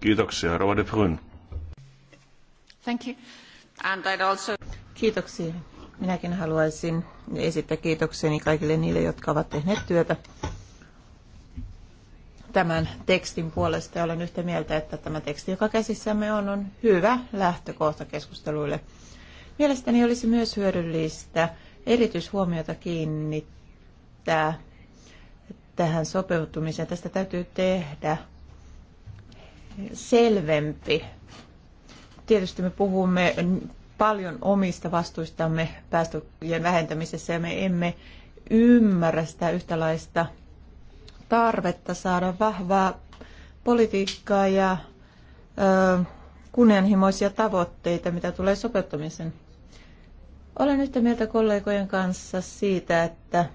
Kiitoksia, Rova de Brun. Thank you. And I'd also... Kiitoksia. Minäkin haluaisin esittää kiitokseni kaikille niille, jotka ovat tehneet työtä tämän tekstin puolesta. Olen yhtä mieltä, että tämä teksti, joka käsissämme on, on hyvä lähtökohta keskusteluille. Mielestäni olisi myös hyödyllistä erityishuomiota kiinnittää tähän sopeutumiseen. Tästä täytyy tehdä selvempi. Tietysti me puhumme paljon omista vastuistamme päästöjen vähentämisessä ja me emme ymmärrä sitä yhtälaista tarvetta saada vahvaa politiikkaa ja ö, kunnianhimoisia tavoitteita, mitä tulee sopeuttamisen. Olen yhtä mieltä kollegojen kanssa siitä, että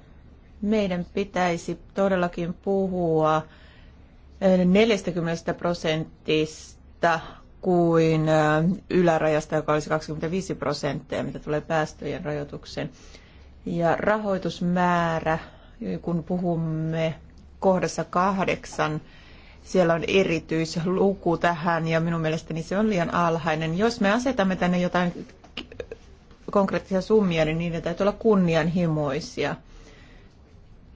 meidän pitäisi todellakin puhua 40 prosentista kuin ylärajasta, joka olisi 25 prosenttia, mitä tulee päästöjen rajoitukseen. Ja rahoitusmäärä, kun puhumme kohdassa kahdeksan, siellä on erityisluku tähän ja minun mielestäni se on liian alhainen. Jos me asetamme tänne jotain konkreettisia summia, niin niiden täytyy olla kunnianhimoisia –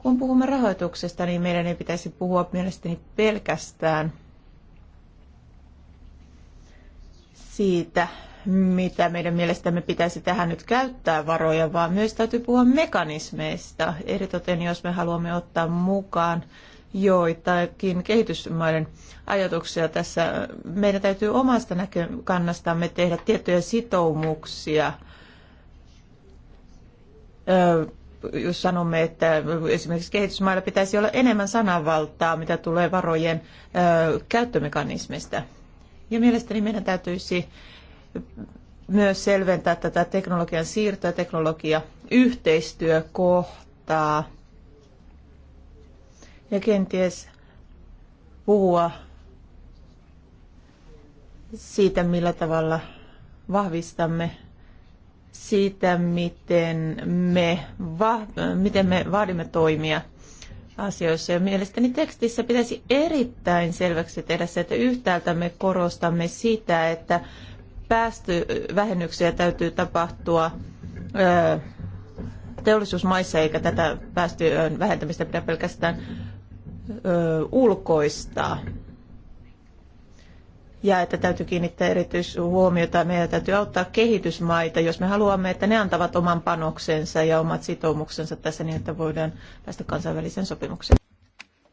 kun puhumme rahoituksesta, niin meidän ei pitäisi puhua mielestäni pelkästään siitä, mitä meidän mielestämme pitäisi tähän nyt käyttää varoja, vaan myös täytyy puhua mekanismeista. Eritoten jos me haluamme ottaa mukaan joitakin kehitysmaiden ajatuksia tässä, meidän täytyy omasta näkökannastamme tehdä tiettyjä sitoumuksia jos sanomme, että esimerkiksi kehitysmailla pitäisi olla enemmän sananvaltaa, mitä tulee varojen käyttömekanismista. Ja mielestäni meidän täytyisi myös selventää tätä teknologian siirtoa teknologia yhteistyökohtaa ja kenties puhua siitä, millä tavalla vahvistamme siitä, miten me, va, miten me vaadimme toimia asioissa. Ja mielestäni tekstissä pitäisi erittäin selväksi tehdä se, että yhtäältä me korostamme sitä, että päästövähennyksiä täytyy tapahtua ö, teollisuusmaissa, eikä tätä päästöjen vähentämistä pidä pelkästään ö, ulkoistaa ja että täytyy kiinnittää erityishuomiota. Meidän täytyy auttaa kehitysmaita, jos me haluamme, että ne antavat oman panoksensa ja omat sitoumuksensa tässä niin, että voidaan päästä kansainväliseen sopimukseen.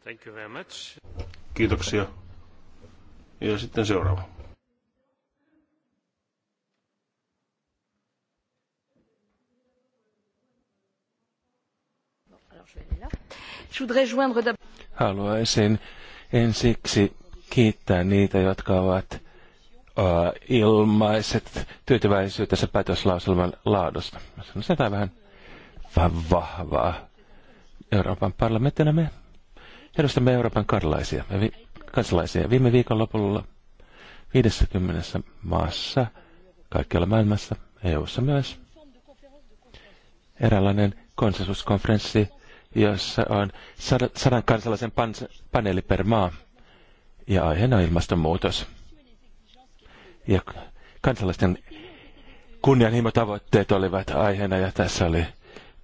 Thank you very much. Kiitoksia. Ja sitten seuraava. Haluaisin ensiksi kiittää niitä, jotka ovat uh, ilmaiset tyytyväisyytensä päätöslauselman laadusta. Sanoisin jotain vähän, vähän vahvaa. Euroopan parlamenttina me edustamme Euroopan kansalaisia. vi- kansalaisia. Viime viikon lopulla 50 maassa, kaikkialla maailmassa, EU-ssa myös, eräänlainen konsensuskonferenssi, jossa on sadan kansalaisen paneeli per maa – ja aiheena ilmastonmuutos. Ja kansalaisten kunnianhimotavoitteet olivat aiheena ja tässä oli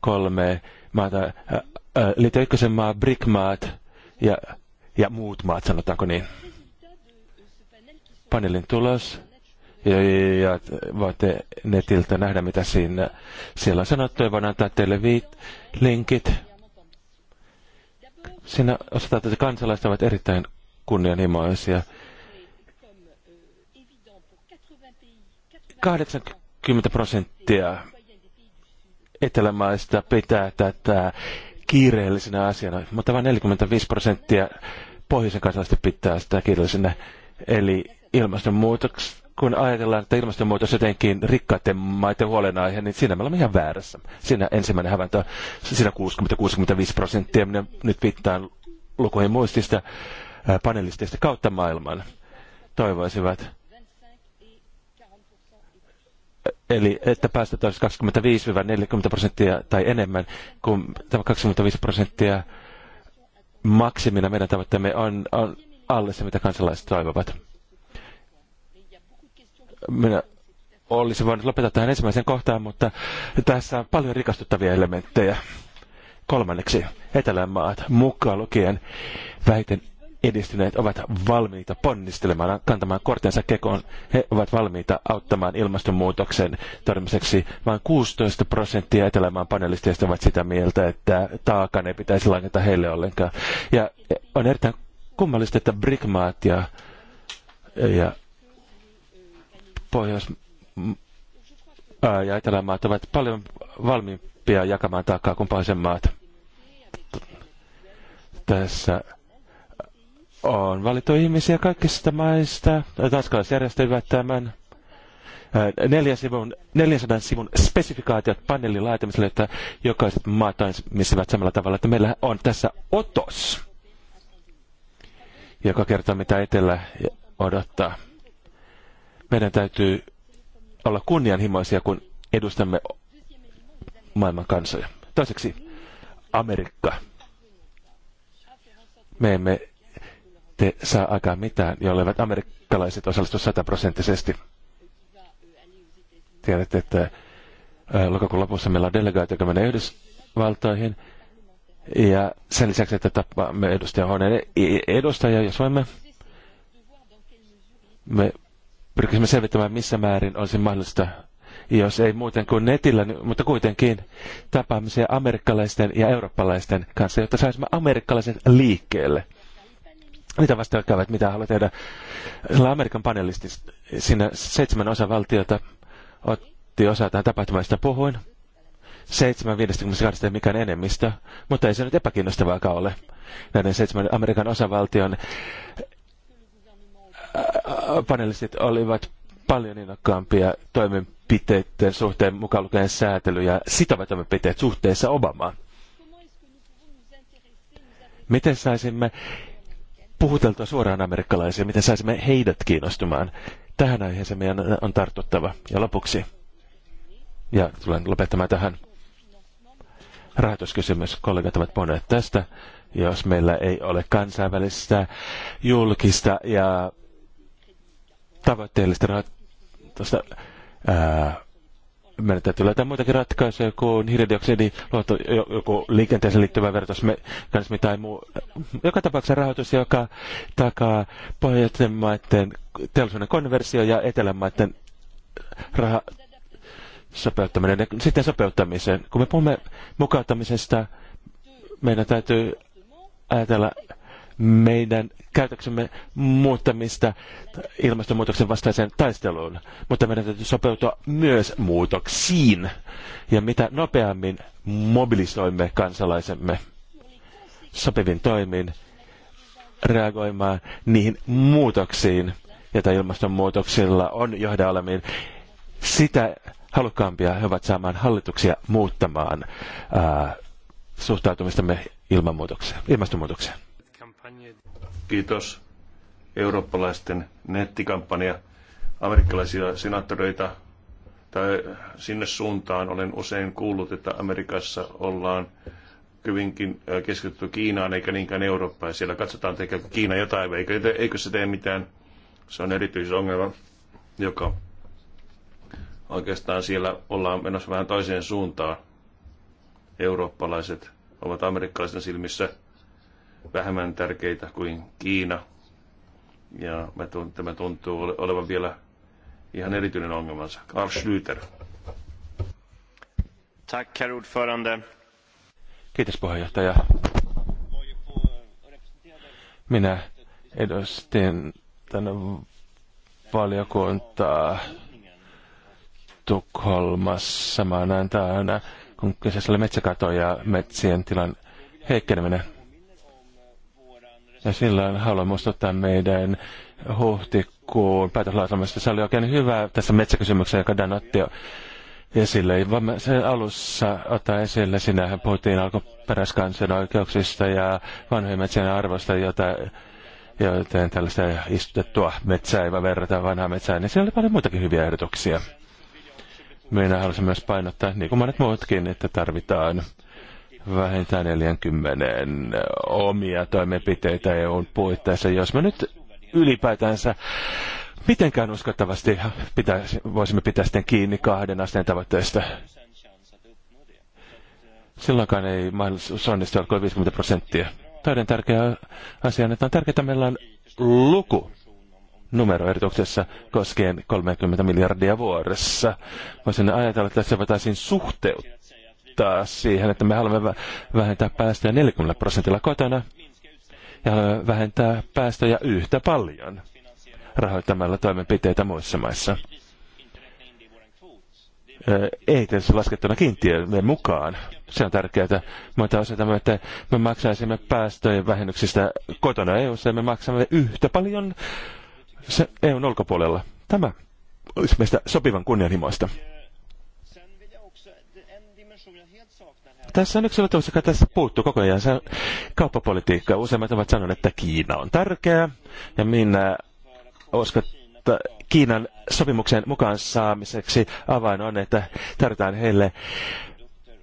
kolme maata, ä, ykkösen maa, BRIC-maat ja, ja muut maat, sanotaanko niin. Paneelin tulos ja, ja voitte netiltä nähdä, mitä siinä, siellä on sanottu ja voin antaa teille viit, linkit. Siinä osataan että kansalaiset ovat erittäin kunnianhimoisia. 80 prosenttia etelämaista pitää tätä kiireellisenä asiana, mutta vain 45 prosenttia pohjoisen kansalaisista pitää sitä kiireellisenä. Eli ilmastonmuutos, kun ajatellaan, että ilmastonmuutos jotenkin rikkaiden maiden huolenaihe, niin siinä me olemme ihan väärässä. Siinä ensimmäinen havainto, siinä 60-65 prosenttia, minä nyt viittaan lukuihin muistista, panelisteista kautta maailman toivoisivat. Eli että päästöt 25-40 prosenttia tai enemmän kuin tämä 25 prosenttia maksimina meidän tavoitteemme on, on alle se, mitä kansalaiset toivovat. Minä olisin voinut lopettaa tähän ensimmäiseen kohtaan, mutta tässä on paljon rikastuttavia elementtejä. Kolmanneksi, etelän maat, mukaan lukien väiten edistyneet ovat valmiita ponnistelemaan, kantamaan kortensa kekoon. He ovat valmiita auttamaan ilmastonmuutoksen torjumiseksi. Vain 16 prosenttia Etelämaan panelisteista ovat sitä mieltä, että taakan ei pitäisi langeta heille ollenkaan. Ja on erittäin kummallista, että Brigmaat ja, ja Pohjois- ja Etelämaat ovat paljon valmiimpia jakamaan taakkaa kuin maat. Tässä on valittu ihmisiä kaikista maista. Tanskalaiset järjestelivät tämän äh, neljän sivun, 400 sivun spesifikaatiot paneelin laitamiselle, että jokaiset maat toimisivat samalla tavalla. Että meillä on tässä otos, joka kertoo mitä etelä odottaa. Meidän täytyy olla kunnianhimoisia, kun edustamme maailman kansoja. Toiseksi Amerikka. Me emme ette saa aikaan mitään, jolleivät amerikkalaiset osallistu sataprosenttisesti. Tiedätte, että äh, lokakuun lopussa meillä on delegaatio, joka menee Yhdysvaltoihin. Ja sen lisäksi, että tapaamme edustaja Honeen e-, edustajia, jos voimme, me pyrkisimme selvittämään, missä määrin olisi mahdollista, jos ei muuten kuin netillä, niin, mutta kuitenkin tapaamisia amerikkalaisten ja eurooppalaisten kanssa, jotta saisimme amerikkalaiset liikkeelle – mitä vastaan että mitä haluaa tehdä. Amerikan panelisti siinä seitsemän osavaltiota otti osaa tähän tapahtumaan, sitä puhuin. 752 ei mikään enemmistö, mutta ei se nyt epäkiinnostavaakaan ole. Näiden seitsemän Amerikan osavaltion äh, äh, panelistit olivat paljon innokkaampia toimenpiteiden suhteen, mukaan lukien säätely ja sitovat toimenpiteet suhteessa Obamaan. Miten saisimme puhuteltua suoraan amerikkalaisia, miten saisimme heidät kiinnostumaan. Tähän aiheeseen meidän on tartuttava. Ja lopuksi, ja tulen lopettamaan tähän, rahoituskysymys. Kollegat ovat puhuneet tästä. Jos meillä ei ole kansainvälistä, julkista ja tavoitteellista rahoitusta, ää, meidän täytyy löytää muitakin ratkaisuja kuin hiilidioksidi, luotu joku liikenteeseen liittyvä verotusmekanismi tai muu. Joka tapauksessa rahoitus, joka takaa pohjoisten maiden teollisuuden konversio ja etelämaiden raha sopeuttaminen ja sitten sopeuttamiseen. Kun me puhumme mukauttamisesta, meidän täytyy ajatella meidän käytöksemme muuttamista ilmastonmuutoksen vastaiseen taisteluun, mutta meidän täytyy sopeutua myös muutoksiin ja mitä nopeammin mobilisoimme kansalaisemme sopivin toimin reagoimaan niihin muutoksiin, joita ilmastonmuutoksilla on johda sitä halukkaampia he ovat saamaan hallituksia muuttamaan ää, suhtautumistamme ilmastonmuutokseen. Kiitos. Eurooppalaisten nettikampanja amerikkalaisia senaattoreita tai sinne suuntaan olen usein kuullut, että Amerikassa ollaan hyvinkin keskitytty Kiinaan eikä niinkään Eurooppaan. Siellä katsotaan, tekeekö Kiina jotain eikö, eikö se tee mitään. Se on erityisongelma, joka oikeastaan siellä ollaan menossa vähän toiseen suuntaan. Eurooppalaiset ovat amerikkalaisten silmissä vähemmän tärkeitä kuin Kiina. Ja tämä tuntuu olevan vielä ihan erityinen ongelmansa. Karl Schlüter. Tack, herr ordförande. Kiitos puheenjohtaja. Minä edustin tänne valiokuntaa Tukholmassa täällä, kun kyseessä oli metsäkato ja metsien tilan heikkeneminen. Ja silloin haluan muistuttaa meidän huhtikuun päätöslauselmasta. Se oli oikein hyvä tässä metsäkysymyksessä, joka Dan otti esille. se alussa ottaa esille, sinähän puhuttiin alkuperäiskansan oikeuksista ja vanhojen metsien arvosta, jota joten tällaista istutettua metsää ei verrata vanhaa metsää, niin siellä oli paljon muitakin hyviä ehdotuksia. Minä haluaisin myös painottaa, niin kuin monet muutkin, että tarvitaan vähintään 40 omia toimenpiteitä EUn puitteissa, jos me nyt ylipäätänsä mitenkään uskottavasti pitäisi, voisimme pitää sitten kiinni kahden asteen tavoitteesta. Silloinkaan ei mahdollisuus onnistua kuin 50 prosenttia. Toinen tärkeä asia on, että on tärkeää, että meillä on luku numeroehdotuksessa koskien 30 miljardia vuodessa. Voisin ajatella, että se voitaisiin suhteuttaa viittaa siihen, että me haluamme vähentää päästöjä 40 prosentilla kotona ja haluamme vähentää päästöjä yhtä paljon rahoittamalla toimenpiteitä muissa maissa. Ei tietysti laskettuna kiintiöiden mukaan. Se on tärkeää, mutta osatamme, että me maksaisimme päästöjen vähennyksistä kotona eu ja me maksamme yhtä paljon se EUn ulkopuolella. Tämä olisi meistä sopivan kunnianhimoista. Tässä on yksi ulottuvuus, joka tässä puuttuu koko ajan. Se kauppapolitiikka. Useimmat ovat sanoneet, että Kiina on tärkeä, Ja minä uskon, että Kiinan sopimuksen mukaan saamiseksi avain on, että tarvitaan heille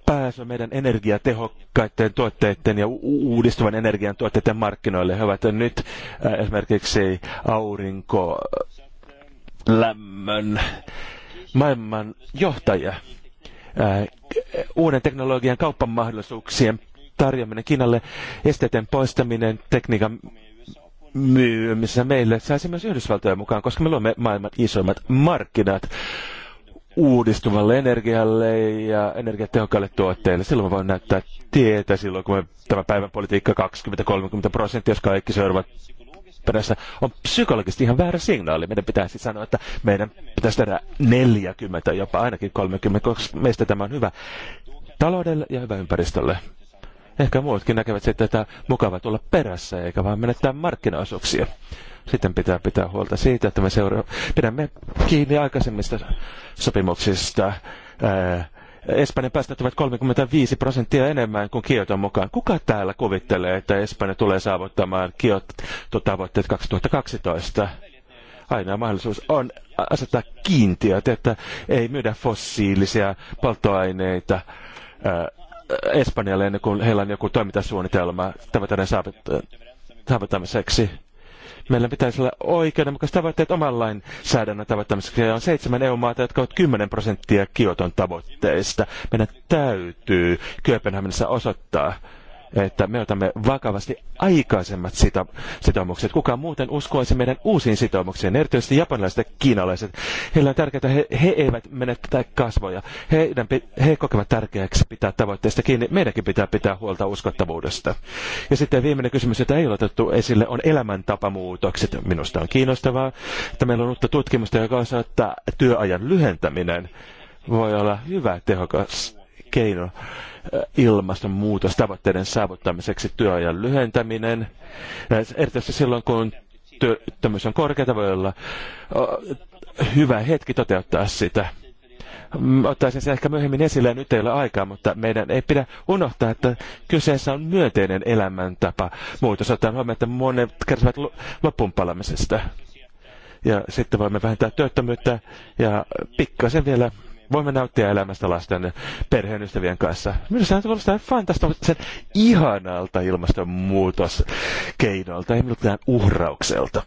pääsy meidän energiatehokkaiden tuotteiden ja uudistuvan energian tuotteiden markkinoille. He ovat nyt äh, esimerkiksi aurinko, lämmön, maailman johtajia. Äh, uuden teknologian kauppamahdollisuuksien tarjoaminen Kiinalle, esteiden poistaminen, tekniikan myymisessä meille saisi myös Yhdysvaltoja mukaan, koska me luomme maailman isoimmat markkinat uudistuvalle energialle ja energiatehokkaille tuotteille. Silloin me näyttää tietä silloin, kun me, tämä päivän politiikka 20-30 prosenttia, jos kaikki seuraavat perässä, on psykologisesti ihan väärä signaali. Meidän pitäisi sanoa, että meidän pitäisi tehdä 40, jopa ainakin 30, koska meistä tämä on hyvä taloudelle ja hyvä ympäristölle. Ehkä muutkin näkevät sitten, että mukava tulla perässä eikä vaan menettää markkinaosuuksia. Sitten pitää pitää huolta siitä, että me seura- pidämme kiinni aikaisemmista sopimuksista, ää, Espanjan päästöt ovat 35 prosenttia enemmän kuin Kioton mukaan. Kuka täällä kuvittelee, että Espanja tulee saavuttamaan Kioto-tavoitteet 2012? Aina mahdollisuus on asettaa kiintiöt, että ei myydä fossiilisia polttoaineita äh, Espanjalle ennen kuin heillä on joku toimintasuunnitelma tavoitteiden äh, saavuttamiseksi Meillä pitäisi olla oikeudenmukaiset tavoitteet oman lainsäädännön tavoittamiseksi. Ja on seitsemän EU-maata, jotka ovat 10 prosenttia Kioton tavoitteista. Meidän täytyy Kööpenhaminassa osoittaa, että me otamme vakavasti aikaisemmat sito- sitoumukset. Kuka muuten uskoisi meidän uusiin sitoumuksiin, erityisesti japanilaiset ja kiinalaiset. Heillä on tärkeää, että he, he eivät menettää kasvoja. Heidän, he kokevat tärkeäksi pitää tavoitteista kiinni. Meidänkin pitää pitää huolta uskottavuudesta. Ja sitten viimeinen kysymys, jota ei ole otettu esille, on elämäntapamuutokset. Minusta on kiinnostavaa, että meillä on uutta tutkimusta, joka osoittaa työajan lyhentäminen voi olla hyvä tehokas keino äh, ilmastonmuutostavoitteiden saavuttamiseksi työajan lyhentäminen. Äh, erityisesti silloin, kun työttömyys on korkeata, voi olla äh, hyvä hetki toteuttaa sitä. Mm, ottaisin sen ehkä myöhemmin esille, nyt ei ole aikaa, mutta meidän ei pidä unohtaa, että kyseessä on myönteinen elämäntapa muutos, ottaen huomioon, että monet kärsivät loppuunpalamisesta. Ja sitten voimme vähentää työttömyyttä ja pikkasen vielä voimme nauttia elämästä lasten perheen ystävien kanssa. Minusta se mutta sen ihanalta ilmastonmuutoskeinolta, ei miltään uhraukselta.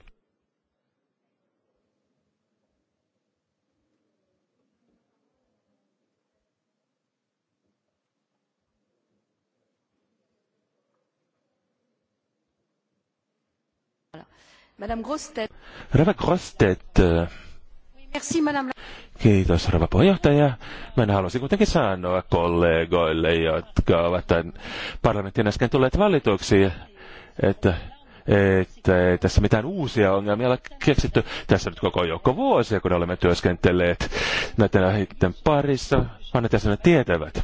Madame Grostet. Madame Grostet. Äh, merci, Madame la Kiitos, rouva puheenjohtaja. Minä haluaisin kuitenkin sanoa kollegoille, jotka ovat tämän parlamentin äsken tulleet valituksi, että että ei tässä mitään uusia ongelmia ole keksitty. Tässä nyt koko joukko vuosia, kun olemme työskentelleet näiden aiheiden parissa. Annetaan sen tietävät.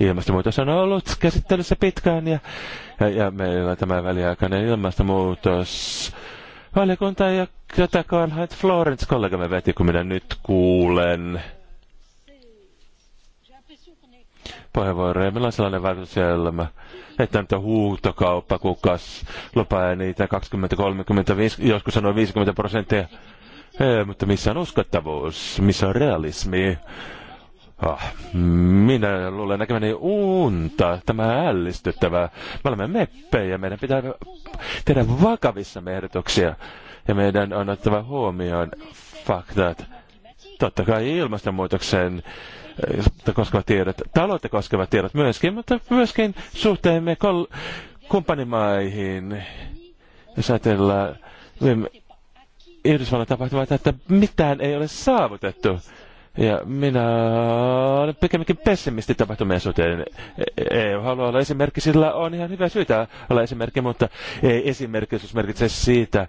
Ilmastonmuutos on ollut käsittelyssä pitkään ja, ja, ja meillä tämä väliaikainen ilmastonmuutos ja tätä Karl-Heinz Florence kollegamme veti, kun minä nyt kuulen puheenvuoroja. Meillä on sellainen vaikutuselämä, että nyt on huutokauppa, kukas lupaa niitä 20, 30, 50, joskus sanoi 50 prosenttia. Ei, mutta missä on uskottavuus, missä on realismi, Ah, minä luulen näkemäni unta. Tämä ällistyttävää. Me olemme meppejä. Meidän pitää tehdä vakavissa ehdotuksia. Ja meidän on ottava huomioon faktat. Totta kai ilmastonmuutoksen eh, koskevat tiedot, taloutta koskevat tiedot myöskin, mutta myöskin suhteemme kol- kumppanimaihin. Jos ajatellaan niin Yhdysvallan tapahtumaa, että mitään ei ole saavutettu ja minä olen pikemminkin pessimisti tapahtumien suhteen. EU e, haluaa olla esimerkki, sillä on ihan hyvä syytä olla esimerkki, mutta ei esimerkkisyys merkitse siitä,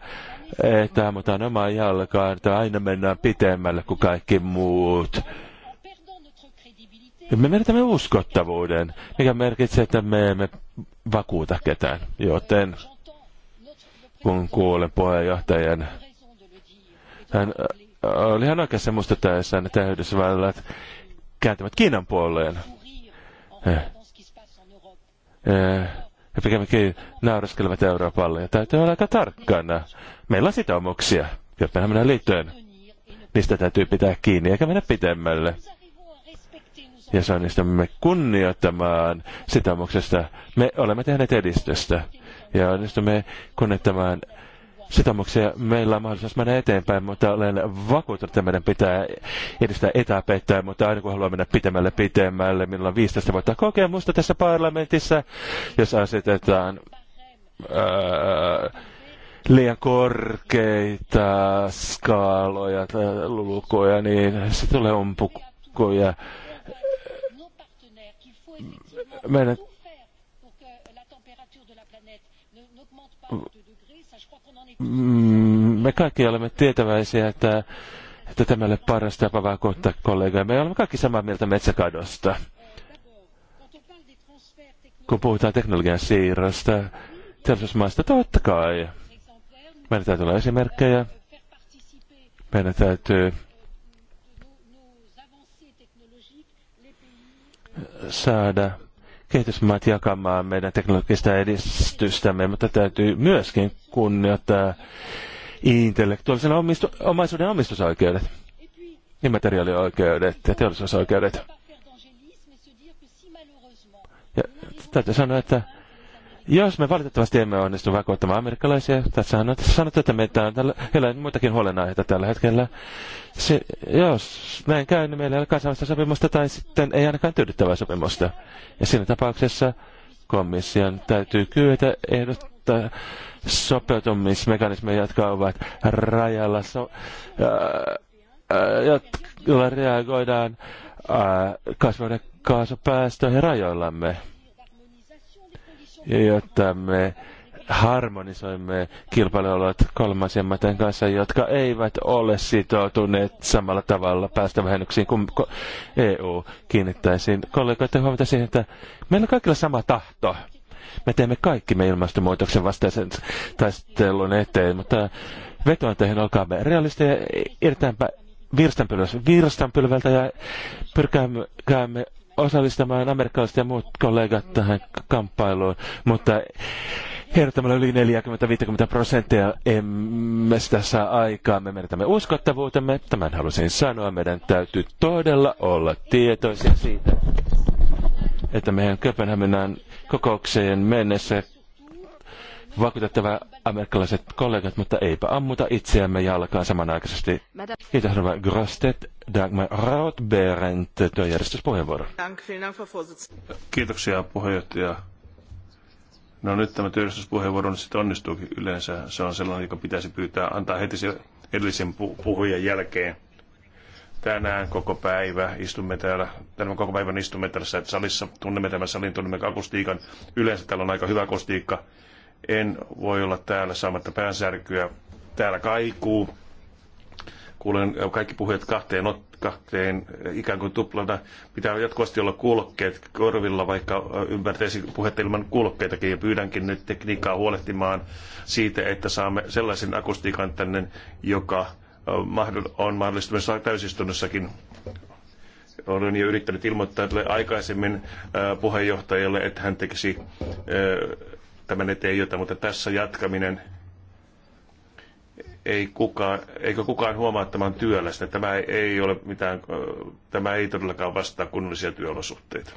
että ammutaan omaa jalkaan, että aina mennään pitemmälle kuin kaikki muut. Me menetämme uskottavuuden, mikä merkitsee, että me emme vakuuta ketään. Joten kun kuulen puheenjohtajan, hän oli ihan oikeassa muistettaessaan, että Yhdysvallat kääntyvät Kiinan puoleen. Eh. Eh. Ja pikemminkin nauraskelevat Euroopalle ja täytyy olla aika tarkkana. Meillä on sitoumuksia, mennään liittyen. Niistä täytyy pitää kiinni eikä mennä pitemmälle. Ja se me kunnioittamaan sitoumuksesta. Me olemme tehneet edistystä ja onnistumme kunnioittamaan sitoumuksia meillä on mahdollisuus mennä eteenpäin, mutta olen vakuuttunut, että meidän pitää edistää etäpettää, mutta aina kun haluaa mennä pitemmälle pitemmälle, minulla on 15 vuotta kokemusta tässä parlamentissa, jos asetetaan ää, äh, liian korkeita skaaloja tai lukuja, niin se tulee umpukkoja. Meidän Mm, me kaikki olemme tietäväisiä, että, että tämä ei ole paras tapa vaikuttaa kollegaa. Me olemme kaikki samaa mieltä metsäkadosta. Kun puhutaan teknologian siirrosta teollisuusmaista, totta kai. Meidän täytyy olla esimerkkejä. Meidän täytyy saada kehitysmaat jakamaan meidän teknologista edistystämme, mutta täytyy myöskin kunnioittaa intellektuaalisen omistu- omaisuuden omistusoikeudet, immateriaalioikeudet ja teollisuusoikeudet. Ja täytyy sanoa, että jos me valitettavasti emme onnistu vakuuttamaan amerikkalaisia, tässä on sanottu, että meitä on tällä, muitakin huolenaiheita tällä hetkellä. Se, jos näin käy, niin meillä ei ole kansainvälistä sopimusta tai sitten ei ainakaan tyydyttävää sopimusta. Ja siinä tapauksessa komission täytyy kyetä ehdottaa sopeutumismekanismeja, jotka ovat rajalla, so, ää, joilla reagoidaan ää, kaasupäästöihin rajoillamme jotta me harmonisoimme kilpailuolot kolmansien maiden kanssa, jotka eivät ole sitoutuneet samalla tavalla päästövähennyksiin kuin EU kiinnittäisiin. Kollegoiden huomata siihen, että meillä on kaikilla sama tahto. Me teemme kaikki me ilmastonmuutoksen vastaisen taistelun eteen, mutta vetoan teihin, olkaamme realisteja, irtäänpä virstanpylvältä ja pyrkäämme osallistamaan amerikkalaiset ja muut kollegat tähän kamppailuun, mutta Hertomalla yli 40-50 prosenttia emme sitä saa aikaa. Me menetämme uskottavuutemme. Tämän halusin sanoa. Meidän täytyy todella olla tietoisia siitä, että meidän Köpenhaminan kokoukseen mennessä vakuutettava amerikkalaiset kollegat, mutta eipä ammuta itseämme jalkaan samanaikaisesti. Kiitos Rova Grostet, Dagmar Rautberent, työjärjestyspuheenvuoro. Kiitoksia puheenjohtaja. No nyt tämä työllisyyspuheenvuoro nyt sitten onnistuukin yleensä. Se on sellainen, joka pitäisi pyytää antaa heti sen edellisen puhujan jälkeen. Tänään koko päivä istumme täällä, tänään koko päivän istumme täällä salissa, tunnemme tämän salin, tunnemme akustiikan. Yleensä täällä on aika hyvä akustiikka. En voi olla täällä saamatta päänsärkyä. Täällä kaikuu. Kuulen äh, kaikki puhujat kahteen, kahteen äh, ikään kuin tuplana. Pitää jatkuvasti olla kuulokkeet korvilla, vaikka äh, ymmärtäisi puhetta ilman kuulokkeitakin. Ja pyydänkin nyt tekniikkaa huolehtimaan siitä, että saamme sellaisen akustiikan tänne, joka on mahdollista myös täysistunnossakin olen jo yrittänyt ilmoittaa tälle aikaisemmin puheenjohtajalle, että hän tekisi tämän eteen jota, mutta tässä jatkaminen ei kukaan, eikö kukaan huomaa että on työlästä. Tämä ei ole mitään, tämä ei todellakaan vastaa kunnollisia työolosuhteita.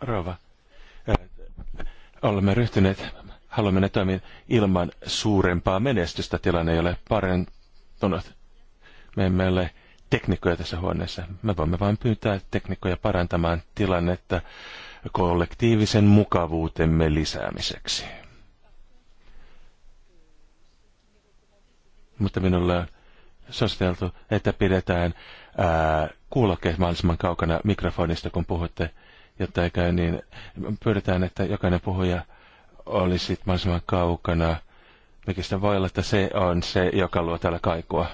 Rova, olemme ryhtyneet, haluamme ne toimia ilman suurempaa menestystä. Tilanne ei ole parantunut. Me emme ole teknikkoja tässä huoneessa. Me voimme vain pyytää teknikkoja parantamaan tilannetta kollektiivisen mukavuutemme lisäämiseksi. Mutta minulla on suositeltu, että pidetään kuulokkeet mahdollisimman kaukana mikrofonista, kun puhutte, jotta ei käy niin. Pyydetään, että jokainen puhuja olisi mahdollisimman kaukana mikistä voi olla, että se on se, joka luo täällä kaikua.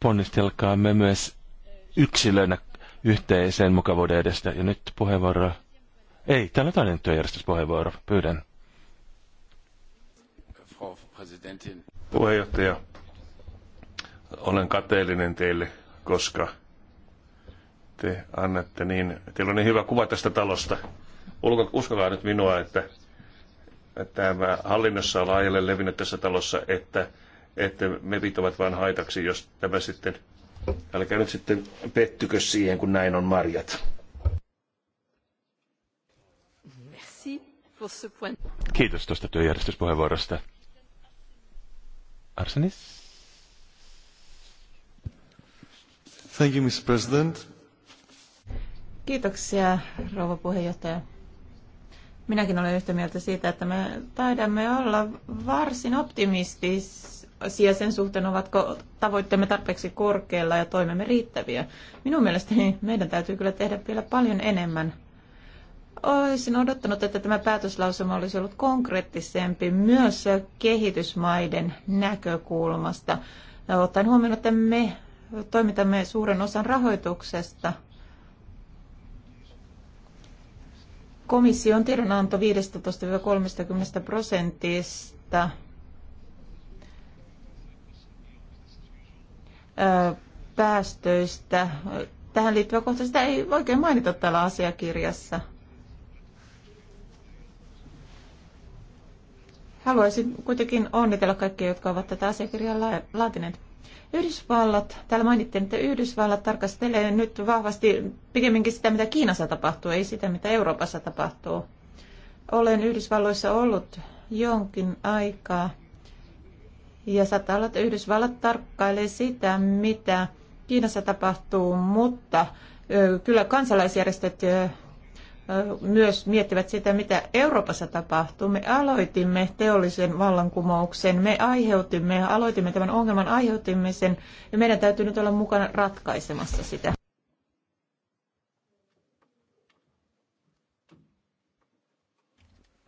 Ponnistelkaamme myös yksilönä yhteiseen mukavuuden edestä. Ja nyt puheenvuoro. Ei, täällä on toinen työjärjestyspuheenvuoro. Pyydän. Puheenjohtaja, olen kateellinen teille, koska te annatte niin, teillä on niin hyvä kuva tästä talosta. Ulko, uskokaa nyt minua, että, että tämä hallinnossa on laajalle levinnyt tässä talossa, että, että mepit ovat vain haitaksi, jos tämä sitten Älkää nyt sitten pettykö siihen, kun näin on marjat. Kiitos tuosta työjärjestyspuheenvuorosta. Arsenis? Thank you, Mr. President. Kiitoksia, rouva puheenjohtaja. Minäkin olen yhtä mieltä siitä, että me taidamme olla varsin optimistisia asia sen suhteen, ovatko tavoitteemme tarpeeksi korkealla ja toimemme riittäviä. Minun mielestäni meidän täytyy kyllä tehdä vielä paljon enemmän. Olisin odottanut, että tämä päätöslausuma olisi ollut konkreettisempi myös kehitysmaiden näkökulmasta. ottaen huomioon, että me toimitamme suuren osan rahoituksesta. Komission tiedonanto 15-30 prosentista päästöistä. Tähän liittyvä kohta sitä ei oikein mainita täällä asiakirjassa. Haluaisin kuitenkin onnitella kaikkia, jotka ovat tätä asiakirjaa laatineet. Yhdysvallat, täällä mainittiin, että Yhdysvallat tarkastelee nyt vahvasti pikemminkin sitä, mitä Kiinassa tapahtuu, ei sitä, mitä Euroopassa tapahtuu. Olen Yhdysvalloissa ollut jonkin aikaa ja saattaa olla, että Yhdysvallat tarkkailee sitä, mitä Kiinassa tapahtuu, mutta kyllä kansalaisjärjestöt myös miettivät sitä, mitä Euroopassa tapahtuu. Me aloitimme teollisen vallankumouksen, me aiheutimme, aloitimme tämän ongelman aiheutumisen ja meidän täytyy nyt olla mukana ratkaisemassa sitä.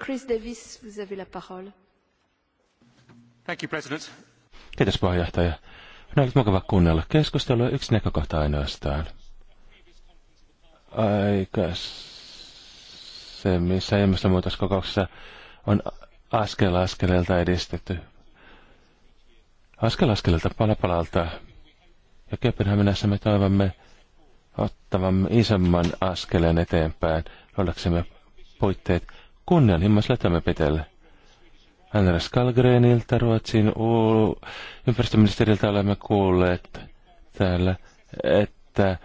Chris Davis, vous avez la parole. Thank you, President. Kiitos puheenjohtaja. On ollut mukava kuunnella keskustelua yksi näkökohta ainoastaan. Aikaisemmissa ilmastonmuutoskokouksissa on askel askeleelta edistetty. Askel askeleelta pala palalta. Ja Kööpenhaminassa me toivomme ottavamme isomman askeleen eteenpäin, ollaksemme puitteet kunnianhimoiselle toimenpiteelle. Anders Kalgreniltä Ruotsin ympäristöministeriltä olemme kuulleet täällä, että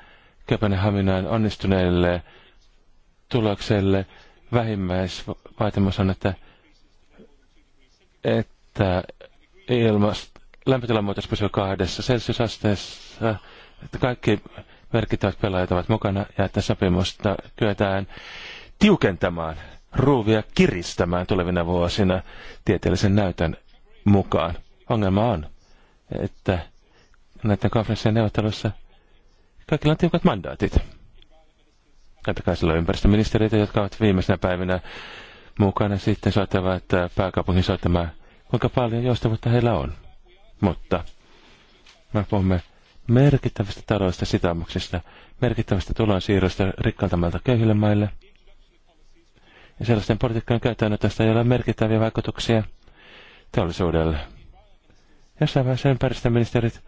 Kööpenhaminan onnistuneelle tulokselle vähimmäisvaatimus on, että, että ilmast, lämpötilamuutos pysyy kahdessa celsiusasteessa, että kaikki merkittävät pelaajat ovat mukana ja että sopimusta kyetään tiukentamaan ruuvia kiristämään tulevina vuosina tieteellisen näytön mukaan. Ongelma on, että näiden konferenssien neuvotteluissa kaikilla on tiukat mandaatit. Näyttäkää sillä ympäristöministeriöitä, jotka ovat viimeisenä päivinä mukana sitten soittavat pääkaupungin soittamaan, kuinka paljon joustavuutta heillä on. Mutta me puhumme merkittävistä taloudellisista sitoumuksista, merkittävistä tulonsiirroista rikkaltamalta köyhille maille – ja sellaisten politiikkojen käytännön tästä ei ole merkittäviä vaikutuksia teollisuudelle. Jossain vaiheessa ympäristöministerit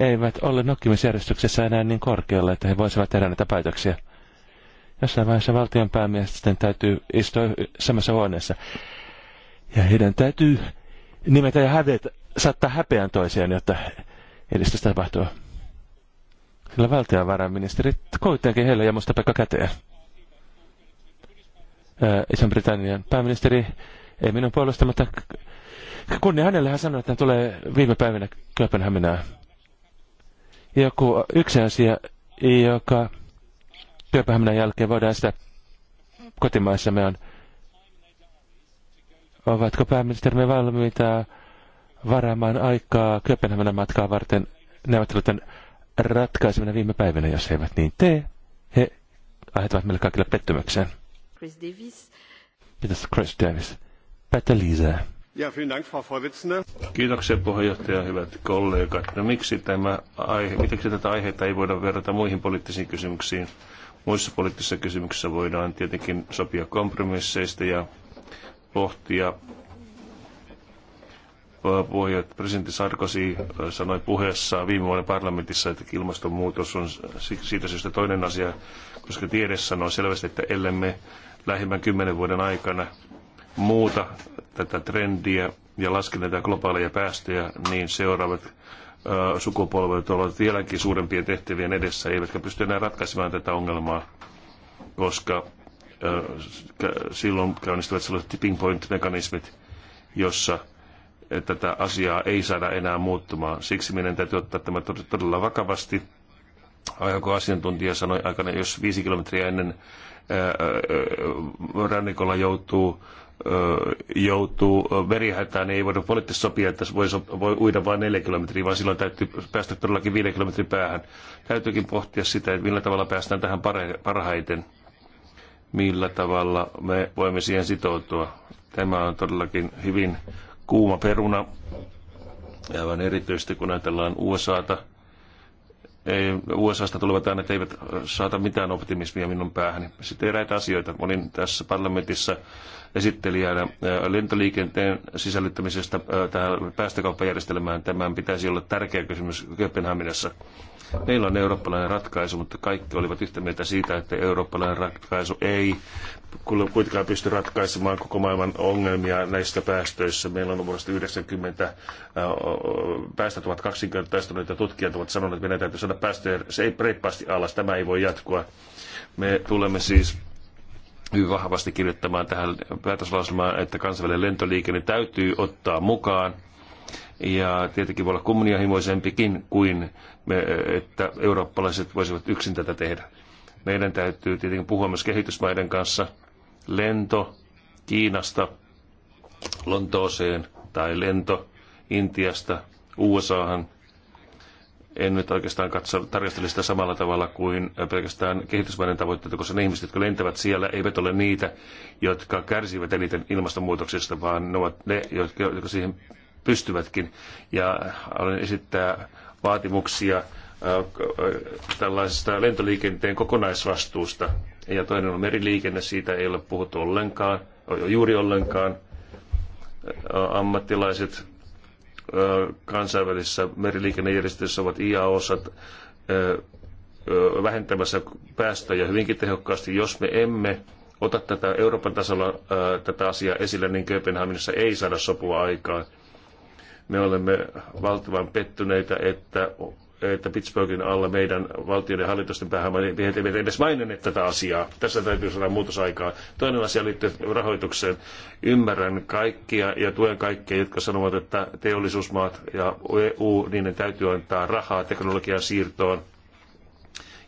eivät ole nokkimisjärjestyksessä enää niin korkealla, että he voisivat tehdä näitä päätöksiä. Jossain vaiheessa valtion päämiesten täytyy istua samassa huoneessa. Ja heidän täytyy nimetä ja hävetä, saattaa häpeän toisiaan, jotta edistys tapahtuu. Sillä valtiovarainministerit kuitenkin heille ja musta pekka käteen. Äh, ison britannian pääministeri, ei minun puolesta, mutta kunnia hänelle hän sanoi, että hän tulee viime päivinä Kööpenhaminaan. Joku yksi asia, joka Kööpenhaminan jälkeen voidaan sitä kotimaissamme on, ovatko pääministerimme valmiita varaamaan aikaa Kööpenhaminan matkaa varten neuvotteluiden ratkaiseminen viime päivinä, jos he eivät niin tee. He aiheuttavat meille kaikille pettymyksen. Chris Davis. Kiitos Chris Davis. Peter Liese. Ja, Dank, Frau Kiitoksia puheenjohtaja, hyvät kollegat. No miksi tämä aihe, miksi tätä aiheita ei voida verrata muihin poliittisiin kysymyksiin? Muissa poliittisissa kysymyksissä voidaan tietenkin sopia kompromisseista ja pohtia puheenjohtaja presidentti Sarkozy äh, sanoi puheessa viime vuoden parlamentissa, että ilmastonmuutos on siitä syystä toinen asia, koska tiede sanoo selvästi, että ellemme lähimmän kymmenen vuoden aikana muuta tätä trendiä ja laske näitä globaaleja päästöjä, niin seuraavat sukupolvet ovat vieläkin suurempien tehtävien edessä, eivätkä pysty enää ratkaisemaan tätä ongelmaa, koska silloin käynnistyvät sellaiset tipping point-mekanismit, jossa e, tätä asiaa ei saada enää muuttumaan. Siksi meidän täytyy ottaa tämä todella vakavasti. Aivan asiantuntija sanoi aikana, jos viisi kilometriä ennen rannikolla joutuu joutuu merihätään, niin ei voida poliittisesti sopia, että voi, voi uida vain neljä kilometriä, vaan silloin täytyy päästä todellakin viiden kilometrin päähän. Täytyykin pohtia sitä, että millä tavalla päästään tähän parhaiten, millä tavalla me voimme siihen sitoutua. Tämä on todellakin hyvin kuuma peruna, aivan erityisesti kun ajatellaan USAta – ei, USAsta tulevat äänet eivät äh, saata mitään optimismia minun päähäni. Sitten eräitä asioita. Olin tässä parlamentissa esittelijänä lentoliikenteen sisällyttämisestä tähän päästökauppajärjestelmään. Tämän pitäisi olla tärkeä kysymys Kööpenhaminassa. Meillä on eurooppalainen ratkaisu, mutta kaikki olivat yhtä mieltä siitä, että eurooppalainen ratkaisu ei kuitenkaan pysty ratkaisemaan koko maailman ongelmia näissä päästöissä. Meillä on vuodesta 90 päästöt ovat kaksinkertaistuneet ja tutkijat ovat sanoneet, että meidän täytyy saada päästöjä se ei reippaasti alas. Tämä ei voi jatkua. Me tulemme siis hyvin vahvasti kirjoittamaan tähän päätöslauselmaan, että kansainvälinen lentoliikenne täytyy ottaa mukaan. Ja tietenkin voi olla kunnianhimoisempikin kuin me, että eurooppalaiset voisivat yksin tätä tehdä. Meidän täytyy tietenkin puhua myös kehitysmaiden kanssa. Lento Kiinasta Lontooseen tai lento Intiasta USAhan en nyt oikeastaan katso, tarkastele sitä samalla tavalla kuin pelkästään kehitysmaiden tavoitteita, koska ne ihmiset, jotka lentävät siellä, eivät ole niitä, jotka kärsivät eniten ilmastonmuutoksesta, vaan ne ovat ne, jotka, jotka siihen pystyvätkin. Ja haluan esittää vaatimuksia äh, tällaisesta lentoliikenteen kokonaisvastuusta. Ja toinen on meriliikenne, siitä ei ole puhuttu ollenkaan, juuri ollenkaan. Äh, ammattilaiset kansainvälisissä meriliikennejärjestöissä ovat IAOssa vähentämässä päästöjä hyvinkin tehokkaasti. Jos me emme ota tätä Euroopan tasolla tätä asiaa esille, niin Kööpenhaminassa ei saada sopua aikaan. Me olemme valtavan pettyneitä, että että Pittsburghin alla meidän valtioiden hallitusten päähän eivät edes maininneet tätä asiaa. Tässä täytyy saada muutos aikaa. Toinen asia liittyy rahoitukseen. Ymmärrän kaikkia ja tuen kaikkia, jotka sanovat, että teollisuusmaat ja EU, niiden täytyy antaa rahaa teknologian siirtoon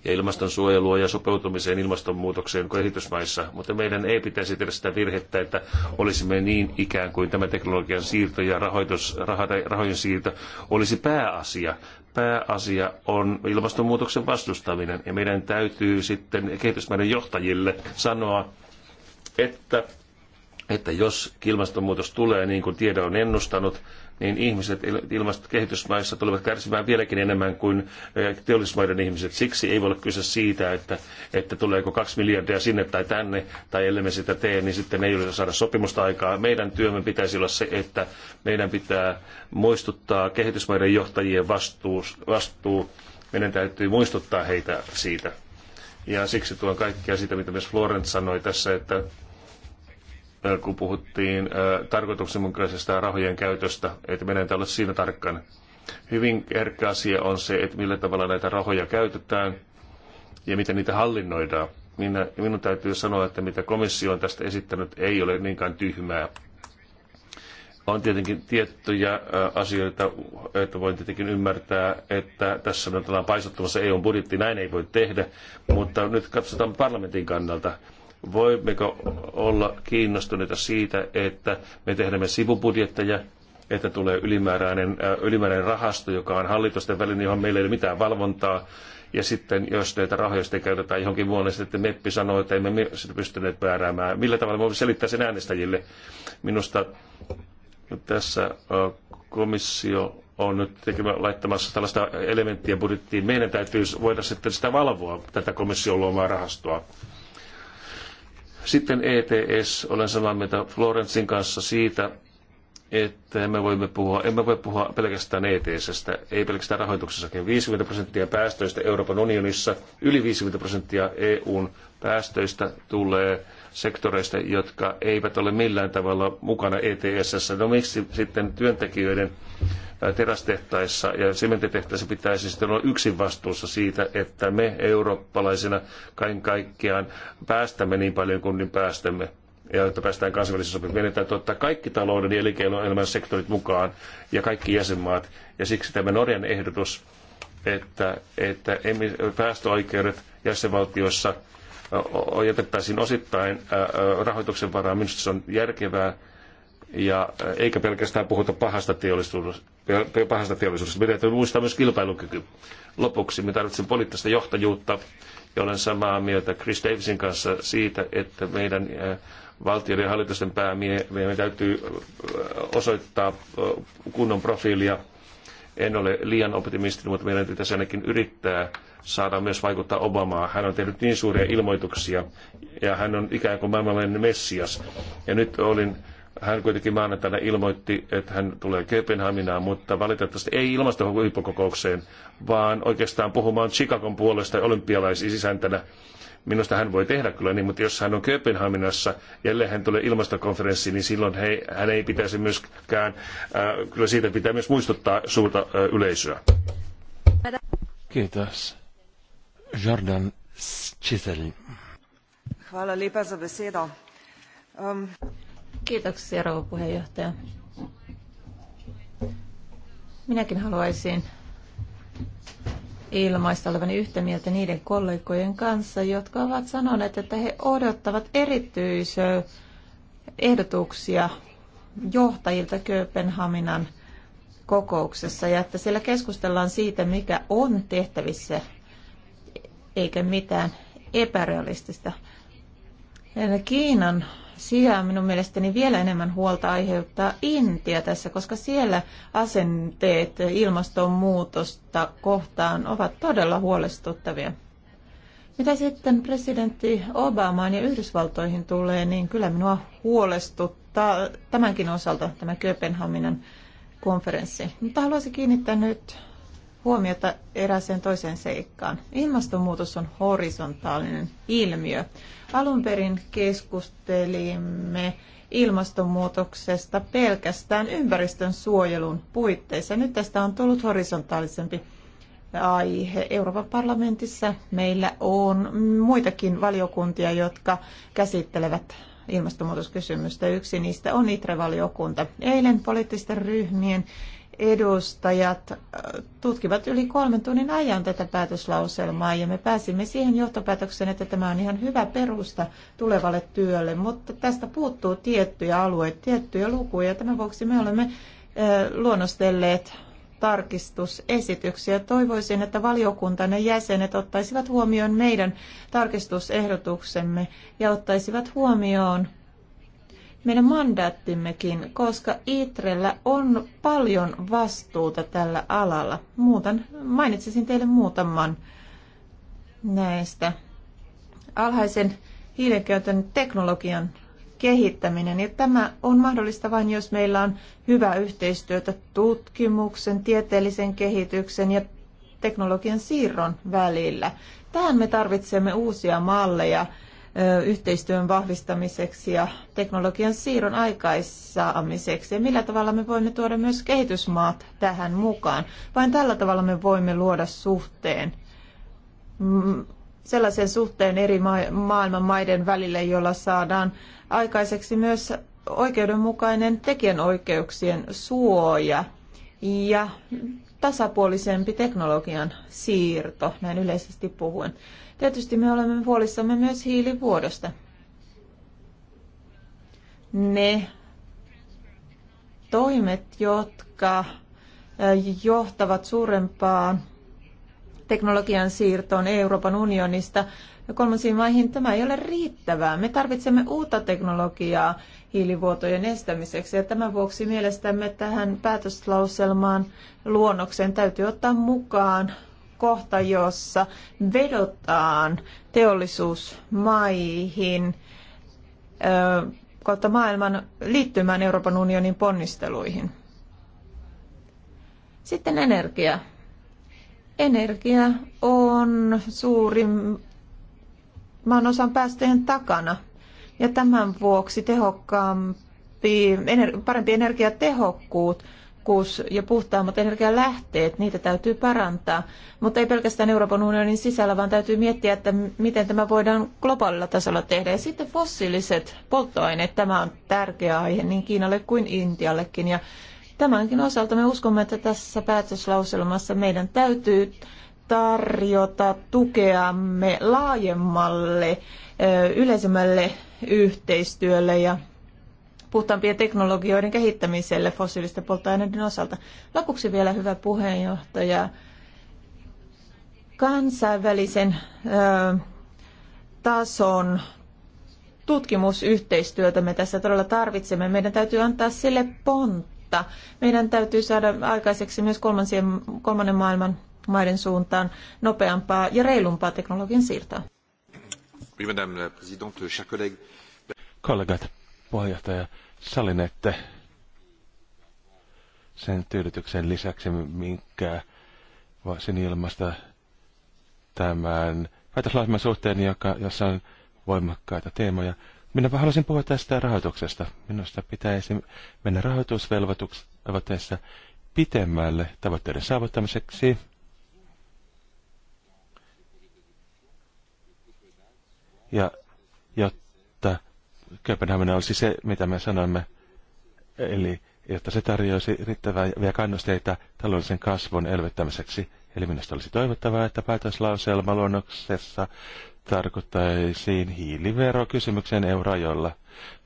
ja ilmastonsuojelua ja sopeutumiseen ilmastonmuutokseen kehitysmaissa, mutta meidän ei pitäisi tehdä sitä virhettä, että olisimme niin ikään kuin tämä teknologian siirto ja rahoitus, rah, rahojen siirto olisi pääasia. Pääasia on ilmastonmuutoksen vastustaminen ja meidän täytyy sitten kehitysmaiden johtajille sanoa, että, että jos ilmastonmuutos tulee niin kuin tiede on ennustanut, niin ihmiset ilmaston kehitysmaissa tulevat kärsimään vieläkin enemmän kuin teollisuusmaiden ihmiset. Siksi ei voi olla kyse siitä, että, että tuleeko kaksi miljardia sinne tai tänne, tai ellei me sitä tee, niin sitten ei ole saada sopimusta aikaa. Meidän työmme pitäisi olla se, että meidän pitää muistuttaa kehitysmaiden johtajien vastuus, vastuu. Meidän täytyy muistuttaa heitä siitä. Ja siksi tuon kaikkia sitä, mitä myös Florence sanoi tässä, että kun puhuttiin tarkoituksenmukaisesta rahojen käytöstä, että meidän täytyy olla siinä tarkkana. Hyvin herkkä asia on se, että millä tavalla näitä rahoja käytetään ja miten niitä hallinnoidaan. Minä, minun täytyy sanoa, että mitä komissio on tästä esittänyt, ei ole niinkään tyhmää. On tietenkin tiettyjä asioita, että voin tietenkin ymmärtää, että tässä me ollaan paisuttamassa eu budjetti, näin ei voi tehdä, mutta nyt katsotaan parlamentin kannalta voimmeko olla kiinnostuneita siitä, että me tehdään sivubudjetteja, että tulee ylimääräinen, äh, ylimääräinen rahasto, joka on hallitusten välinen, johon meillä ei ole mitään valvontaa, ja sitten jos näitä rahoja sitten käytetään johonkin vuonna, sitten Meppi sanoo, että emme me sitä pystyneet määräämään. Millä tavalla voimme selittää sen äänestäjille? Minusta tässä äh, komissio on nyt tekemä, laittamassa tällaista elementtiä budjettiin. Meidän täytyy voida sitten sitä valvoa, tätä komission luomaa rahastoa. Sitten ETS, olen samaa mieltä Florencin kanssa siitä, että me voimme puhua, emme voi puhua pelkästään ETSstä, ei pelkästään rahoituksessakin. 50 prosenttia päästöistä Euroopan unionissa, yli 50 prosenttia EUn päästöistä tulee sektoreista, jotka eivät ole millään tavalla mukana ETSS. No miksi sitten työntekijöiden terästehtaissa ja sementitehtaissa pitäisi sitten olla yksin vastuussa siitä, että me eurooppalaisina kaiken kaikkiaan päästämme niin paljon kuin niin päästämme ja että päästään kansainvälisessä sopimuksessa. Meidän täytyy ottaa kaikki talouden ja elinkeinoelämän sektorit mukaan ja kaikki jäsenmaat. Ja siksi tämä Norjan ehdotus, että, että päästöoikeudet jäsenvaltioissa jätettäisiin osittain rahoituksen varaan. Minusta se on järkevää ja eikä pelkästään puhuta pahasta teollisuudesta. Pahasta teollisuudesta. Meidän täytyy muistaa myös kilpailukyky. Lopuksi me tarvitsemme poliittista johtajuutta ja olen samaa mieltä Chris Davisin kanssa siitä, että meidän valtioiden ja hallitusten päämiehen täytyy osoittaa kunnon profiilia. En ole liian optimistinen, mutta meidän pitäisi ainakin yrittää saada myös vaikuttaa Obamaa. Hän on tehnyt niin suuria ilmoituksia ja hän on ikään kuin maailmanlainen messias. Ja nyt olin hän kuitenkin maanantaina ilmoitti, että hän tulee Kööpenhaminaan, mutta valitettavasti ei ilmastohuippukokoukseen, vaan oikeastaan puhumaan Chicagon puolesta olympialaisisäntänä. Minusta hän voi tehdä kyllä niin, mutta jos hän on Kööpenhaminassa, jälleen hän tulee ilmastokonferenssiin, niin silloin he, hän ei pitäisi myöskään, äh, kyllä siitä pitää myös muistuttaa suurta äh, yleisöä. Kiitos. Jordan Chiseli. Hvala lepa za besedo. Um... Kiitoksia, rouva puheenjohtaja. Minäkin haluaisin ilmaista olevani yhtä mieltä niiden kollegojen kanssa, jotka ovat sanoneet, että he odottavat erityisehdotuksia johtajilta Kööpenhaminan kokouksessa ja että siellä keskustellaan siitä, mikä on tehtävissä eikä mitään epärealistista. Kiinan sijaan minun mielestäni vielä enemmän huolta aiheuttaa Intia tässä, koska siellä asenteet ilmastonmuutosta kohtaan ovat todella huolestuttavia. Mitä sitten presidentti Obamaan ja Yhdysvaltoihin tulee, niin kyllä minua huolestuttaa tämänkin osalta tämä Kööpenhaminan konferenssi. Mutta haluaisin kiinnittää nyt huomiota erääseen toiseen seikkaan. Ilmastonmuutos on horisontaalinen ilmiö. Alun perin keskustelimme ilmastonmuutoksesta pelkästään ympäristön suojelun puitteissa. Nyt tästä on tullut horisontaalisempi aihe. Euroopan parlamentissa meillä on muitakin valiokuntia, jotka käsittelevät ilmastonmuutoskysymystä. Yksi niistä on ITRE-valiokunta. Eilen poliittisten ryhmien edustajat tutkivat yli kolmen tunnin ajan tätä päätöslauselmaa ja me pääsimme siihen johtopäätökseen, että tämä on ihan hyvä perusta tulevalle työlle, mutta tästä puuttuu tiettyjä alueita, tiettyjä lukuja tämän vuoksi me olemme luonnostelleet tarkistusesityksiä. Toivoisin, että valiokunta ne jäsenet ottaisivat huomioon meidän tarkistusehdotuksemme ja ottaisivat huomioon meidän mandaattimmekin, koska ITREllä on paljon vastuuta tällä alalla. Muutan, mainitsisin teille muutaman näistä. Alhaisen hiilenkäytön teknologian kehittäminen. Ja tämä on mahdollista vain, jos meillä on hyvää yhteistyötä tutkimuksen, tieteellisen kehityksen ja teknologian siirron välillä. Tähän me tarvitsemme uusia malleja yhteistyön vahvistamiseksi ja teknologian siirron aikaissaamiseksi ja millä tavalla me voimme tuoda myös kehitysmaat tähän mukaan. Vain tällä tavalla me voimme luoda suhteen mm, sellaisen suhteen eri maailman maiden välille, jolla saadaan aikaiseksi myös oikeudenmukainen tekijänoikeuksien suoja ja tasapuolisempi teknologian siirto, näin yleisesti puhuen. Tietysti me olemme huolissamme myös hiilivuodosta. Ne toimet, jotka johtavat suurempaan teknologian siirtoon Euroopan unionista kolmansiin maihin, tämä ei ole riittävää. Me tarvitsemme uutta teknologiaa hiilivuotojen estämiseksi ja tämän vuoksi mielestämme tähän päätöslauselmaan luonnokseen täytyy ottaa mukaan kohta, jossa vedotaan teollisuusmaihin kautta maailman liittymään Euroopan unionin ponnisteluihin. Sitten energia. Energia on suurin maan osan päästöjen takana ja tämän vuoksi tehokkaampi, parempi energiatehokkuus tehokkuus ja puhtaammat energialähteet, niitä täytyy parantaa. Mutta ei pelkästään Euroopan unionin sisällä, vaan täytyy miettiä, että miten tämä voidaan globaalilla tasolla tehdä. Ja sitten fossiiliset polttoaineet, tämä on tärkeä aihe niin Kiinalle kuin Intiallekin. Ja tämänkin osalta me uskomme, että tässä päätöslauselmassa meidän täytyy tarjota tukeamme laajemmalle yleisemmälle yhteistyölle ja puhtaampien teknologioiden kehittämiselle fossiilisten polttoaineiden osalta. Lopuksi vielä hyvä puheenjohtaja. Kansainvälisen ö, tason tutkimusyhteistyötä me tässä todella tarvitsemme. Meidän täytyy antaa sille pontta. Meidän täytyy saada aikaiseksi myös kolmansien, kolmannen maailman maiden suuntaan nopeampaa ja reilumpaa teknologian siirtoa. Oui, madame la présidente, chers collègues. Kollegat, puheenjohtaja, salinette sen tyydytyksen lisäksi, minkä voisin ilmaista tämän väitöslaisemman suhteen, joka, jossa on voimakkaita teemoja. Minä haluaisin puhua tästä rahoituksesta. Minusta pitäisi mennä rahoitusvelvoitteessa pitemmälle tavoitteiden saavuttamiseksi. Ja, jotta Kööpenhamina olisi se, mitä me sanoimme, eli jotta se tarjoaisi riittäviä kannusteita taloudellisen kasvun elvyttämiseksi. Eli minusta olisi toivottavaa, että päätöslauselma luonnoksessa tarkoittaisiin hiiliverokysymyksen eurajolla.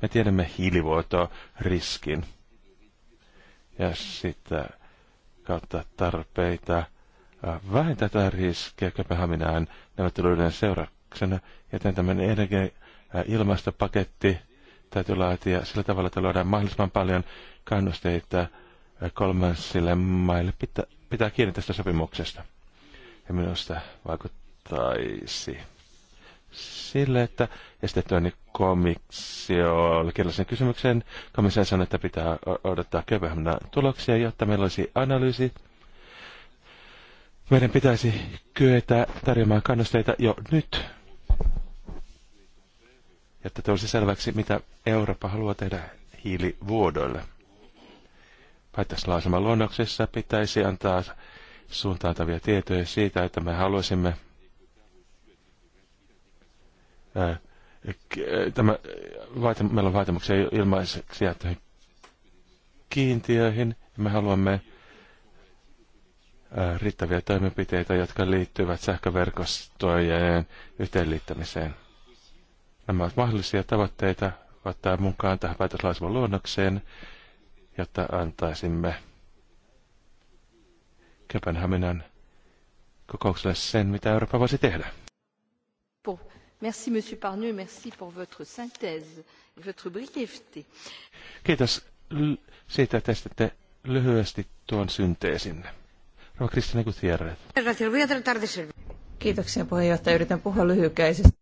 Me tiedämme hiilivuotoriskin riskin ja sitä kautta tarpeita äh, vähentää riskiä Kööpenhaminaan neuvotteluiden seurauksena, joten tämän energia ilmastopaketti täytyy laatia sillä tavalla, että luodaan mahdollisimman paljon kannusteita kolmansille maille pitää, pitää kiinni tästä sopimuksesta. Ja minusta vaikuttaisi sille, että esitettyäni niin komissiolle kirjallisen kysymyksen. Komissio sanoi, että pitää odottaa Kööpenhaminan tuloksia, jotta meillä olisi analyysi. Meidän pitäisi kyetä tarjoamaan kannusteita jo nyt jotta tulisi selväksi, mitä Eurooppa haluaa tehdä hiilivuodoille. Päätöslauselman luonnoksessa pitäisi antaa suuntaantavia tietoja siitä, että me haluaisimme Tämä, meillä on vaatimuksia ilmaiseksi jättöihin kiintiöihin. Me haluamme riittäviä toimenpiteitä, jotka liittyvät sähköverkostojen yhteenliittämiseen. Nämä ovat mahdollisia tavoitteita ottaa mukaan tähän päätöslausuman luonnokseen, jotta antaisimme Köpenhaminan kokoukselle sen, mitä Eurooppa voisi tehdä. Merci, monsieur merci pour votre synthèse et votre brièveté. Kiitos siitä, että esitätte lyhyesti tuon synteesinne. Rova Kristina Gutierrez. Kiitoksia puheenjohtaja. Yritän puhua lyhykäisesti.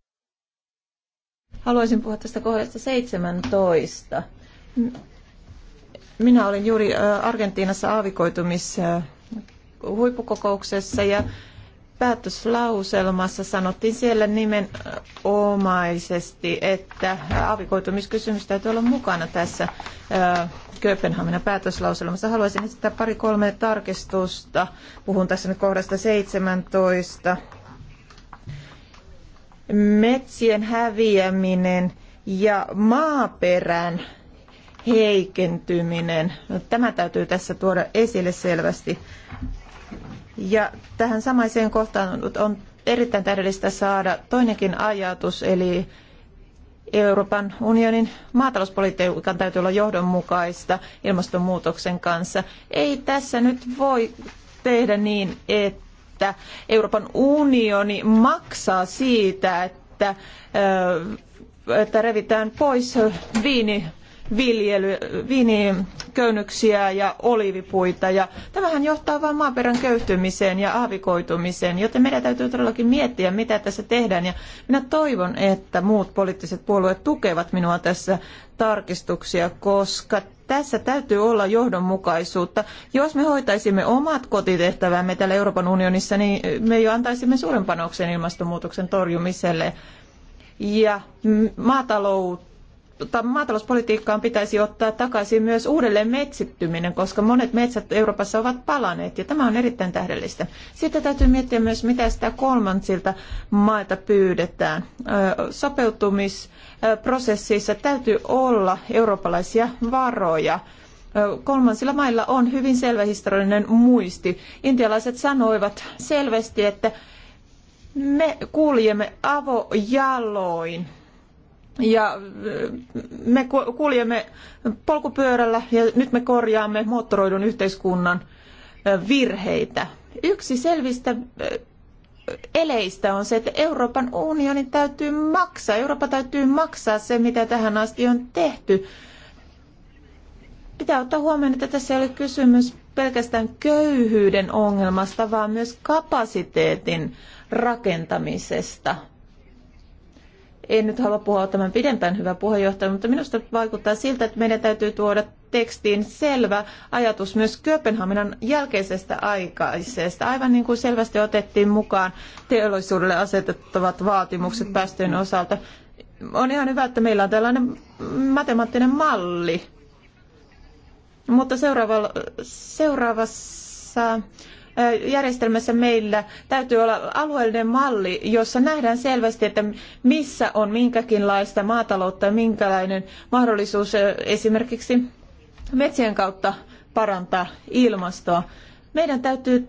Haluaisin puhua tästä kohdasta 17. Minä olin juuri Argentiinassa aavikoitumis huippukokouksessa ja päätöslauselmassa sanottiin siellä nimenomaisesti, että aavikoitumiskysymys täytyy olla mukana tässä Kööpenhaminan päätöslauselmassa. Haluaisin esittää pari kolme tarkistusta. Puhun tässä nyt kohdasta 17 metsien häviäminen ja maaperän heikentyminen. No, tämä täytyy tässä tuoda esille selvästi. Ja tähän samaiseen kohtaan on erittäin tähdellistä saada toinenkin ajatus, eli Euroopan unionin maatalouspolitiikan täytyy olla johdonmukaista ilmastonmuutoksen kanssa. Ei tässä nyt voi tehdä niin, että että Euroopan unioni maksaa siitä, että, että revitään pois viini viljely, ja oliivipuita. Ja tämähän johtaa vain maaperän köyhtymiseen ja aavikoitumiseen, joten meidän täytyy todellakin miettiä, mitä tässä tehdään. Ja minä toivon, että muut poliittiset puolueet tukevat minua tässä tarkistuksia, koska tässä täytyy olla johdonmukaisuutta. Jos me hoitaisimme omat kotitehtävämme täällä Euroopan unionissa, niin me jo antaisimme suuren panoksen ilmastonmuutoksen torjumiselle. Ja maataloutta maatalouspolitiikkaan pitäisi ottaa takaisin myös uudelleen metsittyminen, koska monet metsät Euroopassa ovat palaneet ja tämä on erittäin tähdellistä. Sitten täytyy miettiä myös, mitä sitä kolmansilta mailta pyydetään. Sopeutumisprosessissa täytyy olla eurooppalaisia varoja. Kolmansilla mailla on hyvin selvä historiallinen muisti. Intialaiset sanoivat selvästi, että me kuljemme avojaloin ja me kuljemme polkupyörällä ja nyt me korjaamme moottoroidun yhteiskunnan virheitä. Yksi selvistä eleistä on se, että Euroopan unionin täytyy maksaa. Eurooppa täytyy maksaa se, mitä tähän asti on tehty. Pitää ottaa huomioon, että tässä ei ole kysymys pelkästään köyhyyden ongelmasta, vaan myös kapasiteetin rakentamisesta – en nyt halua puhua tämän pidempään, hyvä puheenjohtaja, mutta minusta vaikuttaa siltä, että meidän täytyy tuoda tekstiin selvä ajatus myös Kööpenhaminan jälkeisestä aikaisesta, aivan niin kuin selvästi otettiin mukaan teollisuudelle asetettavat vaatimukset päästöjen osalta. On ihan hyvä, että meillä on tällainen matemaattinen malli, mutta seuraavassa järjestelmässä meillä täytyy olla alueellinen malli, jossa nähdään selvästi, että missä on minkäkinlaista maataloutta ja minkälainen mahdollisuus esimerkiksi metsien kautta parantaa ilmastoa. Meidän täytyy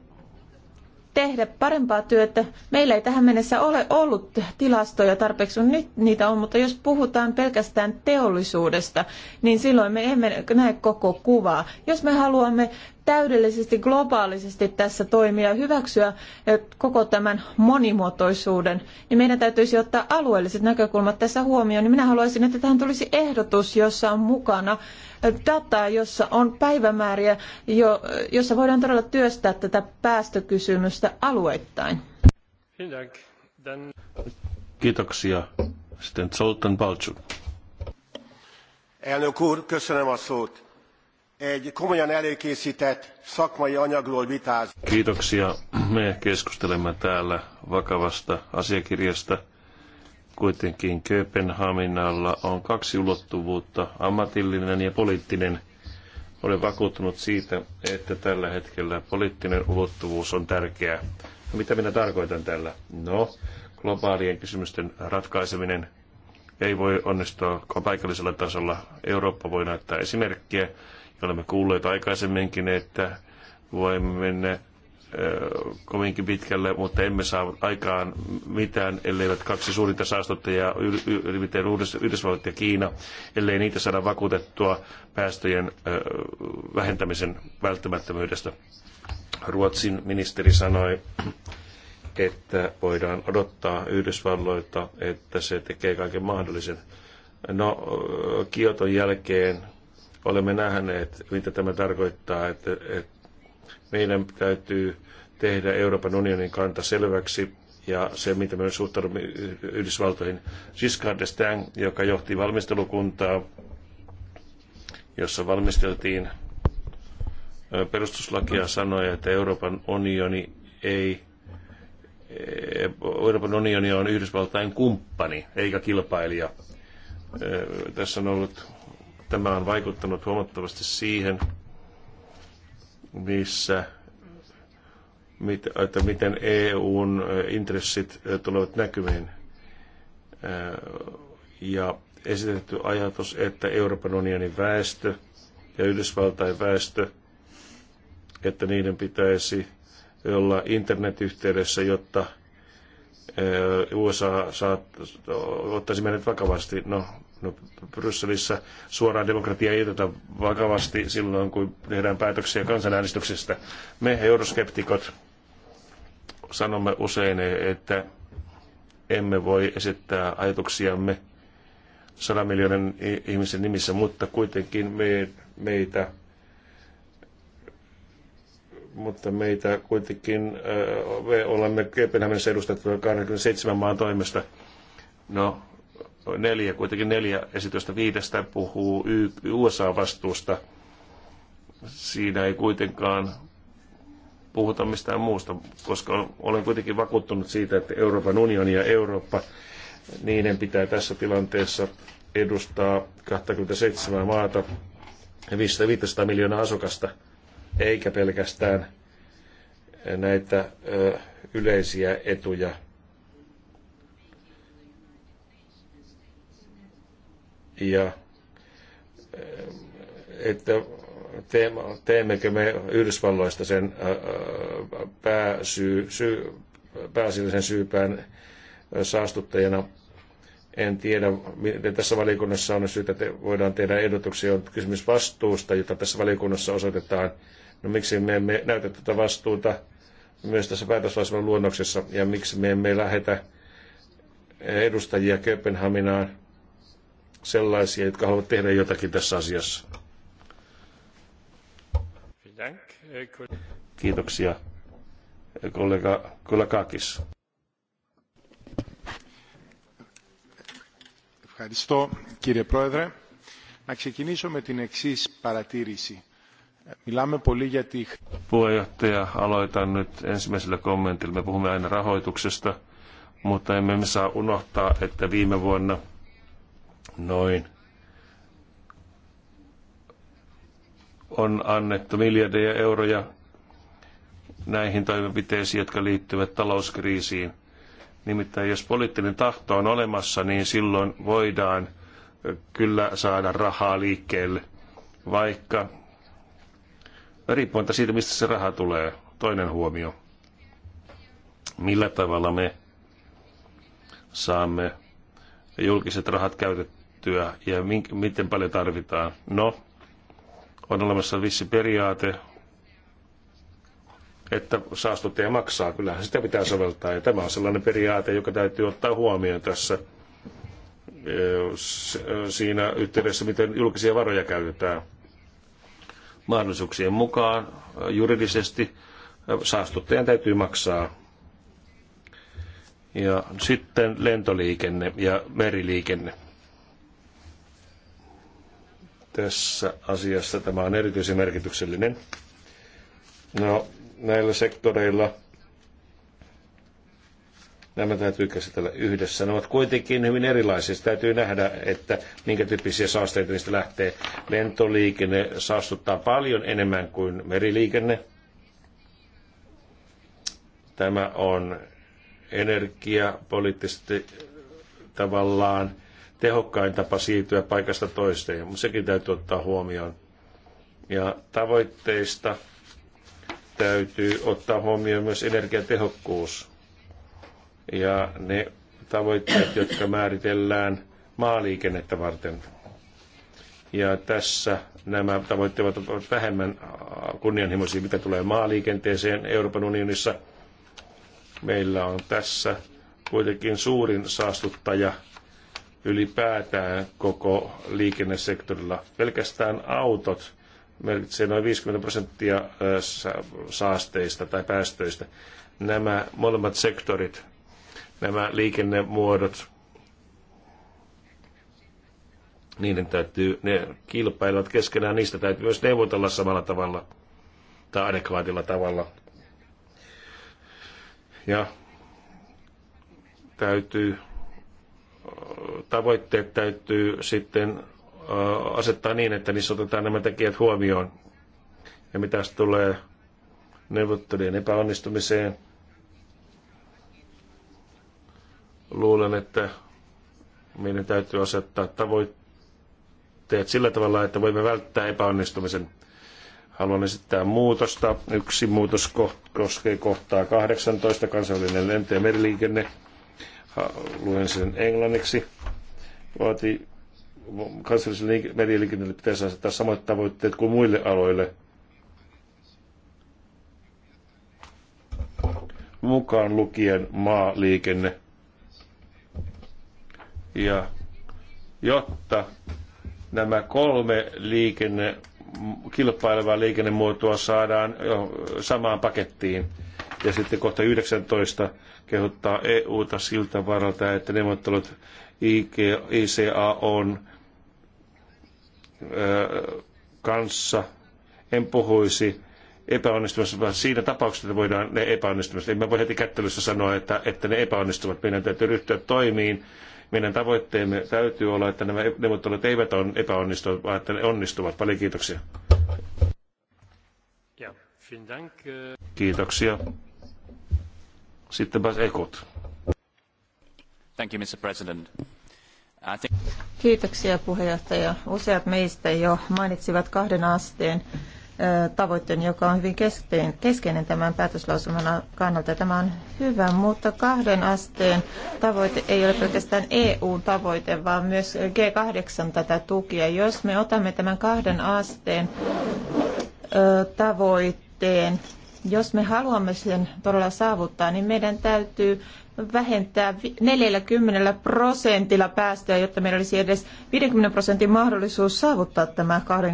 tehdä parempaa työtä. Meillä ei tähän mennessä ole ollut tilastoja tarpeeksi, nyt niitä on, mutta jos puhutaan pelkästään teollisuudesta, niin silloin me emme näe koko kuvaa. Jos me haluamme täydellisesti globaalisesti tässä toimia ja hyväksyä eh, koko tämän monimuotoisuuden, niin meidän täytyisi ottaa alueelliset näkökulmat tässä huomioon. Niin minä haluaisin, että tähän tulisi ehdotus, jossa on mukana eh, dataa, jossa on päivämääriä, jo, eh, jossa voidaan todella työstää tätä päästökysymystä alueittain. Kiitoksia. Sitten Zoltan Balcsuk. Elnök úr, köszönöm a szót egy komolyan előkészített szakmai anyagról vitáz. Kiitoksia. Me keskustelemme täällä vakavasta asiakirjasta. Kuitenkin Kööpenhaminalla on kaksi ulottuvuutta, ammatillinen ja poliittinen. Olen vakuuttunut siitä, että tällä hetkellä poliittinen ulottuvuus on tärkeää. mitä minä tarkoitan tällä? No, globaalien kysymysten ratkaiseminen ei voi onnistua paikallisella tasolla. Eurooppa voi näyttää esimerkkiä Olemme kuulleet aikaisemminkin, että voimme mennä kovinkin pitkälle, mutta emme saa aikaan mitään, elleivät kaksi suurinta saastuttajaa, nimittäin Yhdysvallat ja Kiina, ellei niitä saada vakuutettua päästöjen vähentämisen välttämättömyydestä. Ruotsin ministeri sanoi, että voidaan odottaa Yhdysvalloita, että se tekee kaiken mahdollisen. No, Kioton jälkeen olemme nähneet, mitä tämä tarkoittaa, että, että meidän täytyy tehdä Euroopan unionin kanta selväksi ja se, mitä me suhtaudumme Yhdysvaltoihin. Giscard siis d'Estaing, joka johti valmistelukuntaa, jossa valmisteltiin perustuslakia, sanoi, että Euroopan unioni ei e, Euroopan unioni on Yhdysvaltain kumppani eikä kilpailija. Tässä on ollut Tämä on vaikuttanut huomattavasti siihen, missä, mit, että miten EUn eh, intressit eh, tulevat näkymiin. Eh, ja esitetty ajatus, että Euroopan unionin väestö ja Yhdysvaltain väestö, että niiden pitäisi olla internetyhteydessä, jotta USA saat, ottaisi meidät vakavasti. No, no, Brysselissä suoraa demokratiaa ei oteta vakavasti silloin, kun tehdään päätöksiä kansanäänestyksestä. Me euroskeptikot sanomme usein, että emme voi esittää ajatuksiamme sadan miljoonan ihmisen nimissä, mutta kuitenkin me, meitä mutta meitä kuitenkin, me olemme Kööpenhaminassa edustettuna 27 maan toimesta. No, neljä, kuitenkin neljä esitystä viidestä puhuu USA-vastuusta. Siinä ei kuitenkaan puhuta mistään muusta, koska olen kuitenkin vakuuttunut siitä, että Euroopan unioni ja Eurooppa, niiden pitää tässä tilanteessa edustaa 27 maata ja 500 miljoonaa asukasta, eikä pelkästään näitä yleisiä etuja – ja eh, että teema, teemmekö me Yhdysvalloista sen eh, eh, pääsyy, syy, pääasiallisen syypään saastuttajana. En tiedä, miten tässä valiokunnassa on syytä, että voidaan tehdä ehdotuksia. On kysymys vastuusta, jota tässä valiokunnassa osoitetaan. No miksi me emme näytä tätä vastuuta myös tässä päätöslauselman luonnoksessa ja miksi me emme lähetä edustajia Kööpenhaminaan sellaisia, jotka haluavat tehdä jotakin tässä asiassa. Kiitoksia, kollega Kulakakis. Ευχαριστώ κύριε Πρόεδρε. Να ξεκινήσω με την εξής παρατήρηση. Μιλάμε πολύ για τη... Puheenjohtaja, aloitan nyt ensimmäisellä kommentilla. Me puhumme aina rahoituksesta, mutta emme saa unohtaa, että viime vuonna – noin on annettu miljardeja euroja näihin toimenpiteisiin, jotka liittyvät talouskriisiin. Nimittäin jos poliittinen tahto on olemassa, niin silloin voidaan kyllä saada rahaa liikkeelle, vaikka riippumatta siitä, mistä se raha tulee. Toinen huomio. Millä tavalla me saamme julkiset rahat käytettyä? käytettyä ja mink, miten paljon tarvitaan. No, on olemassa vissi periaate, että saastuttaja maksaa. Kyllähän sitä pitää soveltaa ja tämä on sellainen periaate, joka täytyy ottaa huomioon tässä e, e, siinä yhteydessä, miten julkisia varoja käytetään mahdollisuuksien mukaan e, juridisesti saastuttajan täytyy maksaa. Ja sitten lentoliikenne ja meriliikenne tässä asiassa tämä on erityisen merkityksellinen. No, näillä sektoreilla nämä täytyy käsitellä yhdessä. Ne ovat kuitenkin hyvin erilaisia. Täytyy nähdä, että minkä tyyppisiä saasteita niistä lähtee. Lentoliikenne saastuttaa paljon enemmän kuin meriliikenne. Tämä on energiapoliittisesti tavallaan tehokkain tapa siirtyä paikasta toiseen, mutta sekin täytyy ottaa huomioon. Ja tavoitteista täytyy ottaa huomioon myös energiatehokkuus ja ne tavoitteet, jotka määritellään maaliikennettä varten. Ja tässä nämä tavoitteet ovat vähemmän kunnianhimoisia, mitä tulee maaliikenteeseen Euroopan unionissa. Meillä on tässä kuitenkin suurin saastuttaja ylipäätään koko liikennesektorilla. Pelkästään autot merkitsee noin 50 prosenttia saasteista tai päästöistä. Nämä molemmat sektorit, nämä liikennemuodot, niiden täytyy, ne kilpailevat keskenään, niistä täytyy myös neuvotella samalla tavalla tai adekvaatilla tavalla. Ja täytyy tavoitteet täytyy sitten äh, asettaa niin, että niissä otetaan nämä tekijät huomioon. Ja mitä tulee neuvottelujen epäonnistumiseen, luulen, että meidän täytyy asettaa tavoitteet sillä tavalla, että voimme välttää epäonnistumisen. Haluan esittää muutosta. Yksi muutos koskee kohtaa 18, kansainvälinen lento- ja meriliikenne. Äh, luen sen englanniksi, vaati kansalliselle medialiikenteelle pitäisi asettaa samat tavoitteet kuin muille aloille. Mukaan lukien maaliikenne. Ja jotta nämä kolme liikenne, kilpailevaa liikennemuotoa saadaan samaan pakettiin, ja sitten kohta 19 kehottaa EUta siltä varalta, että neuvottelut ICA on kanssa en puhuisi epäonnistumista, vaan siinä tapauksessa, että voidaan ne En mä voi heti kättelyssä sanoa, että, että ne epäonnistuvat. Meidän täytyy ryhtyä toimiin. Meidän tavoitteemme täytyy olla, että nämä neuvottelut eivät ole epäonnistuvat, vaan että ne onnistuvat. Paljon kiitoksia. Kiitoksia. Sitten Bas Ekot. Thank you, Mr. President. Kiitoksia puheenjohtaja. Useat meistä jo mainitsivat kahden asteen tavoitteen, joka on hyvin keskeinen tämän päätöslausuman kannalta. Tämä on hyvä, mutta kahden asteen tavoite ei ole pelkästään EU-tavoite, vaan myös G8 tätä tukia. Jos me otamme tämän kahden asteen tavoitteen jos me haluamme sen todella saavuttaa, niin meidän täytyy vähentää 40 prosentilla päästöjä, jotta meillä olisi edes 50 prosentin mahdollisuus saavuttaa tämä 2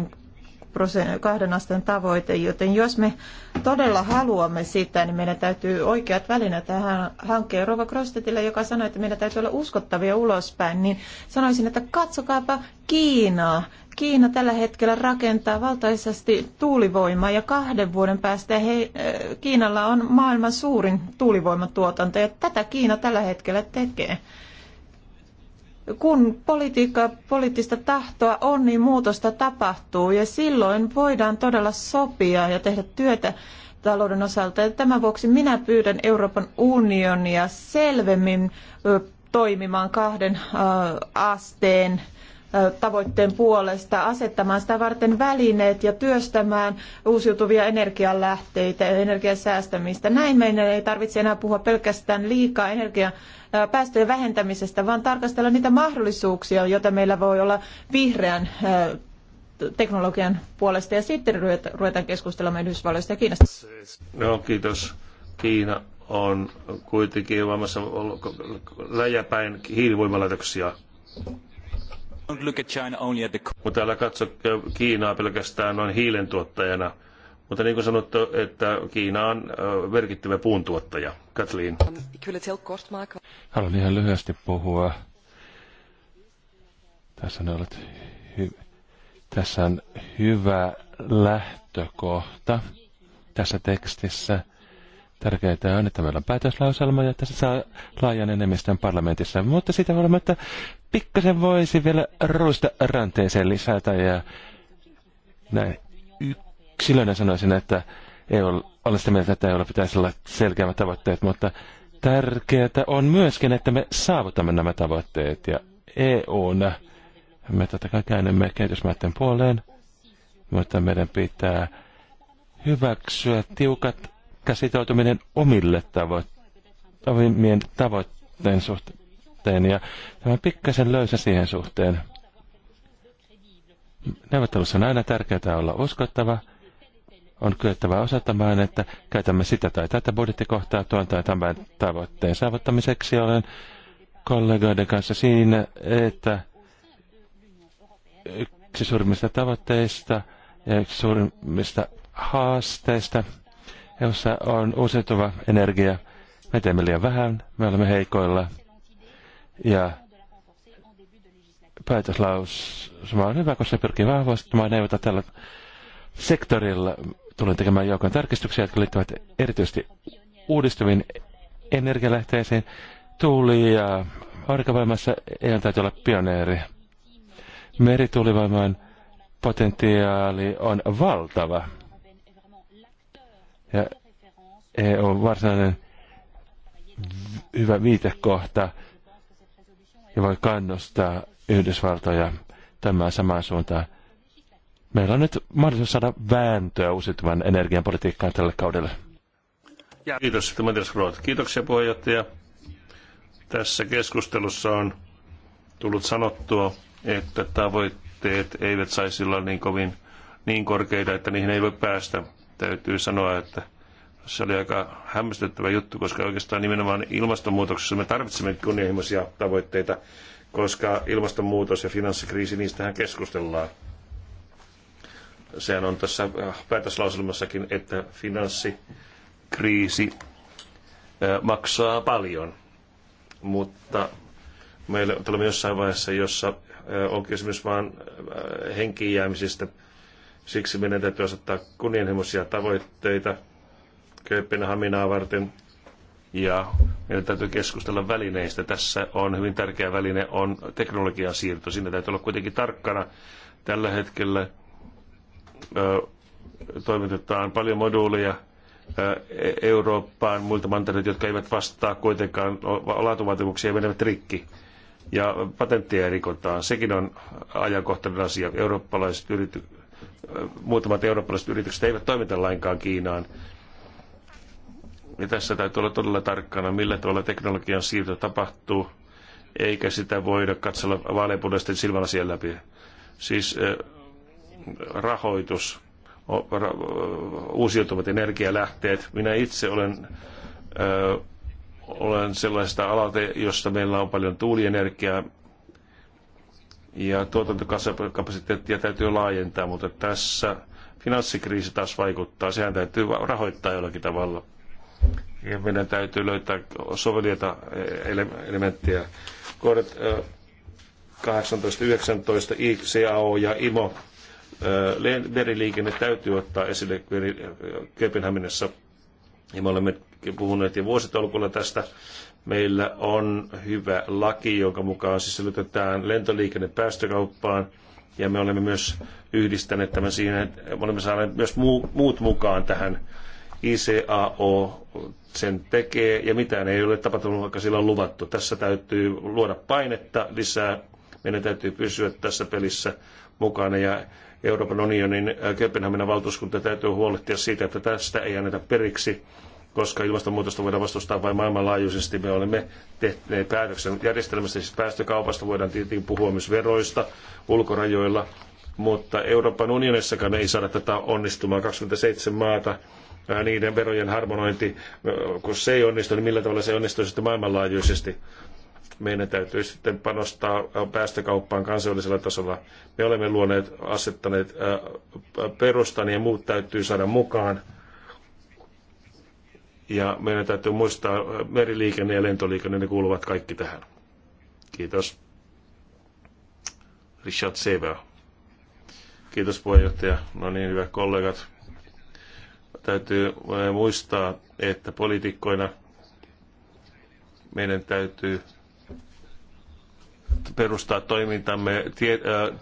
kahden asteen tavoite, joten jos me todella haluamme sitä, niin meidän täytyy oikeat välineet tähän hankkeen. Rova Krostetille, joka sanoi, että meidän täytyy olla uskottavia ulospäin, niin sanoisin, että katsokaapa Kiinaa. Kiina tällä hetkellä rakentaa valtaisesti tuulivoimaa ja kahden vuoden päästä he, äh, Kiinalla on maailman suurin tuulivoimatuotanto ja tätä Kiina tällä hetkellä tekee kun politiikka, poliittista tahtoa on, niin muutosta tapahtuu ja silloin voidaan todella sopia ja tehdä työtä talouden osalta. Ja tämän vuoksi minä pyydän Euroopan unionia selvemmin toimimaan kahden asteen tavoitteen puolesta, asettamaan sitä varten välineet ja työstämään uusiutuvia energialähteitä ja energiasäästämistä. Näin meidän ei tarvitse enää puhua pelkästään liikaa energiaa päästöjen vähentämisestä, vaan tarkastella niitä mahdollisuuksia, joita meillä voi olla vihreän teknologian puolesta ja sitten ruvetaan keskustelemaan Yhdysvalloista ja Kiinasta. No, kiitos. Kiina on kuitenkin olemassa läjäpäin hiilivoimalaitoksia. The... Mutta älä katso Kiinaa pelkästään noin hiilen tuottajana. Mutta niin kuin sanottu, että Kiina on merkittävä puuntuottaja. Kathleen. Um, Haluan ihan lyhyesti puhua. Tässä on, ollut hy- Tässä on hyvä lähtökohta tässä tekstissä. Tärkeää on, että meillä on päätöslauselma ja tässä saa laajan enemmistön parlamentissa. Mutta siitä huolimatta pikkasen voisi vielä ruista ranteeseen lisätä ja näin yksilönä sanoisin, että EU olen sitä mieltä, että EUlla pitäisi olla selkeämmät tavoitteet, mutta tärkeää on myöskin, että me saavutamme nämä tavoitteet ja EUna me totta kai käännymme kehitysmaiden puoleen, mutta meidän pitää hyväksyä tiukat käsitoutuminen omille tavoitteen, omien tavoitteen suhteen ja tämä pikkasen löysä siihen suhteen. Neuvottelussa on aina tärkeää olla uskottava – on kyettävä osoittamaan, että käytämme sitä tai tätä budjettikohtaa tuon tai tämän tavoitteen saavuttamiseksi. Olen kollegoiden kanssa siinä, että yksi suurimmista tavoitteista ja yksi suurimmista haasteista, jossa on uusiutuva energia. Me teemme liian vähän, me olemme heikoilla ja päätöslausuma on hyvä, koska se pyrkii vahvistamaan neuvota tällä sektorilla tulen tekemään joukon tarkistuksia, jotka liittyvät erityisesti uudistuviin energialähteisiin. Tuuli ja aurinkovoimassa ei täytyy olla pioneeri. Merituulivoiman potentiaali on valtava. Ja EU on varsinainen hyvä viitekohta ja voi kannustaa Yhdysvaltoja tämän samaan suuntaan meillä on nyt mahdollisuus saada vääntöä uusiutuvan energian politiikkaan tälle kaudelle. Ja. Kiitos, Matias Groot. Kiitoksia puheenjohtaja. Tässä keskustelussa on tullut sanottua, että tavoitteet eivät saisi olla niin kovin niin korkeita, että niihin ei voi päästä. Täytyy sanoa, että se oli aika hämmästyttävä juttu, koska oikeastaan nimenomaan ilmastonmuutoksessa me tarvitsemme kunnianhimoisia tavoitteita, koska ilmastonmuutos ja finanssikriisi, niistähän keskustellaan. Sehän on tässä äh, päätöslauselmassakin, että finanssikriisi äh, maksaa paljon, mutta meillä on jossain vaiheessa, jossa on kysymys vain henkiin jäämisistä. Siksi meidän täytyy asettaa kunnianhimoisia tavoitteita Kööpenhaminaa varten ja meidän täytyy keskustella välineistä. Tässä on hyvin tärkeä väline on teknologian siirto. Siinä täytyy olla kuitenkin tarkkana tällä hetkellä toimitetaan paljon moduuleja e- Eurooppaan muilta mantereilta, jotka eivät vastaa kuitenkaan laatuvaatimuksia ja menevät rikki. Ja patentteja rikotaan. Sekin on ajankohtainen asia. Eurooppalaiset yrity... Muutamat eurooppalaiset yritykset eivät toimita lainkaan Kiinaan. Ja tässä täytyy olla todella tarkkana, millä tavalla teknologian siirto tapahtuu, eikä sitä voida katsella vaaleanpunaisten silmälasien läpi. Siis rahoitus, uusiutuvat energialähteet. Minä itse olen, ö, olen sellaista alalta, josta meillä on paljon tuulienergiaa ja tuotantokapasiteettia täytyy laajentaa, mutta tässä finanssikriisi taas vaikuttaa. Sehän täytyy rahoittaa jollakin tavalla. Ja meidän täytyy löytää sovelijoita e- elementtejä. Kohdat 18, 19, ICAO ja IMO meriliikenne täytyy ottaa esille Kööpenhaminassa. Ja me olemme puhuneet jo vuositolkulla tästä. Meillä on hyvä laki, jonka mukaan sisällytetään lentoliikenne päästökauppaan. Ja me olemme myös yhdistäneet tämän siihen, että me olemme saaneet myös muut mukaan tähän ICAO sen tekee ja mitään ei ole tapahtunut, vaikka sillä on luvattu. Tässä täytyy luoda painetta lisää. Meidän täytyy pysyä tässä pelissä mukana ja Euroopan unionin äh, Kööpenhaminan valtuuskunta täytyy huolehtia siitä, että tästä ei anneta periksi, koska ilmastonmuutosta voidaan vastustaa vain maailmanlaajuisesti. Me olemme tehneet päätöksen järjestelmästä, siis päästökaupasta voidaan tietenkin puhua myös veroista ulkorajoilla, mutta Euroopan unionissakaan ei saada tätä onnistumaan. 27 maata äh, niiden verojen harmonointi, äh, kun se ei onnistu, niin millä tavalla se onnistuu sitten maailmanlaajuisesti meidän täytyy sitten panostaa päästökauppaan kansainvälisellä tasolla. Me olemme luoneet, asettaneet perustan ja muut täytyy saada mukaan. Ja meidän täytyy muistaa, meriliikenne ja lentoliikenne, ne kuuluvat kaikki tähän. Kiitos. Richard Seber. Kiitos puheenjohtaja. No niin, hyvät kollegat. Täytyy muistaa, että poliitikkoina meidän täytyy perustaa toimintamme äh,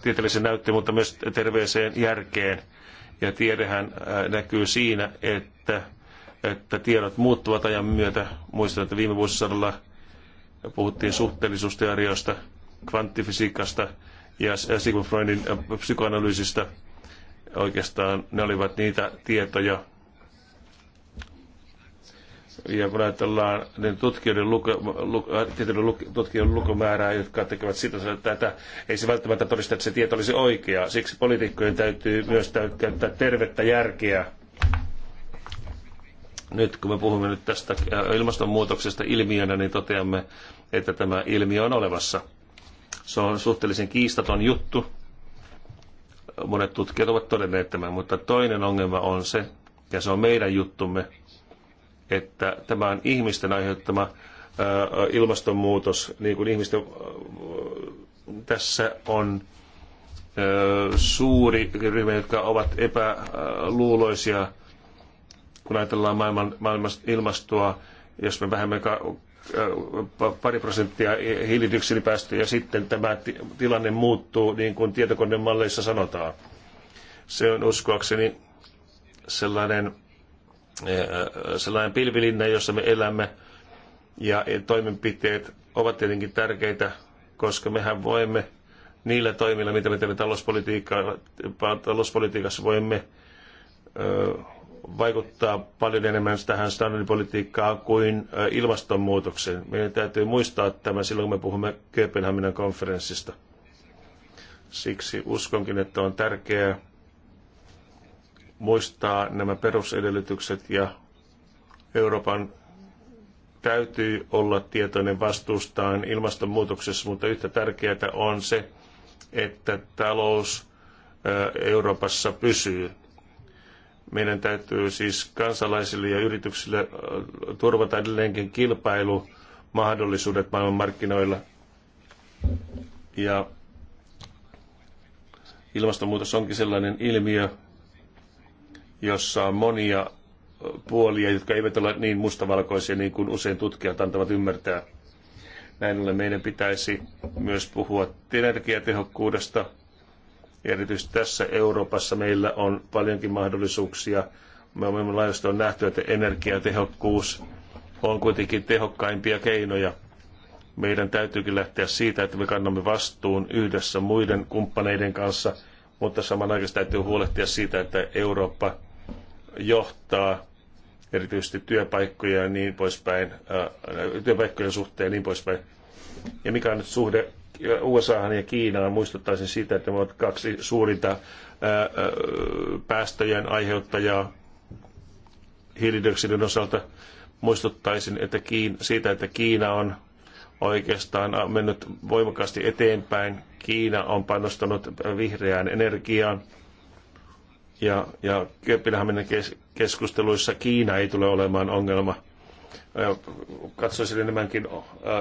tieteelliseen näyttöön, mutta myös terveeseen järkeen. Ja tiedehän äh, näkyy siinä, että, että tiedot muuttuvat ajan myötä. Muistan, että viime vuosisadalla puhuttiin suhteellisuusteorioista, kvanttifysiikasta ja äh, Sigmund Freudin psykoanalyysistä. Oikeastaan ne olivat niitä tietoja, ja kun ajatellaan niin tutkijoiden, luku, luku, äh, luku, tutkijoiden lukumäärää, jotka tekevät sitä, että tätä, ei se välttämättä todista, että se tieto olisi oikea. Siksi poliitikkojen täytyy myös käyttää tervettä järkeä. Nyt kun me puhumme nyt tästä äh, ilmastonmuutoksesta ilmiönä, niin toteamme, että tämä ilmiö on olevassa. Se on suhteellisen kiistaton juttu. Monet tutkijat ovat todenneet tämän, mutta toinen ongelma on se, ja se on meidän juttumme, että tämä on ihmisten aiheuttama ilmastonmuutos, niin kuin ihmisten tässä on suuri ryhmä, jotka ovat epäluuloisia, kun ajatellaan maailman, maailman ilmastoa, jos me vähemmän pari prosenttia hiilidioksidipäästöjä ja sitten tämä tilanne muuttuu niin kuin tietokonemalleissa sanotaan. Se on uskoakseni sellainen sellainen pilvilinna, jossa me elämme, ja toimenpiteet ovat tietenkin tärkeitä, koska mehän voimme niillä toimilla, mitä me teemme talouspolitiikka, talouspolitiikassa, voimme vaikuttaa paljon enemmän tähän standardipolitiikkaan kuin ilmastonmuutokseen. Meidän täytyy muistaa tämä silloin, kun me puhumme Kööpenhaminan konferenssista. Siksi uskonkin, että on tärkeää, muistaa nämä perusedellytykset ja Euroopan täytyy olla tietoinen vastuustaan ilmastonmuutoksessa, mutta yhtä tärkeää on se, että talous Euroopassa pysyy. Meidän täytyy siis kansalaisille ja yrityksille turvata edelleenkin kilpailumahdollisuudet maailmanmarkkinoilla. Ja ilmastonmuutos onkin sellainen ilmiö, jossa on monia puolia, jotka eivät ole niin mustavalkoisia niin kuin usein tutkijat antavat ymmärtää. Näin ollen meidän pitäisi myös puhua energiatehokkuudesta. Erityisesti tässä Euroopassa meillä on paljonkin mahdollisuuksia. Me olemme laajasti on nähty, että energiatehokkuus on kuitenkin tehokkaimpia keinoja. Meidän täytyykin lähteä siitä, että me kannamme vastuun yhdessä muiden kumppaneiden kanssa, mutta samanaikaisesti täytyy huolehtia siitä, että Eurooppa johtaa erityisesti työpaikkoja ja niin poispäin, äh, työpaikkojen suhteen ja niin poispäin. Ja mikä on nyt suhde USA ja Kiinaan, muistuttaisin siitä, että ne ovat kaksi suurinta äh, äh, päästöjen aiheuttajaa hiilidioksidin osalta. Muistuttaisin että Kiin, siitä, että Kiina on oikeastaan mennyt voimakkaasti eteenpäin. Kiina on panostanut vihreään energiaan ja, ja Kööpenhaminan kes, keskusteluissa Kiina ei tule olemaan ongelma. Katsoisin enemmänkin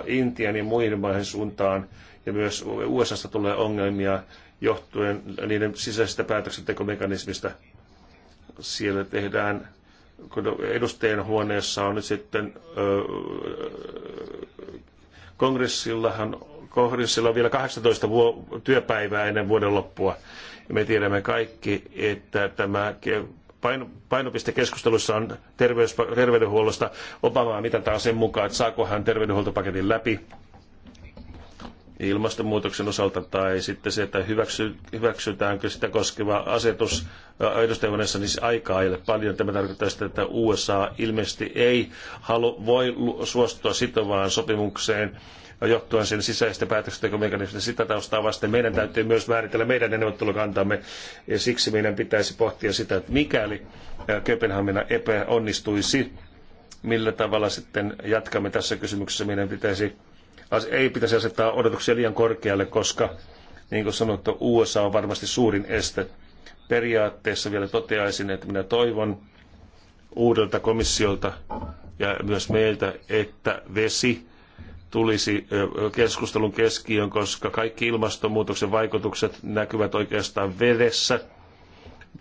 Intian ja muiden maihin suuntaan, ja myös USAsta tulee ongelmia johtuen niiden sisäisestä päätöksentekomekanismista. Siellä tehdään, kun edustajien huoneessa on nyt sitten kongressillahan kongressilla on vielä 18 vuo- työpäivää ennen vuoden loppua. Me tiedämme kaikki, että tämä painopiste keskustelussa on terveys, terveydenhuollosta. Obamaa mitataan sen mukaan, että saako hän terveydenhuoltopaketin läpi ilmastonmuutoksen osalta tai sitten se, että hyväksy, hyväksytäänkö sitä koskeva asetus edustajahuoneessa, niin aikaa ei ole paljon. Tämä tarkoittaa sitä, että USA ilmeisesti ei halu, voi suostua sitovaan sopimukseen johtuen sen sisäistä päätöksentekomekanismista. Sitä taustaa vasten meidän täytyy myös määritellä meidän neuvottelukantamme ja siksi meidän pitäisi pohtia sitä, että mikäli Kööpenhamina epäonnistuisi, millä tavalla sitten jatkamme tässä kysymyksessä. Meidän pitäisi, ei pitäisi asettaa odotuksia liian korkealle, koska niin kuin sanottu, USA on varmasti suurin este. Periaatteessa vielä toteaisin, että minä toivon uudelta komissiolta ja myös meiltä, että vesi tulisi keskustelun keskiöön, koska kaikki ilmastonmuutoksen vaikutukset näkyvät oikeastaan vedessä,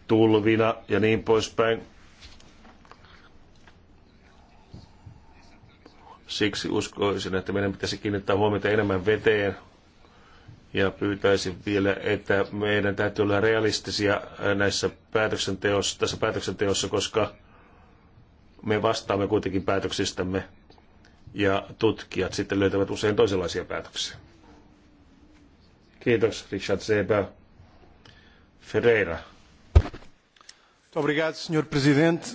tulvina ja niin poispäin. Siksi uskoisin, että meidän pitäisi kiinnittää huomiota enemmän veteen ja pyytäisin vielä, että meidän täytyy olla realistisia näissä päätöksenteossa, tässä päätöksenteossa, koska me vastaamme kuitenkin päätöksistämme ja tutkijat sitten löytävät usein toisenlaisia päätöksiä. Kiitos, Richard Seba. Ferreira. Obrigado, senhor presidente.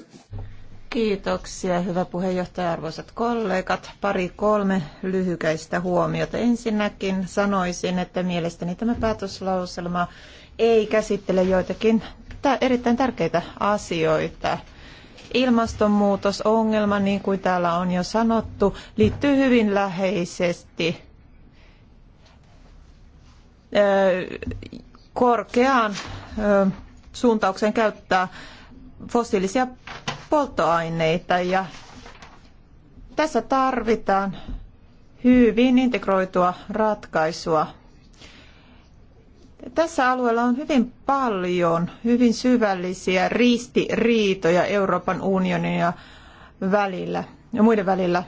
Kiitoksia, hyvä puheenjohtaja, arvoisat kollegat. Pari kolme lyhykäistä huomiota. Ensinnäkin sanoisin, että mielestäni tämä päätöslauselma ei käsittele joitakin erittäin tärkeitä asioita Ilmastonmuutosongelma, niin kuin täällä on jo sanottu, liittyy hyvin läheisesti korkeaan suuntaukseen käyttää fossiilisia polttoaineita ja tässä tarvitaan hyvin integroitua ratkaisua tässä alueella on hyvin paljon hyvin syvällisiä ristiriitoja Euroopan unionin ja välillä ja muiden välillä.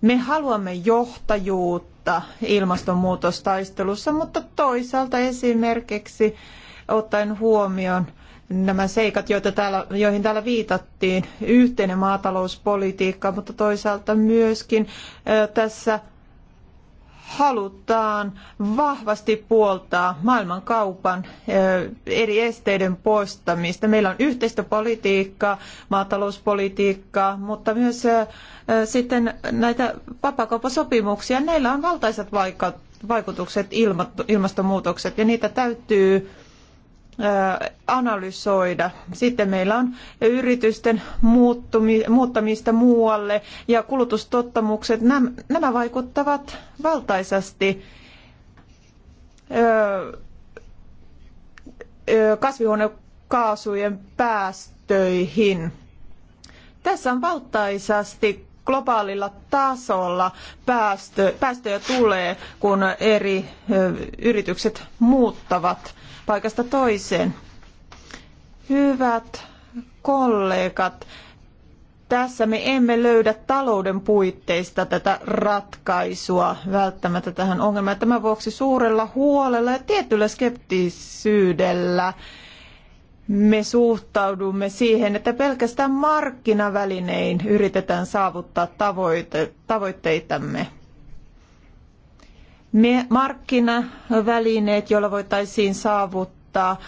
Me haluamme johtajuutta ilmastonmuutostaistelussa, mutta toisaalta esimerkiksi ottaen huomioon nämä seikat, joita täällä, joihin täällä viitattiin, yhteinen maatalouspolitiikka, mutta toisaalta myöskin tässä halutaan vahvasti puoltaa maailmankaupan eri esteiden poistamista. Meillä on yhteistä politiikkaa, maatalouspolitiikkaa, mutta myös sitten näitä vapaakauppasopimuksia. Näillä on valtaiset vaikutukset ilmastonmuutokset ja niitä täytyy analysoida. Sitten meillä on yritysten muuttamista muualle ja kulutustottamukset. Nämä vaikuttavat valtaisasti kasvihuonekaasujen päästöihin. Tässä on valtaisasti globaalilla tasolla päästö, päästöjä tulee, kun eri yritykset muuttavat paikasta toiseen. Hyvät kollegat, tässä me emme löydä talouden puitteista tätä ratkaisua välttämättä tähän ongelmaan. Tämän vuoksi suurella huolella ja tietyllä skeptisyydellä me suhtaudumme siihen, että pelkästään markkinavälinein yritetään saavuttaa tavoite, tavoitteitamme. Me markkinavälineet, joilla voitaisiin saavuttaa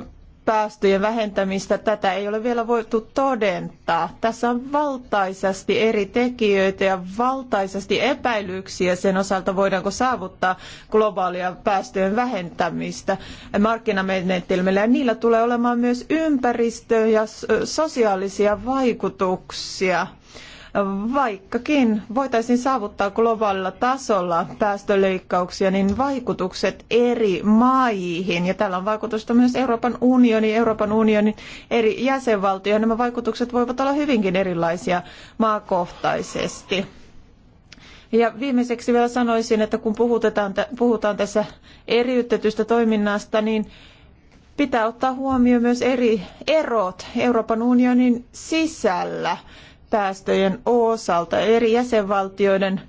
ö, päästöjen vähentämistä, tätä ei ole vielä voitu todentaa. Tässä on valtaisasti eri tekijöitä ja valtaisasti epäilyksiä sen osalta, voidaanko saavuttaa globaalia päästöjen vähentämistä markkinamenetelmillä. Ja niillä tulee olemaan myös ympäristö- ja sosiaalisia vaikutuksia Vaikkakin voitaisiin saavuttaa globaalilla tasolla päästöleikkauksia, niin vaikutukset eri maihin, ja tällä on vaikutusta myös Euroopan unioni, Euroopan unionin eri jäsenvaltioihin, nämä vaikutukset voivat olla hyvinkin erilaisia maakohtaisesti. Ja viimeiseksi vielä sanoisin, että kun puhutetaan, puhutaan tässä eriytetystä toiminnasta, niin pitää ottaa huomioon myös eri erot Euroopan unionin sisällä päästöjen osalta. Eri jäsenvaltioiden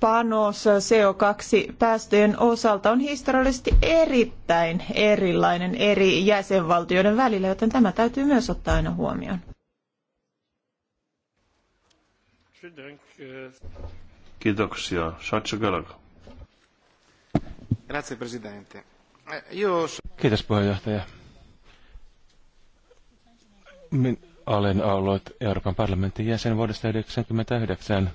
panos CO2-päästöjen osalta on historiallisesti erittäin erilainen eri jäsenvaltioiden välillä, joten tämä täytyy myös ottaa aina huomioon. Kiitoksia. Satsa Grazie Presidente. Eh, Kiitos puheenjohtaja. Min- olen ollut Euroopan parlamentin jäsen vuodesta 1999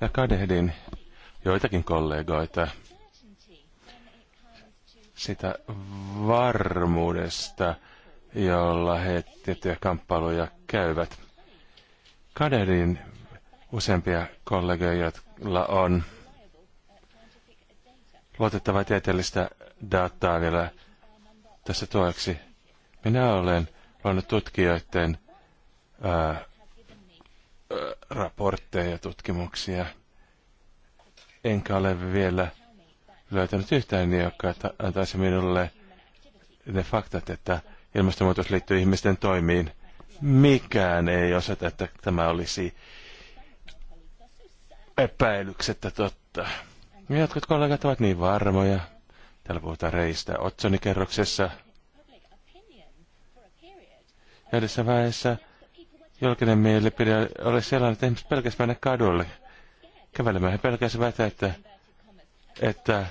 ja kadehdin joitakin kollegoita sitä varmuudesta, jolla he tiettyjä kamppailuja käyvät. Kadehdin useampia kollegoja, joilla on luotettavaa tieteellistä dataa vielä tässä tueksi. Minä olen luonut tutkijoiden ää, raportteja ja tutkimuksia. Enkä ole vielä löytänyt yhtään, joka antaisi minulle ne faktat, että ilmastonmuutos liittyy ihmisten toimiin. Mikään ei osata, että tämä olisi epäilyksettä totta. jotkut kollegat ovat niin varmoja. Täällä puhutaan reistä otsonikerroksessa, edessä väessä julkinen mielipide ole sellainen, että ihmiset pelkästään mennä kadulle kävelemään. He pelkäsivät, että, että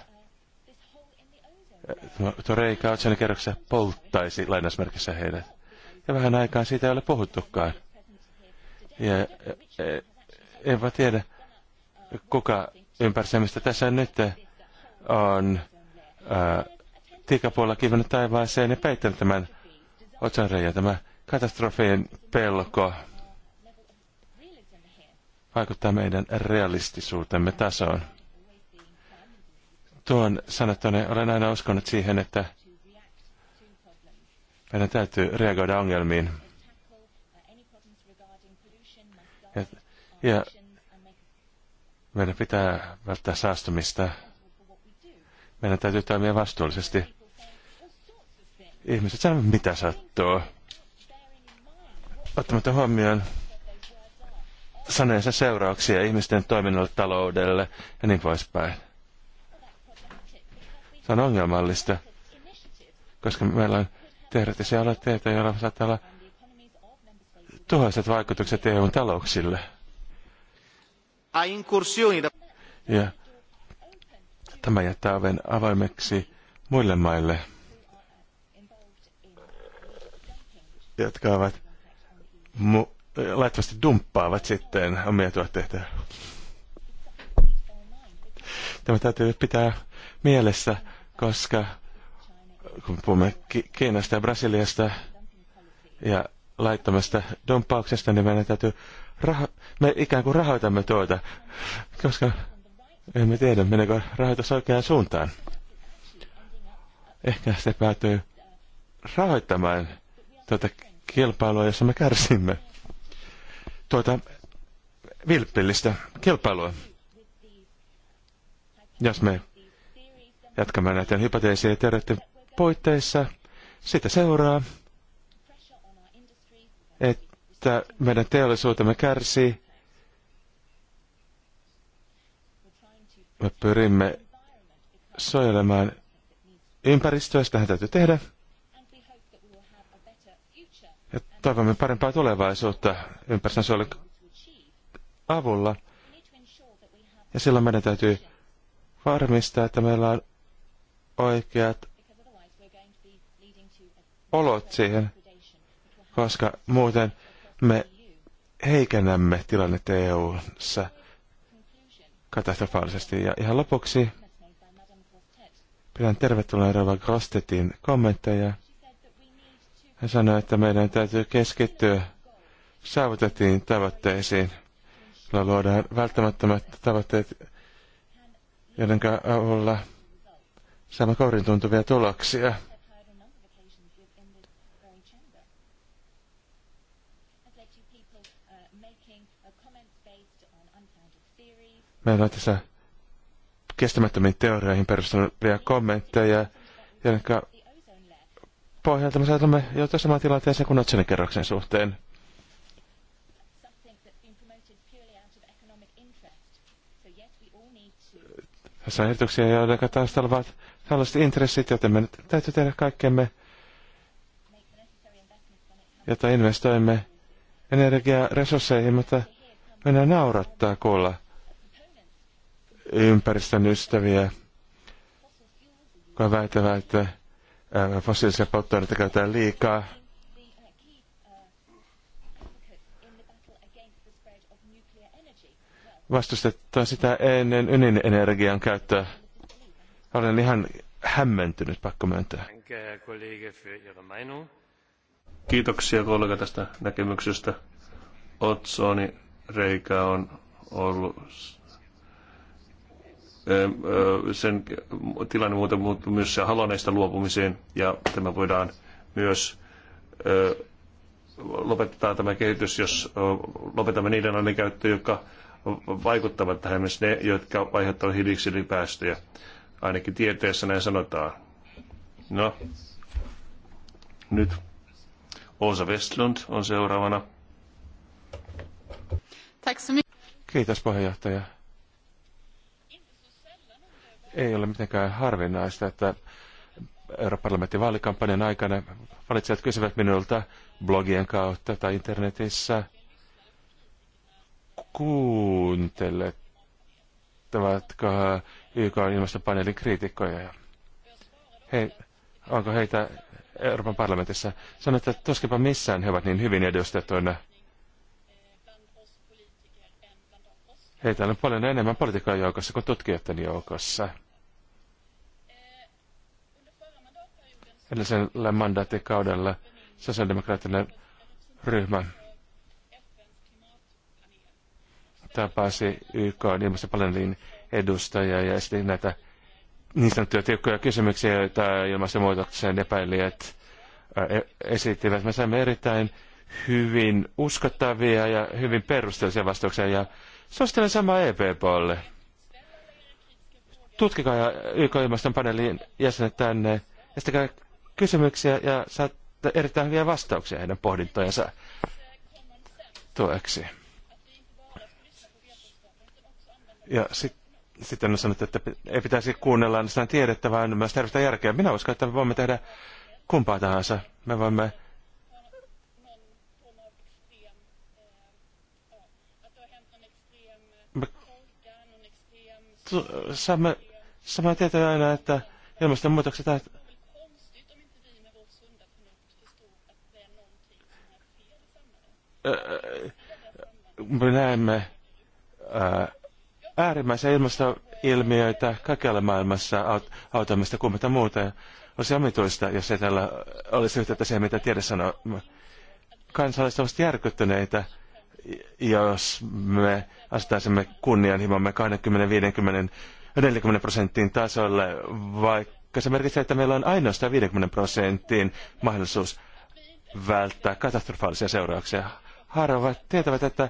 tuo reikä kerroksessa polttaisi lainausmerkissä heidät. Ja vähän aikaan siitä ei ole puhuttukaan. Ja e, e en vaan tiedä, kuka ympärsemistä tässä nyt on tiikapuolella kivennyt taivaaseen ja peittänyt tämän otsanreijan. Tämä katastrofien pelko vaikuttaa meidän realistisuutemme tasoon. Tuon sanottuna olen aina uskonut siihen, että meidän täytyy reagoida ongelmiin. Ja, ja meidän pitää välttää saastumista. Meidän täytyy toimia vastuullisesti. Ihmiset sanovat, mitä sattuu ottamatta huomioon saneensa seurauksia ihmisten toiminnalle, taloudelle ja niin poispäin. Se on ongelmallista, koska meillä on teoreettisia aloitteita, joilla saattaa olla tuhoiset vaikutukset EUn talouksille. Ja tämä jättää oven avoimeksi muille maille, jotka ovat mu- eh, laittomasti dumppaavat sitten omia tuotteita. Tämä täytyy pitää mielessä, koska kun puhumme Kiinasta ja Brasiliasta ja laittomasta dumppauksesta, niin meidän täytyy raho- me ikään kuin rahoitamme tuota, koska emme tiedä, meneekö rahoitus oikeaan suuntaan. Ehkä se päätyy rahoittamaan tuota kilpailua, jossa me kärsimme. Tuota vilpillistä kilpailua. Jos me jatkamme näiden hypoteesien ja teoreiden puitteissa, sitä seuraa, että meidän teollisuutemme kärsii. Me pyrimme suojelemaan ympäristöä, sitä täytyy tehdä. Toivomme parempaa tulevaisuutta ympäristönsuojelun avulla. Ja silloin meidän täytyy varmistaa, että meillä on oikeat olot siihen, koska muuten me heikennämme tilannetta EU-ssa katastrofaalisesti. Ja ihan lopuksi pidän tervetulleen Rova Grostetin kommentteja. Hän sanoi, että meidän täytyy keskittyä saavutettiin tavoitteisiin, joilla luodaan välttämättömät tavoitteet, joiden avulla saamme kourin tuntuvia tuloksia. Meillä on tässä kestämättömiin teorioihin perustuvia kommentteja, joiden pohjalta me saatamme joutua samaan tilanteeseen kuin Notsenin kerroksen suhteen. Tässä on ehdotuksia, joiden taustalla ovat tällaiset intressit, joten me nyt täytyy tehdä kaikkemme, jota investoimme energiaresursseihin, mutta minä naurattaa kuulla ympäristön ystäviä, kun väitävät, että Äh, fossiilisia polttoaineita käytetään liikaa. Vastustetaan sitä ennen ydinenergian käyttöä. Olen ihan hämmentynyt, pakko myöntää. Kiitoksia kollega tästä näkemyksestä. Otsoni reikä on ollut sen tilanne muuten muuttuu myös haloneista luopumiseen ja tämä voidaan myös lopettaa tämä kehitys, jos lopetamme niiden aineiden käyttö, jotka vaikuttavat tähän myös ne, jotka aiheuttavat hiilidioksidipäästöjä. Ainakin tieteessä näin sanotaan. No, nyt Osa Westlund on seuraavana. Kiitos puheenjohtaja ei ole mitenkään harvinaista, että parlamentin vaalikampanjan aikana valitsijat kysyvät minulta blogien kautta tai internetissä, Kuuntelettavatko YK ilmastopaneelin kriitikkoja? Hei, onko heitä Euroopan parlamentissa? Sanoit, että tuskinpa missään he ovat niin hyvin edustettuina. Heitä on paljon enemmän poliitikkojen joukossa kuin tutkijoiden joukossa. edellisellä mandaattikaudella sosiaalidemokraattinen ryhmä tapasi YK ilmastopaneelin edustajia ja esitin näitä niin sanottuja tiukkoja kysymyksiä, joita ilmastonmuutoksen epäilijät e-, esittivät. Me saimme erittäin hyvin uskottavia ja hyvin perusteellisia vastauksia ja suosittelen samaa EPPlle. Tutkikaa YK ilmastonpaneelin jäsenet tänne ja sitten kysymyksiä ja saat erittäin hyviä vastauksia heidän pohdintojensa tueksi. Ja sit, sitten on sanottu, että ei pitäisi kuunnella ainoastaan tiedettä, vaan myös tervettä järkeä. Minä uskon, että me voimme tehdä kumpaa tahansa. Me voimme me saamme samaa aina, että ilmastonmuutokset Äh, äh, me näemme äh, äärimmäisiä ilmastoilmiöitä kaikkialla maailmassa, autoimista kuin mitä muuta. Olisi omituista, jos ei tällä olisi yhteyttä siihen, mitä tiede sanoo. Kansalaiset ovat järkyttyneitä, jos me astaisimme kunnianhimomme 20, 50, 40 prosentin tasolle, vaikka se merkitsee, että meillä on ainoastaan 50 prosentin mahdollisuus välttää katastrofaalisia seurauksia harvat tietävät, että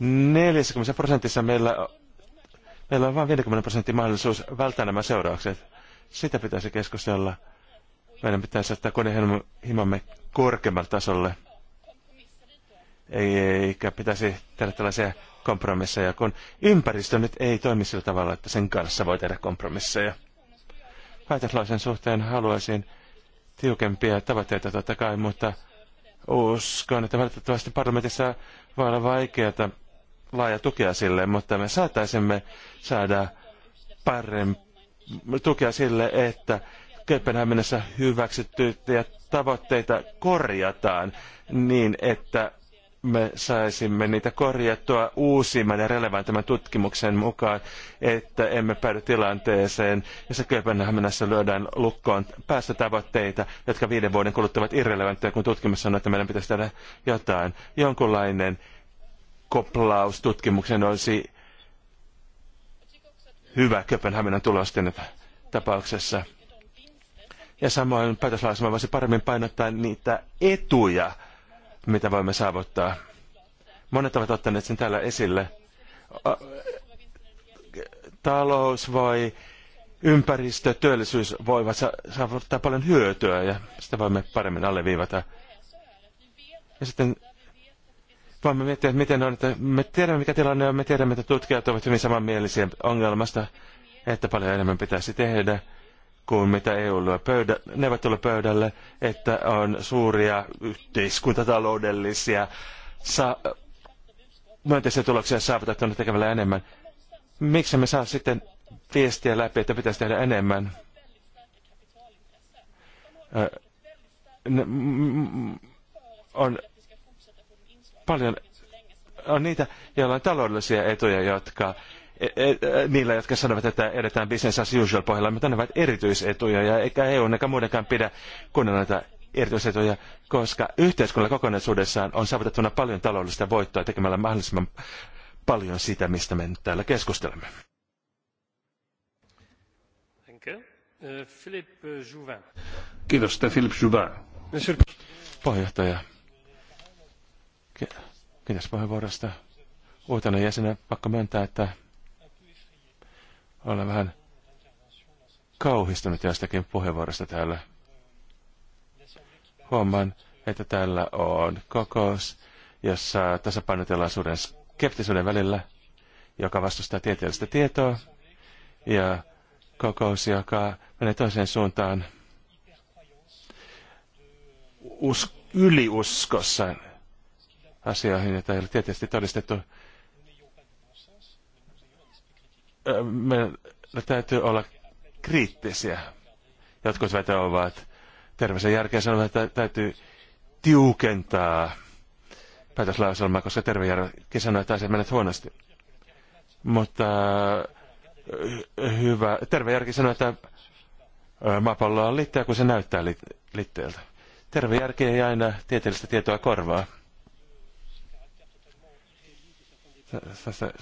40 prosentissa meillä, meillä on vain 50 prosentin mahdollisuus välttää nämä seuraukset. Sitä pitäisi keskustella. Meidän pitäisi ottaa konehimamme korkeammalle tasolle. Eikä pitäisi tehdä tällaisia kompromisseja, kun ympäristö nyt ei toimi sillä tavalla, että sen kanssa voi tehdä kompromisseja. Päätöslausen suhteen haluaisin tiukempia tavoitteita totta kai, mutta Uskon, että valitettavasti parlamentissa voi olla vaikeata laaja tukea sille, mutta me saataisimme saada parempi tukea sille, että Kööpenhaminassa hyväksyttyjä tavoitteita korjataan niin, että me saisimme niitä korjattua uusimman ja relevantimman tutkimuksen mukaan, että emme päädy tilanteeseen, jossa Kööpenhaminassa lyödään lukkoon päästötavoitteita, jotka viiden vuoden kuluttua ovat irrelevantteja, kun tutkimus sanoo, että meidän pitäisi tehdä jotain. Jonkunlainen koplaus tutkimuksen olisi hyvä Kööpenhaminan tulosten tapauksessa. Ja samoin päätöslausuma voisi paremmin painottaa niitä etuja, mitä voimme saavuttaa. Monet ovat ottaneet sen täällä esille. Talous voi, ympäristö, työllisyys voivat saavuttaa paljon hyötyä ja sitä voimme paremmin alleviivata. Ja sitten voimme miettiä, että miten on, että me tiedämme mikä tilanne on, me tiedämme, että tutkijat ovat hyvin samanmielisiä ongelmasta, että paljon enemmän pitäisi tehdä kuin mitä EU lyö pöydä, neuvottelee pöydälle, että on suuria yhteiskuntataloudellisia sa- myönteisiä tuloksia saavutettuna tekemällä enemmän. Miksi me saa sitten viestiä läpi, että pitäisi tehdä enemmän? on paljon on niitä, joilla on taloudellisia etuja, jotka E, e, niillä, jotka sanovat, että edetään business as usual pohjalla, mutta ne ovat erityisetuja, ja eikä EU eikä muidenkaan pidä kuunnella näitä erityisetuja, koska yhteiskunnalla kokonaisuudessaan on saavutettuna paljon taloudellista voittoa tekemällä mahdollisimman paljon sitä, mistä me nyt täällä keskustelemme. Kiitos Jouvin. Uh, Philippe Jouvin. Puheenjohtaja. Kiitos puheenvuorosta. Uutena jäsenä pakko myöntää, että olen vähän kauhistunut jostakin puheenvuorosta täällä. Huomaan, että täällä on kokous, jossa tasapainotellaan suuren skeptisuuden välillä, joka vastustaa tieteellistä tietoa, ja kokous, joka menee toiseen suuntaan us- yliuskossa asioihin, joita ei ole tieteellisesti todistettu meillä täytyy olla kriittisiä. Jotkut vetävät terveisen järkeä sanoa, että täytyy tiukentaa päätöslauselmaa, koska tervejärki sanoi, että asiat menet huonosti. Mutta hyvä. Tervejärki sanoi, että maapallo on liittää, kun se näyttää lit- litteeltä. Tervejärki ei aina tieteellistä tietoa korvaa. Tässä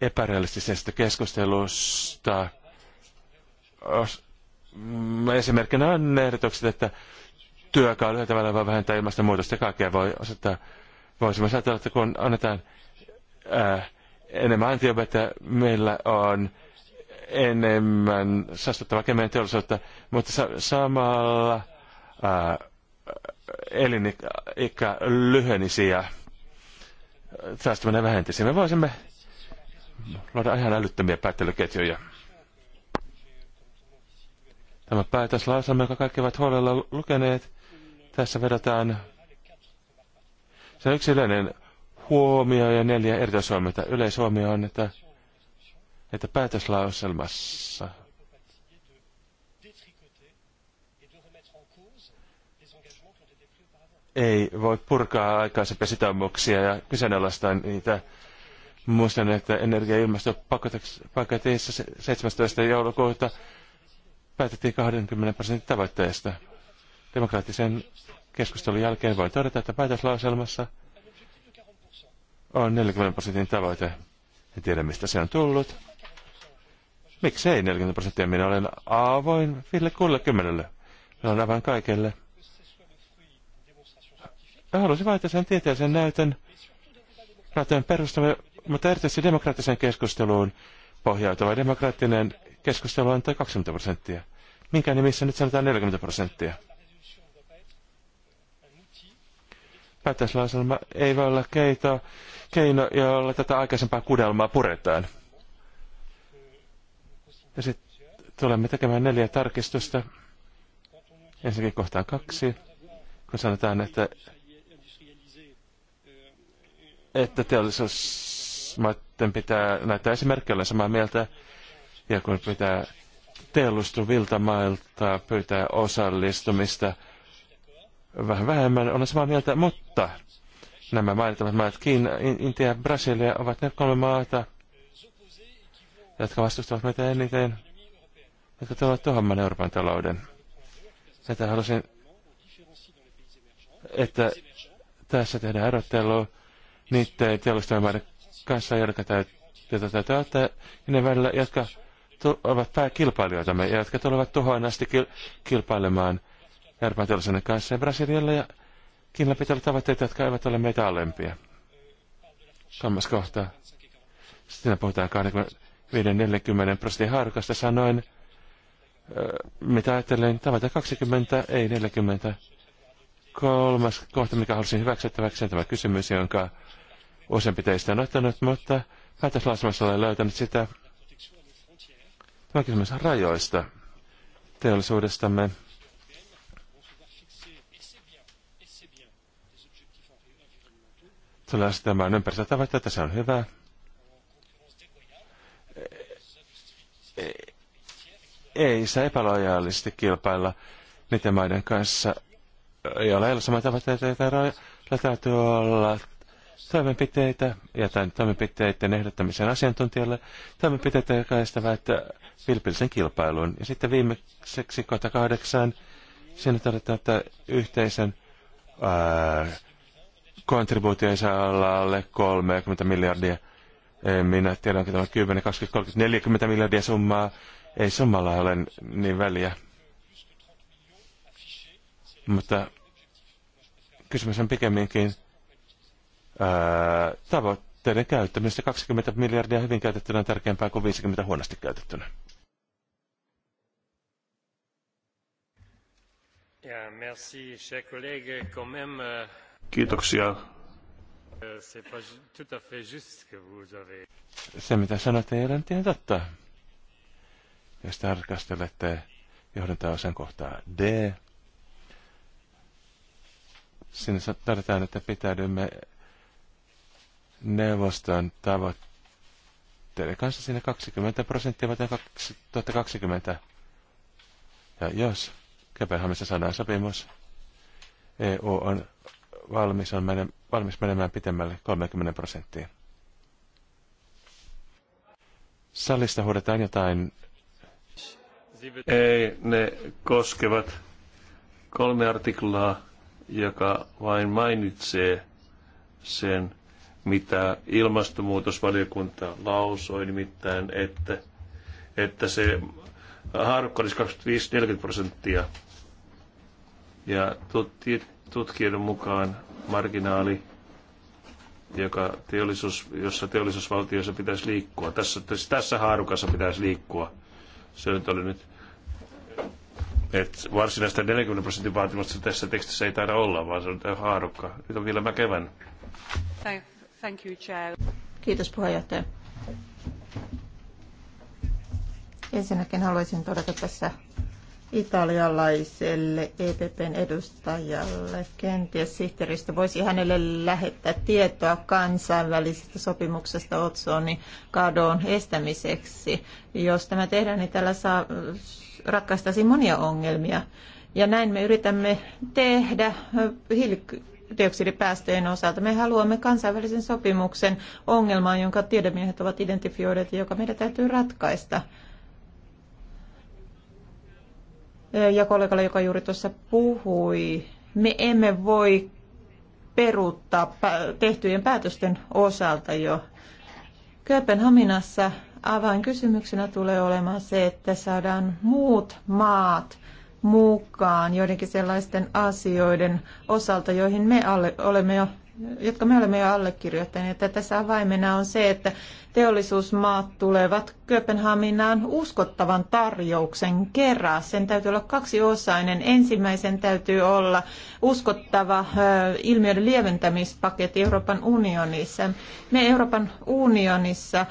epärealistisesta keskustelusta. Mm, esimerkkinä on ehdotukset, että työkaa lyhentämällä voi vähentää ilmastonmuutosta ja kaikkea voi osoittaa. Voisimme ajatella, että kun annetaan ää, äh, enemmän antiobetä, meillä on enemmän saastuttavaa kemian teollisuutta, mutta sa- samalla äh, elinikä lyhenisi ja saastuminen vähentisi. Me voisimme luoda ihan älyttömiä päättelyketjuja. Tämä päätöslauselma, jonka kaikki ovat huolella lukeneet, tässä vedotaan se on huomio ja neljä erityishuomiota. Yleishuomio on, että, että päätöslauselmassa ei voi purkaa aikaisempia sitoumuksia ja kyseenalaistaa niitä Muistan, että energia- ja ilmastopaketeissa 17. joulukuuta päätettiin 20 prosentin tavoitteesta. Demokraattisen keskustelun jälkeen voi todeta, että päätöslauselmassa on 40 prosentin tavoite. En tiedä, mistä se on tullut. Miksei 40 prosenttia? Minä olen avoin kymmenelle. Minä olen avoin kaikille. haluaisin vaihtaa sen tieteellisen näytön, näytön perustamme mutta erityisesti demokraattiseen keskusteluun pohjautuva demokraattinen keskustelu antoi 20 prosenttia. Minkä nimissä nyt sanotaan 40 prosenttia? Päätöslauselma ei voi olla keito, keino, jolla tätä aikaisempaa kudelmaa puretaan. Ja sitten tulemme tekemään neljä tarkistusta. Ensinnäkin kohtaan kaksi, kun sanotaan, että, että teollisuus Pohjoismaiden pitää näitä esimerkkejä olla samaa mieltä. Ja kun pitää teollistuvilta mailta pyytää osallistumista vähän vähemmän, olen samaa mieltä, mutta nämä mainitavat maat, Kiina, Intia ja Brasilia, ovat ne kolme maata, jotka vastustavat meitä eniten, jotka tuovat tuohon Euroopan talouden. Sitä halusin, että tässä tehdään erottelu niiden teollistujen maiden kanssa, jotka täytyy, jota täytyy ottaa, ja ne välillä, jotka ovat pääkilpailijoitamme, ja jotka tulevat tuhoon asti kil, kilpailemaan Euroopan kanssa ja Brasilialla ja Kiinalla pitää olla tavoitteita, jotka eivät ole meitä alempia. Kammas kohta. Siinä puhutaan 25-40 prosentin haarukasta sanoen, mitä ajattelen, tavoite 20, ei 40. Kolmas kohta, mikä halusin hyväksyttäväksi, on tämä kysymys, jonka useampi teistä on ottanut, mutta päätöslausumassa olen löytänyt sitä tämä kysymys on rajoista teollisuudestamme. Tulee asettamaan että se on hyvä. Ei saa epälojaalisti kilpailla niiden maiden kanssa, joilla ei ole samat tavoitteita, joita täytyy olla toimenpiteitä, ja tämän toimenpiteiden ehdottamisen asiantuntijalle, toimenpiteitä, jotka estävät äh, vilpillisen kilpailun. Ja sitten viimeiseksi kohta kahdeksan, siinä todetaan, että yhteisen äh, kontribuutio ei saa olla alle 30 miljardia. minä tiedän, että tämä 10, 20, 30, 40 miljardia summaa. Ei summalla ole niin väliä. Mutta kysymys on pikemminkin tavoitteiden käyttämistä 20 miljardia hyvin käytettynä on tärkeämpää kuin 50 huonosti käytettynä. Kiitoksia. Se, mitä sanotte, ei ole nyt ihan totta. Jos tarkastelette johdantaosan kohtaa D, sinne tarvitaan, että pitäydymme neuvoston tavoitteiden kanssa sinne 20 prosenttia vuoteen 2020. Ja jos Köpenhamissa saadaan sopimus, EU on valmis, on mene, valmis menemään pitemmälle 30 prosenttiin. Salista huudetaan jotain. Ei, ne koskevat kolme artiklaa, joka vain mainitsee sen mitä ilmastonmuutosvaliokunta lausoi, nimittäin, että, että se haarukka olisi 25-40 prosenttia. Ja tutkijoiden mukaan marginaali, joka teollisuus, jossa teollisuusvaltioissa pitäisi liikkua, tässä, tässä haarukassa pitäisi liikkua, se nyt oli nyt et varsinaista 40 prosentin vaatimusta tässä tekstissä ei taida olla, vaan se on haarukka. Nyt on vielä mä kevän. Thanks. Thank you, Chair. Kiitos puheenjohtaja. Ensinnäkin haluaisin todeta tässä italialaiselle EPPn edustajalle. Kenties sihteeristö voisi hänelle lähettää tietoa kansainvälisestä sopimuksesta Otsonin kadon estämiseksi. Jos tämä tehdään, niin tällä saa, ratkaistaisiin monia ongelmia. Ja näin me yritämme tehdä äh, hiilidioksidipäästöjen osalta. Me haluamme kansainvälisen sopimuksen ongelmaan, jonka tiedemiehet ovat identifioineet ja joka meidän täytyy ratkaista. Ja kollegalle, joka juuri tuossa puhui, me emme voi peruuttaa tehtyjen päätösten osalta jo. Kööpenhaminassa avainkysymyksenä tulee olemaan se, että saadaan muut maat mukaan joidenkin sellaisten asioiden osalta, joihin me alle, olemme jo jotka me olemme jo allekirjoittaneet. tässä avaimena on se, että teollisuusmaat tulevat Kööpenhaminaan uskottavan tarjouksen kerran. Sen täytyy olla kaksiosainen. Ensimmäisen täytyy olla uskottava ilmiöiden lieventämispaketti Euroopan unionissa. Me Euroopan unionissa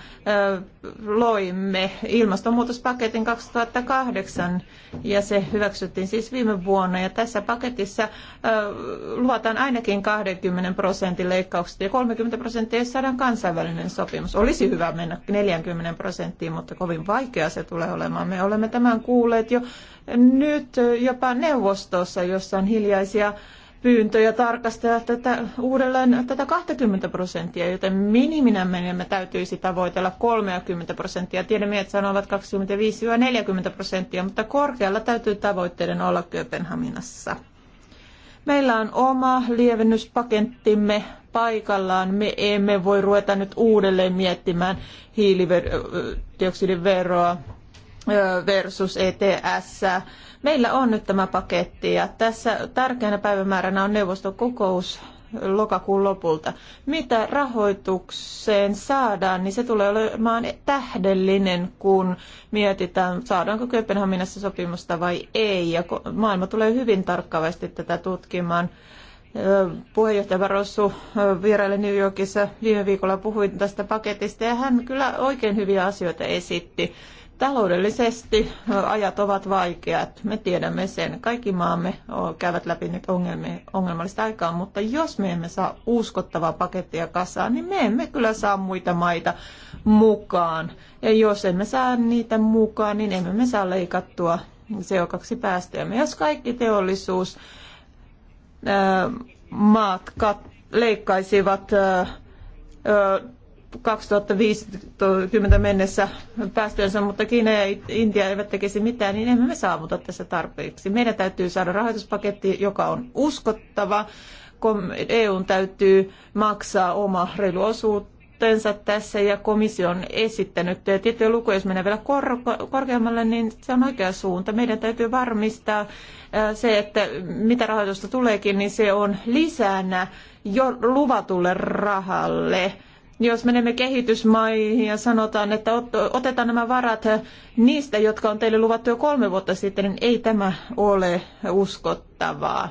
loimme ilmastonmuutospaketin 2008 ja se hyväksyttiin siis viime vuonna. Ja tässä paketissa luvataan ainakin 20 prosentin leikkaukset ja 30 prosenttia, jos saadaan kansainvälinen sopimus. Olisi hyvä mennä 40 prosenttiin, mutta kovin vaikea se tulee olemaan. Me olemme tämän kuulleet jo nyt jopa neuvostossa, jossa on hiljaisia pyyntöjä tarkastella tätä uudelleen tätä 20 prosenttia, joten miniminä menemme täytyisi tavoitella 30 prosenttia. Tiedemiehet sanovat 25-40 prosenttia, mutta korkealla täytyy tavoitteiden olla Kööpenhaminassa. Meillä on oma lievennyspakettimme, paikallaan. Me emme voi ruveta nyt uudelleen miettimään hiilidioksidin veroa versus ETS. Meillä on nyt tämä paketti ja tässä tärkeänä päivämääränä on neuvoston kokous lokakuun lopulta. Mitä rahoitukseen saadaan, niin se tulee olemaan tähdellinen, kun mietitään, saadaanko Kööpenhaminassa sopimusta vai ei. Ja maailma tulee hyvin tarkkaavasti tätä tutkimaan. Puheenjohtaja Barroso vieraili New Yorkissa viime viikolla, puhuin tästä paketista ja hän kyllä oikein hyviä asioita esitti. Taloudellisesti ajat ovat vaikeat, me tiedämme sen. Kaikki maamme käyvät läpi nyt ongelmallista aikaa, mutta jos me emme saa uskottavaa pakettia kasaan, niin me emme kyllä saa muita maita mukaan. Ja jos emme saa niitä mukaan, niin emme me saa leikattua co 2 päästöjä Jos kaikki teollisuus maat leikkaisivat 2050 mennessä päästöjensä, mutta Kiina ja Intia eivät tekisi mitään, niin emme me saavuta tässä tarpeeksi. Meidän täytyy saada rahoituspaketti, joka on uskottava. EUn täytyy maksaa oma reilu osuus, tavoitteensa tässä ja komissio on esittänyt tiettyjä lukuja, jos menee vielä kor- korkeammalle, niin se on oikea suunta. Meidän täytyy varmistaa äh, se, että mitä rahoitusta tuleekin, niin se on lisänä jo luvatulle rahalle jos menemme kehitysmaihin ja sanotaan, että otetaan nämä varat niistä, jotka on teille luvattu jo kolme vuotta sitten, niin ei tämä ole uskottavaa.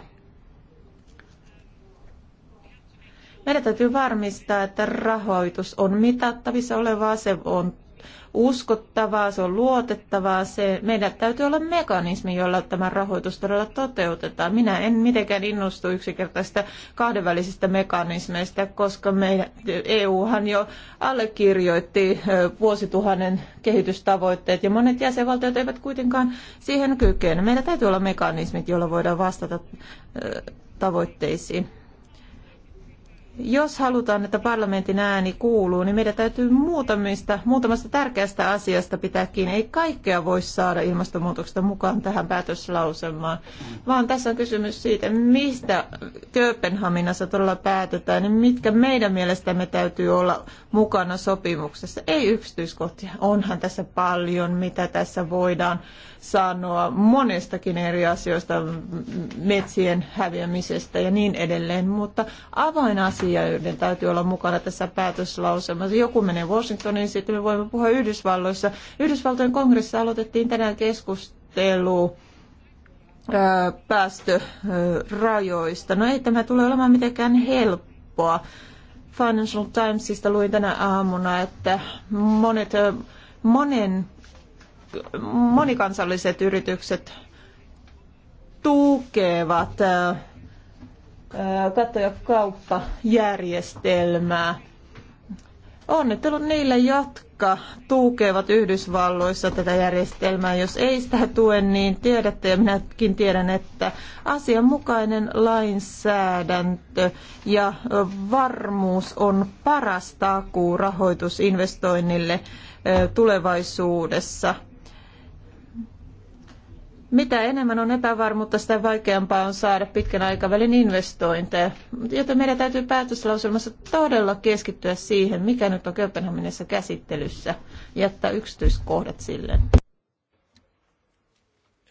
Meidän täytyy varmistaa, että rahoitus on mitattavissa olevaa, se on uskottavaa, se on luotettavaa. Se, meidän täytyy olla mekanismi, jolla tämä rahoitus todella toteutetaan. Minä en mitenkään innostu yksinkertaisista kahdenvälisistä mekanismeista, koska meidän, EUhan jo allekirjoitti vuosituhannen kehitystavoitteet ja monet jäsenvaltiot eivät kuitenkaan siihen kykene. Meidän täytyy olla mekanismit, joilla voidaan vastata tavoitteisiin. Jos halutaan, että parlamentin ääni kuuluu, niin meidän täytyy muutamista, muutamasta tärkeästä asiasta pitää kiinni. Ei kaikkea voi saada ilmastonmuutoksesta mukaan tähän päätöslauselmaan, vaan tässä on kysymys siitä, mistä Kööpenhaminassa todella päätetään, niin mitkä meidän mielestämme täytyy olla mukana sopimuksessa. Ei yksityiskohtia. Onhan tässä paljon, mitä tässä voidaan sanoa monestakin eri asioista, metsien häviämisestä ja niin edelleen, mutta joiden täytyy olla mukana tässä päätöslausemassa. Joku menee Washingtoniin, sitten me voimme puhua Yhdysvalloissa. Yhdysvaltojen kongressissa aloitettiin tänään keskustelu päästörajoista. No ei tämä tule olemaan mitenkään helppoa. Financial Timesista luin tänä aamuna, että monet, monen monikansalliset yritykset tukevat katto- ja kauppajärjestelmää. Onnittelut niille, jotka tukevat Yhdysvalloissa tätä järjestelmää. Jos ei sitä tue, niin tiedätte ja minäkin tiedän, että asianmukainen lainsäädäntö ja varmuus on paras takuu rahoitusinvestoinnille tulevaisuudessa. Mitä enemmän on epävarmuutta, sitä vaikeampaa on saada pitkän aikavälin investointeja. Joten meidän täytyy päätöslauselmassa todella keskittyä siihen, mikä nyt on Kööpenhaminassa käsittelyssä, jättää yksityiskohdat sille.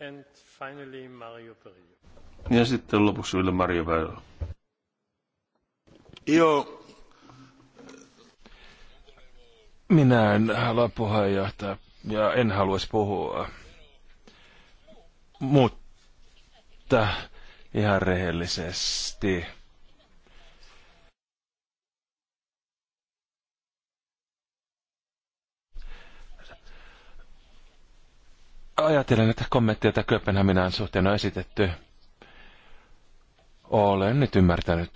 And finally Mario Perillo. Ja sitten lopuksi vielä Mario Perillo. Joo. Minä en halua puheenjohtaa ja en haluaisi puhua mutta ihan rehellisesti. Ajattelen, että kommentteja jota Kööpenhaminaan suhteen on esitetty, olen nyt ymmärtänyt.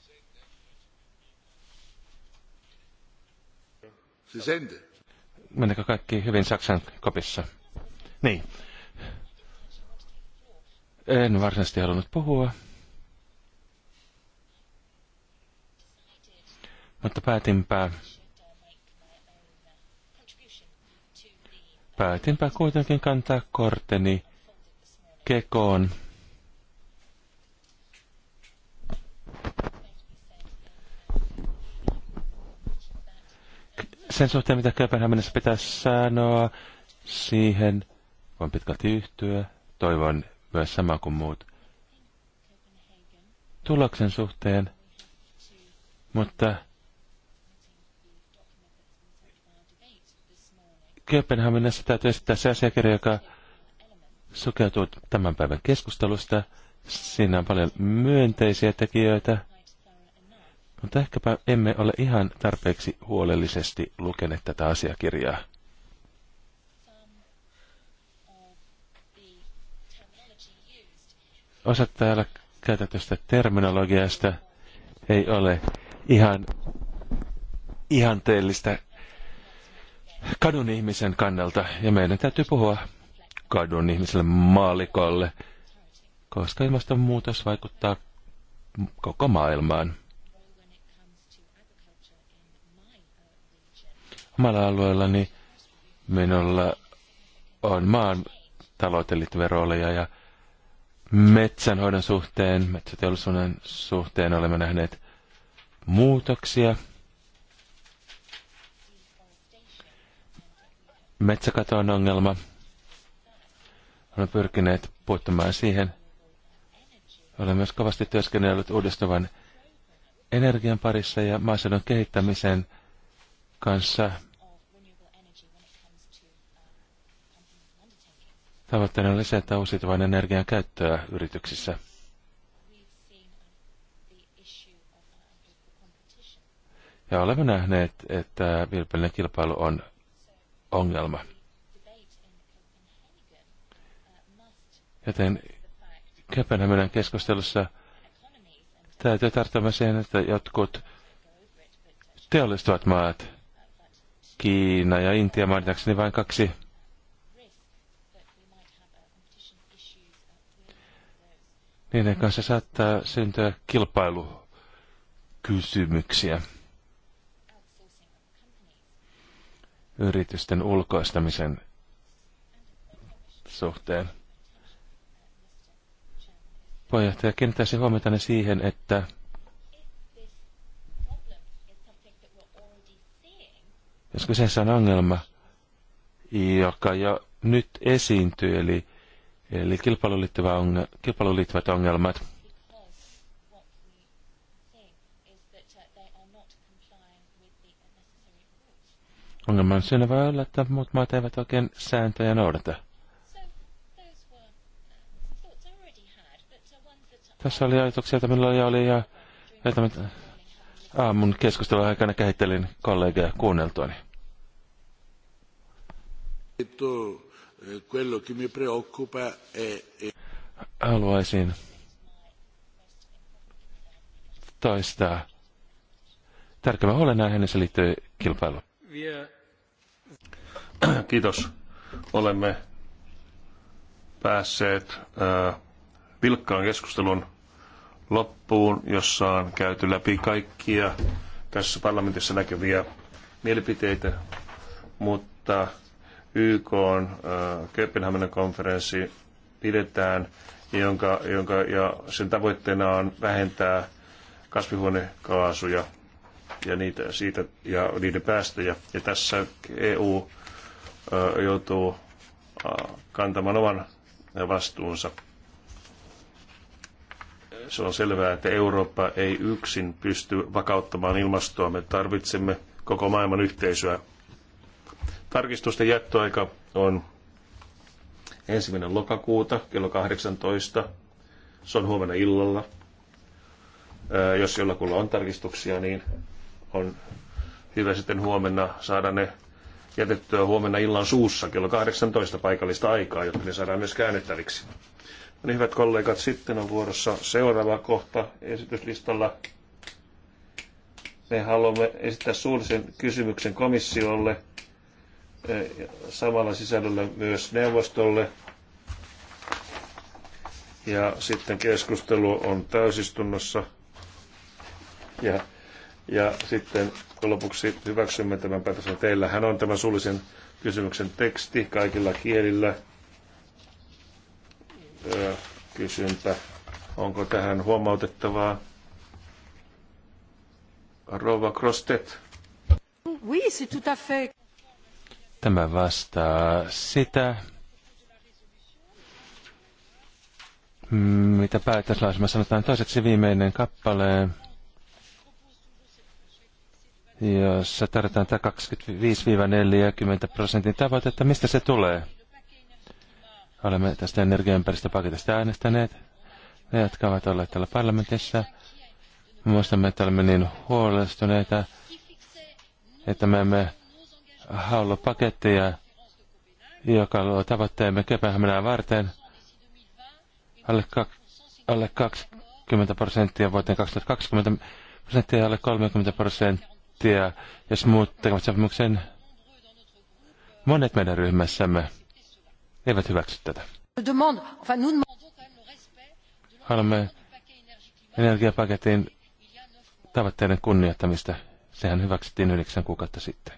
Se siis sende menikö kaikki hyvin Saksan kopissa? Niin. En varsinaisesti halunnut puhua. Mutta päätinpä... Päätinpä kuitenkin kantaa korteni kekoon. sen suhteen, mitä Kööpenhaminassa pitää sanoa, siihen voin pitkälti yhtyä. Toivon myös sama kuin muut. Tuloksen suhteen, mutta Kööpenhaminassa täytyy esittää se asiakirja, joka sukeutuu tämän päivän keskustelusta. Siinä on paljon myönteisiä tekijöitä. Mutta ehkäpä emme ole ihan tarpeeksi huolellisesti lukeneet tätä asiakirjaa. Osa täällä käytetystä terminologiasta ei ole ihan ihanteellista kadun ihmisen kannalta. Ja meidän täytyy puhua kadun ihmiselle maalikolle, koska ilmastonmuutos vaikuttaa koko maailmaan. Omalla alueellani minulla on maan taloutellit veroleja ja metsänhoidon suhteen, metsäteollisuuden suhteen olemme nähneet muutoksia. Metsäkato on ongelma. Olemme pyrkineet puuttumaan siihen. Olen myös kovasti työskennellyt uudistuvan energian parissa ja maaseudun kehittämisen kanssa Tavoitteena on lisätä uusiutuvan energian käyttöä yrityksissä. Ja olemme nähneet, että vilpillinen kilpailu on ongelma. Joten Köpenhaminan keskustelussa täytyy tarttua siihen, että jotkut teollistuvat maat, Kiina ja Intia mainitakseni vain kaksi niiden kanssa saattaa syntyä kilpailukysymyksiä yritysten ulkoistamisen suhteen. Puheenjohtaja kiinnittäisi huomiota siihen, että jos kyseessä on ongelma, joka jo nyt esiintyy, eli Eli kilpailuun, liittyvä onge, kilpailuun liittyvät ongelmat. Ongelma on siinä väylä, että muut maat eivät oikein sääntöjä noudata. Tässä oli ajatuksia, että minulla jo oli ja joita aamun keskustelun aikana kehittelin kollegeja kuunneltuani. Eh, quello che mi preoccupa è... Haluaisin toistaa. Tärkeä huolenaihe, se liittyy kilpailuun. Kiitos. Olemme päässeet äh, vilkkaan keskustelun loppuun, jossa on käyty läpi kaikkia tässä parlamentissa näkyviä mielipiteitä, mutta YK on äh, Kööpenhaminan konferenssi pidetään, jonka, jonka, ja sen tavoitteena on vähentää kasvihuonekaasuja ja, niitä, siitä, ja niiden päästöjä. Ja tässä EU ö, äh, joutuu ö, äh, kantamaan oman vastuunsa. Se on selvää, että Eurooppa ei yksin pysty vakauttamaan ilmastoa. Me tarvitsemme koko maailman yhteisöä Tarkistusten jättöaika on ensimmäinen lokakuuta kello 18. Se on huomenna illalla. Jos jollakulla on tarkistuksia, niin on hyvä sitten huomenna saada ne jätettyä huomenna illan suussa kello 18 paikallista aikaa, jotta ne saadaan myös käännettäviksi. No niin hyvät kollegat, sitten on vuorossa seuraava kohta esityslistalla. Me haluamme esittää suullisen kysymyksen komissiolle – samalla sisällöllä myös neuvostolle. Ja sitten keskustelu on täysistunnossa. Ja, ja sitten lopuksi hyväksymme tämän päätöksen. Teillähän on tämä suullisen kysymyksen teksti kaikilla kielillä. Kysyntä, onko tähän huomautettavaa? Rova Krostet. Oui, c'est tout à fait. Tämä vastaa sitä, mitä päätöslausuma sanotaan toiseksi viimeinen kappale, jossa tarvitaan 25-40 prosentin että Mistä se tulee? Olemme tästä energiaympäristöpaketista äänestäneet. Ne, jotka ovat olleet täällä parlamentissa. Muistamme, että olemme niin huolestuneita, että me emme haulla paketteja, joka luo tavoitteemme kepähämänää varten alle, kak, alle 20 prosenttia vuoteen 2020 prosenttia ja alle 30 prosenttia, jos muut tekevät sopimuksen. Monet meidän ryhmässämme eivät hyväksy tätä. Haluamme energiapaketin tavoitteiden kunnioittamista. Sehän hyväksyttiin yhdeksän kuukautta sitten.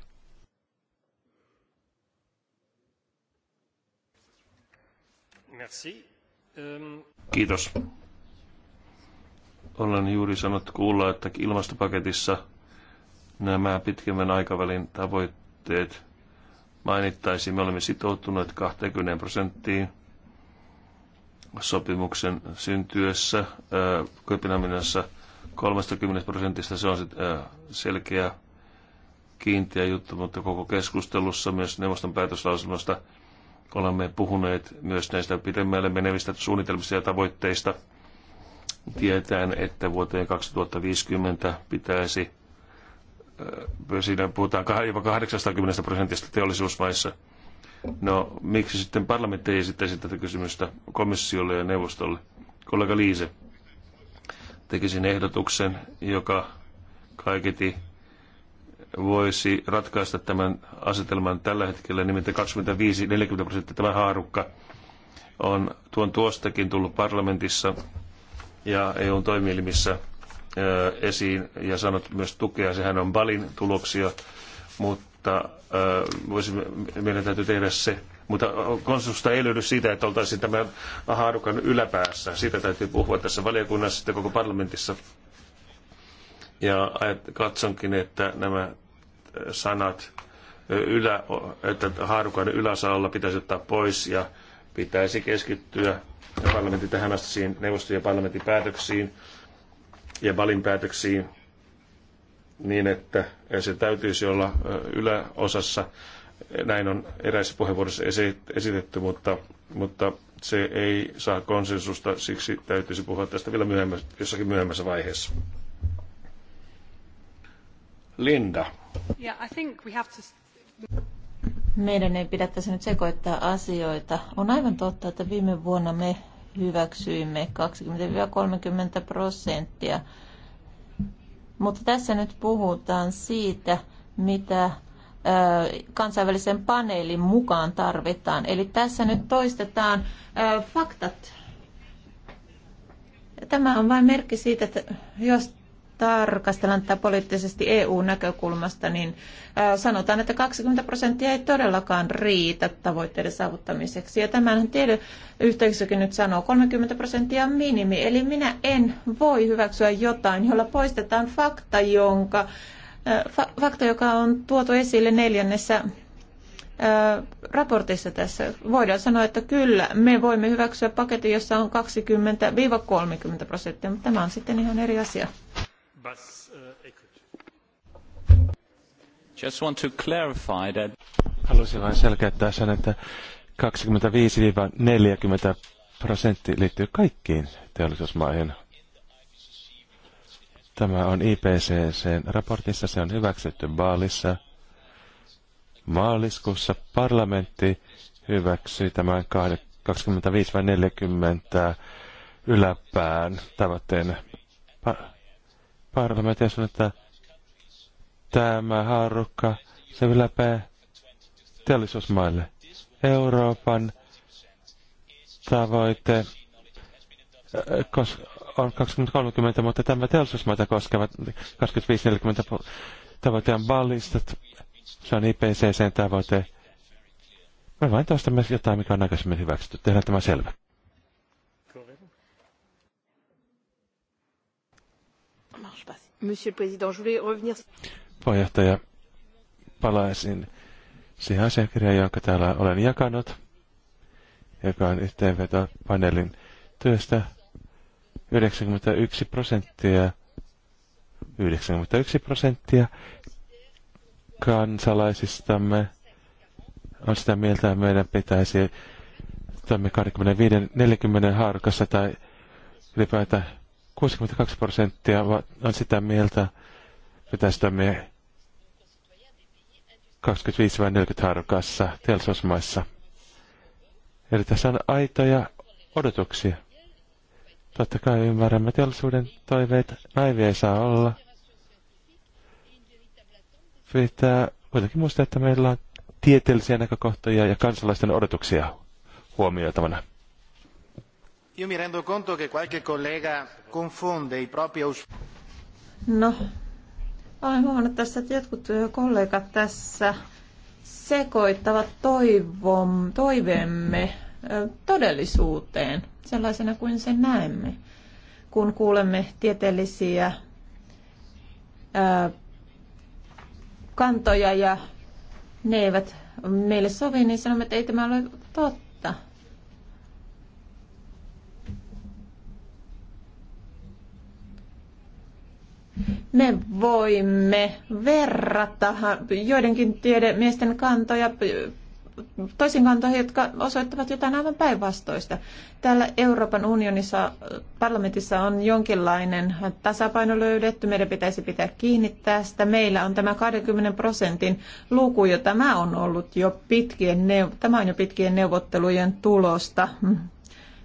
Kiitos. Olen juuri sanonut kuulla, että ilmastopaketissa nämä pitkemmän aikavälin tavoitteet mainittaisiin. Me olemme sitoutuneet 20 prosenttiin sopimuksen syntyessä Kööpenhaminassa 30 prosentista. Se on sit, selkeä kiinteä juttu, mutta koko keskustelussa myös neuvoston päätöslausunnosta Olemme puhuneet myös näistä pidemmälle menevistä suunnitelmista ja tavoitteista. Tietään, että vuoteen 2050 pitäisi, siinä puhutaan jopa 80 prosentista teollisuusmaissa. No, miksi sitten parlamentti ei esittäisi tätä kysymystä komissiolle ja neuvostolle? Kollega Liise tekisin ehdotuksen, joka kaiketi voisi ratkaista tämän asetelman tällä hetkellä, nimittäin 25-40 prosenttia tämä haarukka on tuon tuostakin tullut parlamentissa ja EUn toimielimissä esiin ja sanot myös tukea. Sehän on Balin tuloksia, mutta voisimme, meidän täytyy tehdä se. Mutta konsensusta ei löydy siitä, että oltaisiin tämän haarukan yläpäässä. Siitä täytyy puhua tässä valiokunnassa ja koko parlamentissa ja katsonkin, että nämä äh, sanat ylä, että haarukan yläsalalla pitäisi ottaa pois ja pitäisi keskittyä parlamentin tähän asti neuvoston ja parlamentin päätöksiin ja valin päätöksiin niin, että se täytyisi olla yläosassa. Näin on eräissä puheenvuoroissa esitetty, mutta, mutta se ei saa konsensusta, siksi täytyisi puhua tästä vielä myöhemmässä, jossakin myöhemmässä vaiheessa. Linda. Yeah, I think we have to... Meidän ei pidä tässä nyt sekoittaa asioita. On aivan totta, että viime vuonna me hyväksyimme 20-30 prosenttia. Mutta tässä nyt puhutaan siitä, mitä kansainvälisen paneelin mukaan tarvitaan. Eli tässä nyt toistetaan faktat. Tämä on vain merkki siitä, että jos tarkastellaan tätä poliittisesti EU-näkökulmasta, niin sanotaan, että 20 prosenttia ei todellakaan riitä tavoitteiden saavuttamiseksi. Ja tämänhän tiedeyhteisökin nyt sanoo 30 prosenttia minimi. Eli minä en voi hyväksyä jotain, jolla poistetaan fakta, jonka, fakta joka on tuotu esille neljännessä raportissa tässä voidaan sanoa, että kyllä, me voimme hyväksyä paketin, jossa on 20-30 prosenttia, mutta tämä on sitten ihan eri asia. Eh, Just want to clarify that... Haluaisin vain selkeyttää sen, että 25-40 prosentti liittyy kaikkiin teollisuusmaihin. Tämä on IPCCn raportissa, se on hyväksytty Baalissa. Maaliskuussa parlamentti hyväksyi tämän 25-40 yläpään tavoitteen parlamentti on että tämä haarukka se läpää teollisuusmaille. Euroopan tavoite äh, on 2030, mutta tämä teollisuusmaita koskeva 2540 tavoite on ballistat. Se on ipcc tavoite. Me vain toistamme jotain, mikä on aikaisemmin hyväksytty. Tehdään tämä selvä. Monsieur le Président, je voulais revenir... Puheenjohtaja, palaisin siihen asiakirjaan, jonka täällä olen jakanut, joka on yhteenveto paneelin työstä. 91 prosenttia 91 prosenttia kansalaisistamme on sitä mieltä, että meidän pitäisi toimia 25-40 haarukassa tai ylipäätään 62 prosenttia on sitä mieltä, sitä me 25-40 haarukassa telsosmaissa. Eli tässä on aitoja odotuksia. Totta kai ymmärrämme teollisuuden toiveet. Naivia ei saa olla. Pitää kuitenkin muistaa, että meillä on tieteellisiä näkökohtia ja kansalaisten odotuksia huomioitavana. Io mi rendo conto che qualche collega confonde i propri No, olen huomannut tässä, että jotkut kollegat tässä sekoittavat toivom, toiveemme todellisuuteen sellaisena kuin sen näemme, kun kuulemme tieteellisiä ää, kantoja ja ne eivät meille sovi, niin sanomme, että ei tämä ole totta me voimme verrata joidenkin tiedemiesten kantoja toisin kantoihin, jotka osoittavat jotain aivan päinvastoista. Täällä Euroopan unionissa parlamentissa on jonkinlainen tasapaino löydetty. Meidän pitäisi pitää kiinni tästä. Meillä on tämä 20 prosentin luku, jota tämä on ollut jo pitkien, tämä on jo pitkien neuvottelujen tulosta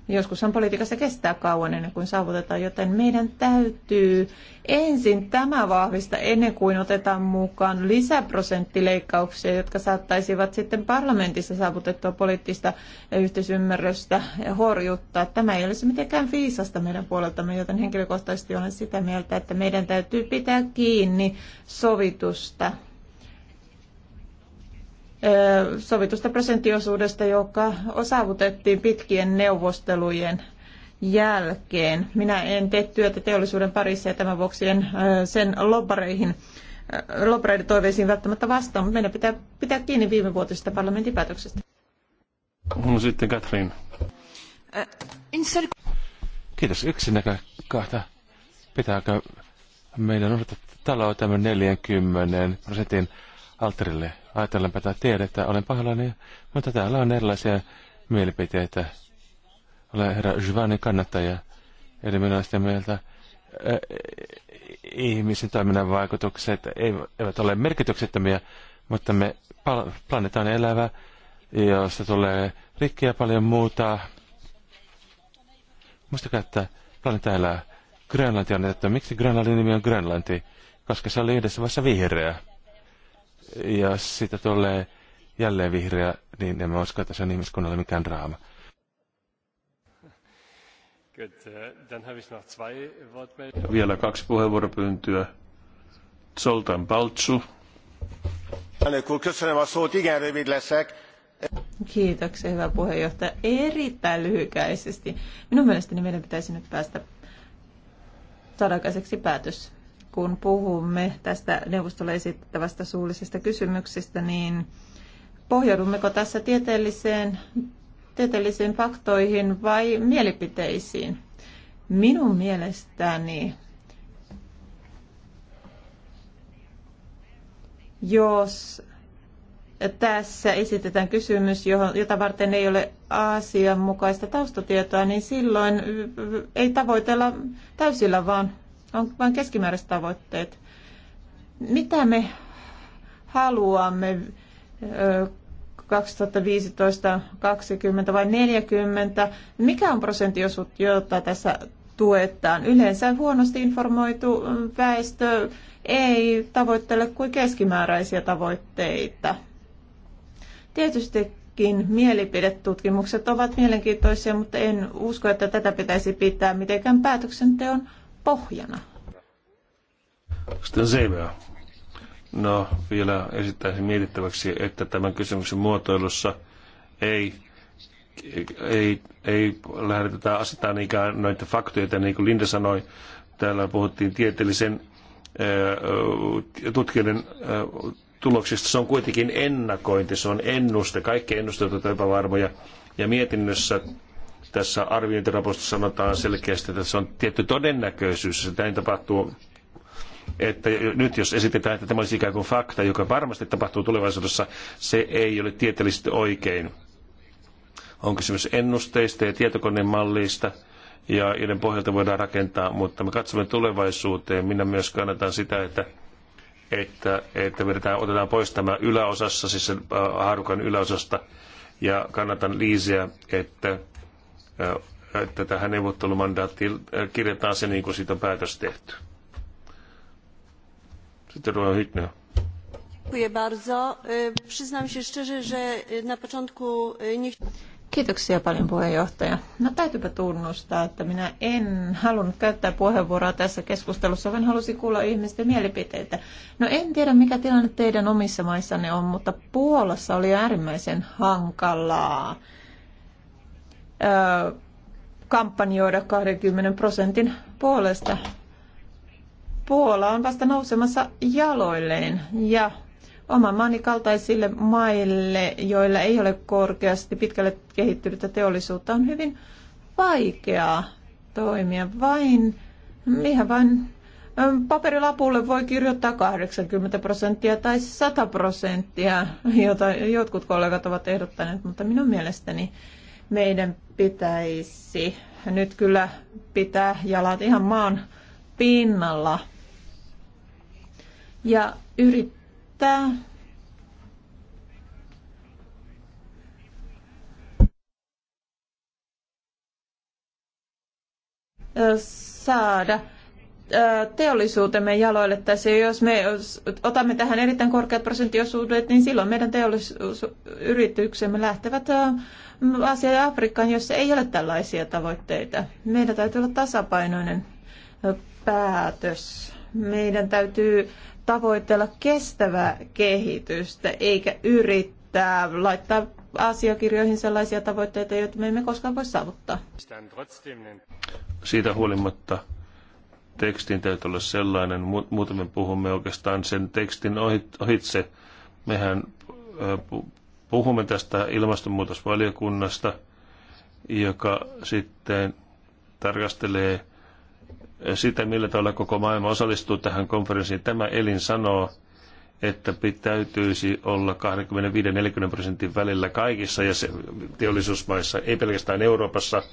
Joskushan politiikassa kestää kauan ennen kuin saavutetaan, joten meidän täytyy ensin tämä vahvista ennen kuin otetaan mukaan lisäprosenttileikkauksia, jotka saattaisivat sitten parlamentissa saavutettua poliittista yhteisymmärrystä horjuttaa. Tämä ei olisi mitenkään viisasta meidän puoleltamme, joten henkilökohtaisesti olen sitä mieltä, että meidän täytyy pitää kiinni sovitusta sovitusta prosenttiosuudesta, joka saavutettiin pitkien neuvostelujen jälkeen. Minä en tee työtä teollisuuden parissa ja tämän vuoksi en sen lobbareihin lobbareiden toiveisiin välttämättä vastaan, mutta meidän pitää pitää kiinni viimevuotisesta parlamentin päätöksestä. No sitten Katrin. Kiitos. Yksi näkökohta. Pitääkö meidän odottaa taloa tämän 40 prosentin alterille tai tiedä, että Olen pahalainen, mutta täällä on erilaisia mielipiteitä. Olen herra Jvanin kannattaja. Eli minä olen sitä mieltä, ihmisen toiminnan vaikutukset eivät ole merkityksettömiä, mutta me pal- planeetta on elävä, josta tulee rikkiä paljon muuta. Muistakaa, että planeetta elää. Grönlanti on että Miksi Grönlannin nimi on Grönlanti? Koska se oli yhdessä vaiheessa vihreä ja siitä tulee jälleen vihreä, niin emme usko, että se on ihmiskunnalle mikään draama. Uh, Vielä kaksi puheenvuoropyyntöä. Zoltán Baltsu. Elnök úr, köszönöm a szót, Kiitoksia, hyvä puheenjohtaja. Erittäin lyhykäisesti. Minun mielestäni meidän pitäisi nyt päästä sadakaiseksi päätös kun puhumme tästä neuvostolle esittävästä suullisesta kysymyksestä, niin pohjaudummeko tässä tieteelliseen, tieteellisiin faktoihin vai mielipiteisiin? Minun mielestäni, jos tässä esitetään kysymys, jota varten ei ole asianmukaista taustatietoa, niin silloin ei tavoitella täysillä, vaan vaan, vain keskimääräiset tavoitteet. Mitä me haluamme 2015, 20 vai 40? Mikä on prosenttiosuus, jota tässä tuetaan? Yleensä huonosti informoitu väestö ei tavoittele kuin keskimääräisiä tavoitteita. Tietysti mielipidetutkimukset ovat mielenkiintoisia, mutta en usko, että tätä pitäisi pitää mitenkään päätöksenteon pohjana. Sitten selvää. No, vielä esittäisin mietittäväksi, että tämän kysymyksen muotoilussa ei, ei, ei lähdetä asettaa niinkään noita faktoja, niin kuin Linda sanoi, täällä puhuttiin tieteellisen tutkijoiden tuloksista. Se on kuitenkin ennakointi, se on ennuste. Kaikki ennusteet ovat epävarmoja. Ja mietinnössä tässä arviointiraportissa sanotaan selkeästi, että se on tietty todennäköisyys, että näin tapahtuu että nyt jos esitetään, että tämä olisi ikään kuin fakta, joka varmasti tapahtuu tulevaisuudessa, se ei ole tieteellisesti oikein. On kysymys ennusteista ja tietokonemallista, ja joiden pohjalta voidaan rakentaa, mutta me katsomme tulevaisuuteen. Minä myös kannatan sitä, että, että, että vedetään, otetaan pois tämä yläosassa, siis sen äh, haarukan yläosasta, ja kannatan liisiä, että että tähän neuvottelumandaattiin kirjataan se niin kuin siitä on päätös tehty. Sitten Ruoan Hytnä. Kiitoksia paljon puheenjohtaja. No täytyypä tunnustaa, että minä en halunnut käyttää puheenvuoroa tässä keskustelussa, vaan halusin kuulla ihmisten mielipiteitä. No en tiedä, mikä tilanne teidän omissa maissanne on, mutta Puolassa oli äärimmäisen hankalaa kampanjoida 20 prosentin puolesta. Puola on vasta nousemassa jaloilleen ja oman maani kaltaisille maille, joilla ei ole korkeasti pitkälle kehittynyttä teollisuutta, on hyvin vaikeaa toimia. Vain, ihan vain paperilapulle voi kirjoittaa 80 prosenttia tai 100 prosenttia, jota jotkut kollegat ovat ehdottaneet, mutta minun mielestäni meidän pitäisi nyt kyllä pitää jalat ihan maan pinnalla ja yrittää saada teollisuutemme jaloille tässä. Jos me otamme tähän erittäin korkeat prosenttiosuudet, niin silloin meidän teollisuusyrityksemme lähtevät Aasiaan ja Afrikkaan, jossa ei ole tällaisia tavoitteita. Meidän täytyy olla tasapainoinen päätös. Meidän täytyy tavoitella kestävää kehitystä, eikä yrittää laittaa asiakirjoihin sellaisia tavoitteita, joita me emme koskaan voi saavuttaa. Siitä huolimatta tekstin täytyy olla sellainen, muuten me puhumme oikeastaan sen tekstin ohitse. Mehän puhumme tästä ilmastonmuutosvaliokunnasta, joka sitten tarkastelee sitä, millä tavalla koko maailma osallistuu tähän konferenssiin. Tämä elin sanoo, että pitäytyisi olla 25-40 prosentin välillä kaikissa ja se, teollisuusmaissa, ei pelkästään Euroopassa.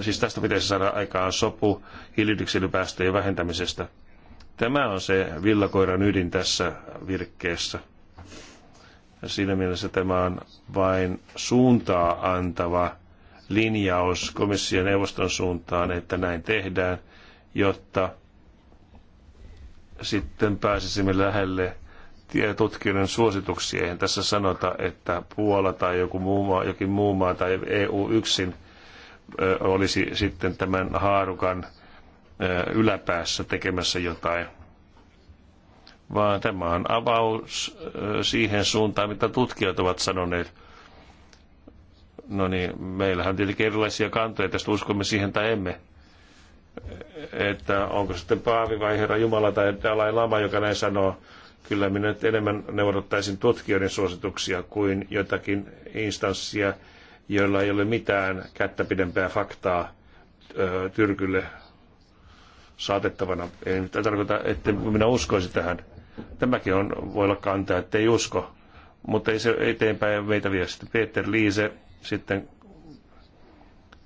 Siis tästä pitäisi saada aikaan sopu hiilidioksidipäästöjen vähentämisestä. Tämä on se villakoiran ydin tässä virkkeessä. Siinä mielessä tämä on vain suuntaa antava linjaus komission neuvoston suuntaan, että näin tehdään, jotta sitten pääsisimme lähelle tutkijoiden suosituksia. Eihän tässä sanota, että Puola tai joku muu maa, jokin muu maa tai EU yksin olisi sitten tämän haarukan yläpäässä tekemässä jotain vaan tämä on avaus äh, siihen suuntaan, mitä tutkijat ovat sanoneet. No niin, meillähän on tietenkin erilaisia kantoja tästä, uskomme siihen tai emme. Että onko sitten Paavi vai Herra Jumala tai Dalai Lama, joka näin sanoo. Kyllä minä nyt enemmän neuvottaisin tutkijoiden suosituksia kuin jotakin instanssia, joilla ei ole mitään kättä pidempää faktaa ö, tyrkylle saatettavana. En tarkoita, että minä uskoisin tähän. Tämäkin on, voi olla kantaa, että ei usko, mutta ei se eteenpäin meitä vie. Sitten Peter Liise, sitten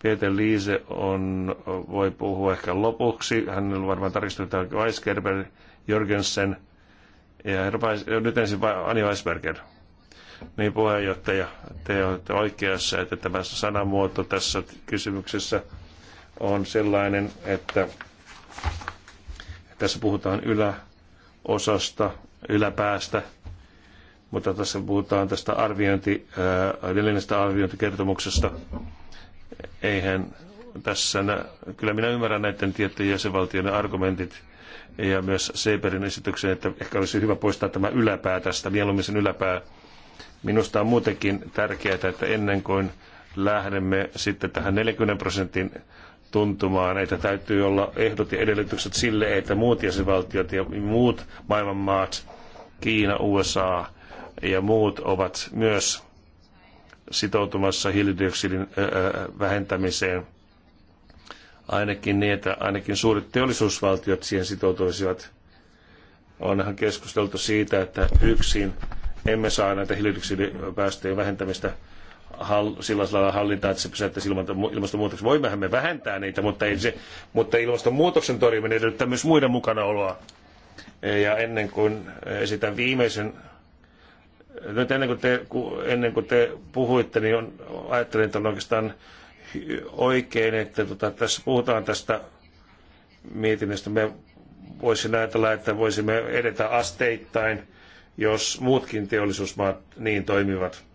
Peter Liise on, voi puhua ehkä lopuksi. Hänellä varmaan tarkistetaan Weisgerber, Jorgensen ja Weis, nyt ensin Ani Weisberger. Niin puheenjohtaja, te olette oikeassa, että tämä sanamuoto tässä kysymyksessä on sellainen, että tässä puhutaan ylä- osasta yläpäästä, mutta tässä puhutaan tästä arviointi, edellisestä arviointikertomuksesta. Eihän tässä, kyllä minä ymmärrän näiden tiettyjen jäsenvaltioiden argumentit ja myös Seberin esityksen, että ehkä olisi hyvä poistaa tämä yläpää tästä, mieluummin sen yläpää. Minusta on muutenkin tärkeää, että ennen kuin lähdemme sitten tähän 40 prosentin tuntumaan, että täytyy olla ehdot ja edellytykset sille, että muut jäsenvaltiot ja muut maailmanmaat, Kiina, USA ja muut ovat myös sitoutumassa hiilidioksidin vähentämiseen. Ainakin niin, että ainakin suuret teollisuusvaltiot siihen sitoutuisivat. Onhan keskusteltu siitä, että yksin emme saa näitä hiilidioksidipäästöjen vähentämistä sillä tavalla hallintaan, että se pysäyttäisi ilmastonmuutoksen. Voimmehan me vähentää niitä, mutta, ei se, mutta ilmastonmuutoksen torjuminen edellyttää myös muiden mukanaoloa. Ja ennen kuin esitän viimeisen nyt ennen kuin te, ennen kuin te puhuitte, niin on, ajattelin, että on oikeastaan oikein, että tota, tässä puhutaan tästä mietinnöstä. Me voisin ajatella, että voisimme edetä asteittain, jos muutkin teollisuusmaat niin toimivat.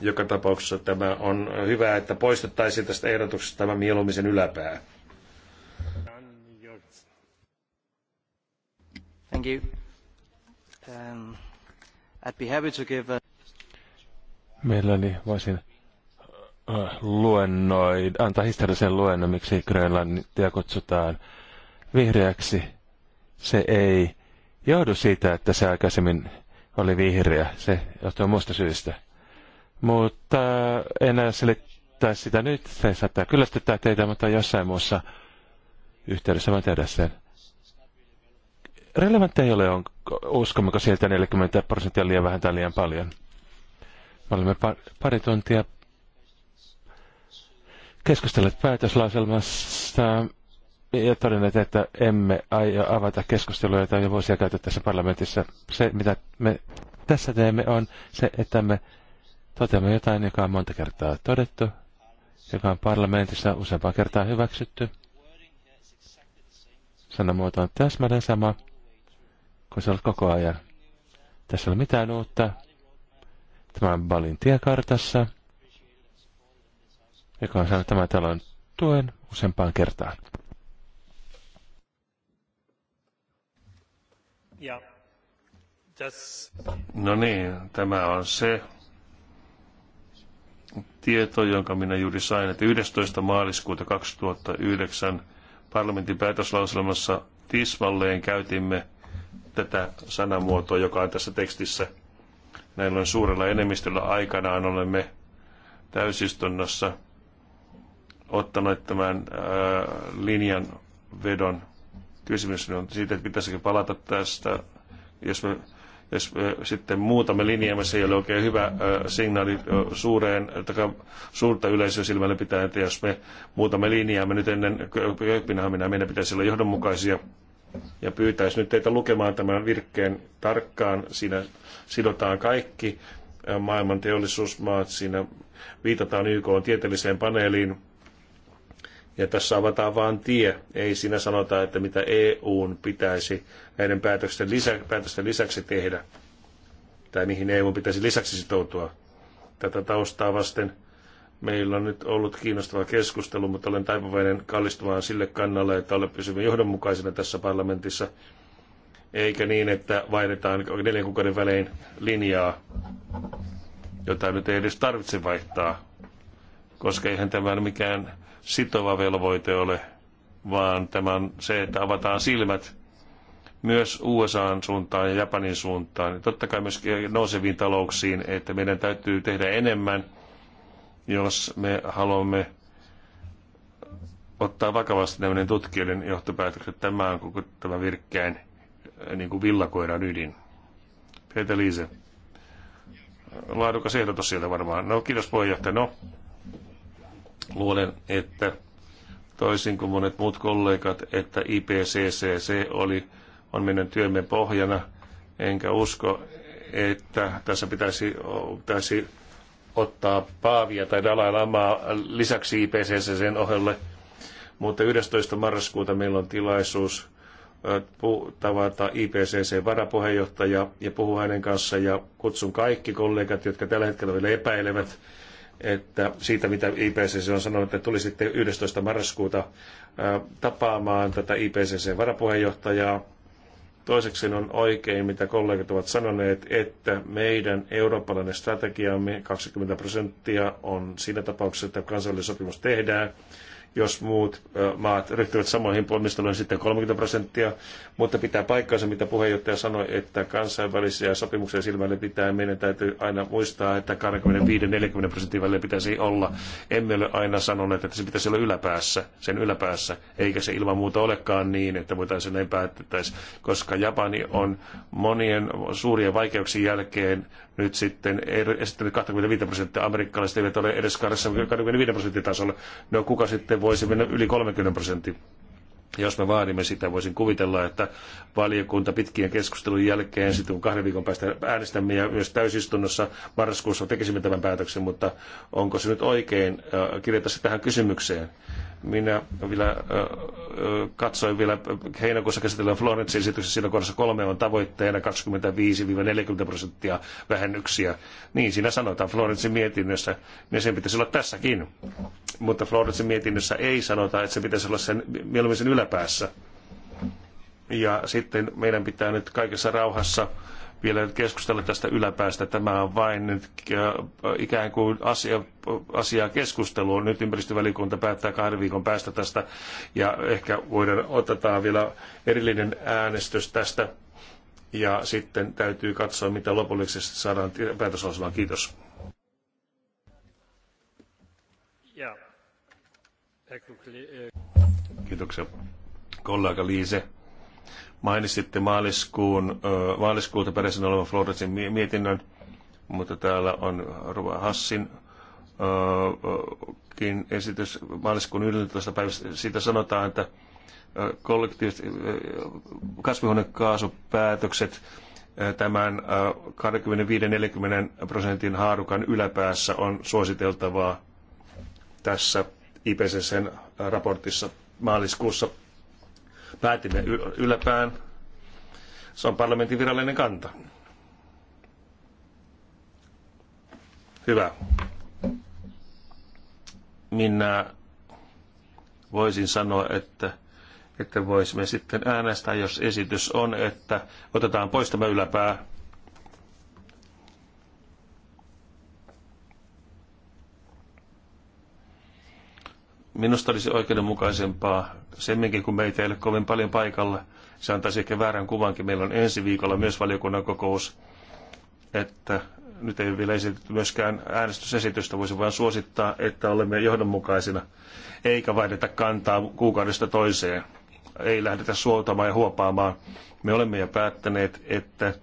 Joka tapauksessa tämä on hyvä, että poistettaisiin tästä ehdotuksesta tämä mieluumisen yläpää. Thank you. Um, I'd be happy to give a... Mielelläni voisin uh, luennoida, antaa historiallisen luennon, miksi Grönlantia kutsutaan vihreäksi. Se ei johdu siitä, että se aikaisemmin oli vihreä. Se johtuu muusta syystä. Mutta en selittää sitä nyt. Se saattaa kyllästyttää teitä, mutta jossain muussa yhteydessä voin tehdä sen. Relevantti ei ole, on, uskommeko sieltä 40 prosenttia liian vähän tai liian paljon. Me olemme pari tuntia keskustelleet päätöslauselmasta ja todenneet, että emme aio avata keskustelua, jota on jo vuosia käyty tässä parlamentissa. Se, mitä me tässä teemme, on se, että me Toteamme jotain, joka on monta kertaa todettu, joka on parlamentissa useampaa kertaa hyväksytty. Sanamuoto on täsmälleen sama kuin se on koko ajan. Tässä ei ole mitään uutta. Tämä on Balin tiekartassa, joka on saanut tämän talon tuen useampaan kertaan. Ja. No niin, tämä on se, tieto, jonka minä juuri sain, että 11. maaliskuuta 2009 parlamentin päätöslauselmassa tismalleen käytimme tätä sanamuotoa, joka on tässä tekstissä. Näillä on suurella enemmistöllä aikanaan olemme täysistunnossa ottaneet tämän äh, linjan vedon. Kysymys on siitä, että pitäisikö palata tästä, jos me jos sitten muutamme linjaamme, se ei ole oikein hyvä signaali suureen, suurta yleisöä silmällä pitää, että jos me muutamme linjaamme nyt ennen Kööpenhaminaa, meidän pitäisi olla johdonmukaisia ja pyytäisi nyt teitä lukemaan tämän virkkeen tarkkaan. Siinä sidotaan kaikki maailman teollisuusmaat, siinä viitataan YK on tieteelliseen paneeliin, ja tässä avataan vaan tie. Ei siinä sanota, että mitä EUn pitäisi näiden päätösten, lisä, päätösten lisäksi tehdä tai mihin EUn pitäisi lisäksi sitoutua. Tätä taustaa vasten meillä on nyt ollut kiinnostava keskustelu, mutta olen taipuvainen kallistumaan sille kannalle, että olen pysymme johdonmukaisena tässä parlamentissa, eikä niin, että vaihdetaan neljän kuukauden välein linjaa, jota nyt ei edes tarvitse vaihtaa, koska eihän tämä mikään sitova velvoite ole, vaan tämä on se, että avataan silmät myös USAn suuntaan ja Japanin suuntaan. Ja totta kai myös nouseviin talouksiin, että meidän täytyy tehdä enemmän, jos me haluamme ottaa vakavasti tämmöinen tutkijoiden johtopäätökset. Tämä on koko tämä virkkäin eh, niin kuin villakoiran ydin. Peter Liise. Laadukas ehdotus sieltä varmaan. No kiitos puheenjohtaja. No, Luulen, että toisin kuin monet muut kollegat, että IPCCC oli, on meidän työmme pohjana, enkä usko, että tässä pitäisi, pitäisi ottaa Paavia tai Dalai Lamaa lisäksi IPCCCn ohelle. Mutta 11. marraskuuta meillä on tilaisuus tavata IPCC-varapuheenjohtaja ja puhua hänen kanssa ja kutsun kaikki kollegat, jotka tällä hetkellä vielä epäilevät, että siitä, mitä IPCC on sanonut, että tuli sitten 11. marraskuuta tapaamaan tätä IPCC-varapuheenjohtajaa. Toiseksi on oikein, mitä kollegat ovat sanoneet, että meidän eurooppalainen strategiamme 20 prosenttia on siinä tapauksessa, että kansallinen sopimus tehdään jos muut maat ryhtyvät samoihin ponnisteluihin sitten 30 prosenttia, mutta pitää paikkansa, mitä puheenjohtaja sanoi, että kansainvälisiä sopimuksia silmälle pitää, meidän täytyy aina muistaa, että 25-40 prosentin välillä pitäisi olla. Emme ole aina sanoneet, että se pitäisi olla yläpäässä, sen yläpäässä, eikä se ilman muuta olekaan niin, että voitaisiin näin päättää. koska Japani on monien suurien vaikeuksien jälkeen nyt sitten er- esittänyt 25 prosenttia, amerikkalaiset eivät ole edes 25 prosentin tasolla. No kuka sitten voisi mennä yli 30 prosenttia? Jos me vaadimme sitä, voisin kuvitella, että valiokunta pitkien keskustelun jälkeen, sitten kun kahden viikon päästä äänestämme ja myös täysistunnossa marraskuussa tekisimme tämän päätöksen, mutta onko se nyt oikein äh, kirjata se tähän kysymykseen? Minä vielä, katsoin vielä heinäkuussa käsitellään Florenssin esityksessä, siinä kohdassa kolme on tavoitteena 25-40 prosenttia vähennyksiä. Niin siinä sanotaan Florenssin mietinnössä, ja sen pitäisi olla tässäkin. Mutta Florenssin mietinnössä ei sanota, että se pitäisi olla sen, mieluummin sen yläpäässä. Ja sitten meidän pitää nyt kaikessa rauhassa vielä nyt keskustella tästä yläpäästä. Tämä on vain nyt äh, ikään kuin asia, asiaa on Nyt ympäristövälikunta päättää kahden viikon päästä tästä ja ehkä voidaan otetaan vielä erillinen äänestys tästä. Ja sitten täytyy katsoa, mitä lopullisesti saadaan päätöslauselmaan. Kiitos. Äh. Kiitoksia kollega Liise. Mainitsitte maaliskuun, maaliskuulta peräisin olevan Florensin mietinnön, mutta täällä on Ruva Hassin esitys maaliskuun 11. päivästä. Siitä sanotaan, että kollektiiviset kasvihuonekaasupäätökset tämän 25-40 prosentin haarukan yläpäässä on suositeltavaa tässä ipcc raportissa maaliskuussa päätimme yläpään. Se on parlamentin virallinen kanta. Hyvä. Minä voisin sanoa, että, että voisimme sitten äänestää, jos esitys on, että otetaan pois tämä yläpää Minusta olisi oikeudenmukaisempaa, semminkin kun meitä ei ole kovin paljon paikalla, se antaisi ehkä väärän kuvankin. Meillä on ensi viikolla myös valiokunnan kokous, että nyt ei vielä esitetty myöskään äänestysesitystä, voisi vain suosittaa, että olemme johdonmukaisina, eikä vaihdeta kantaa kuukaudesta toiseen. Ei lähdetä suotamaan ja huopaamaan. Me olemme jo päättäneet, että,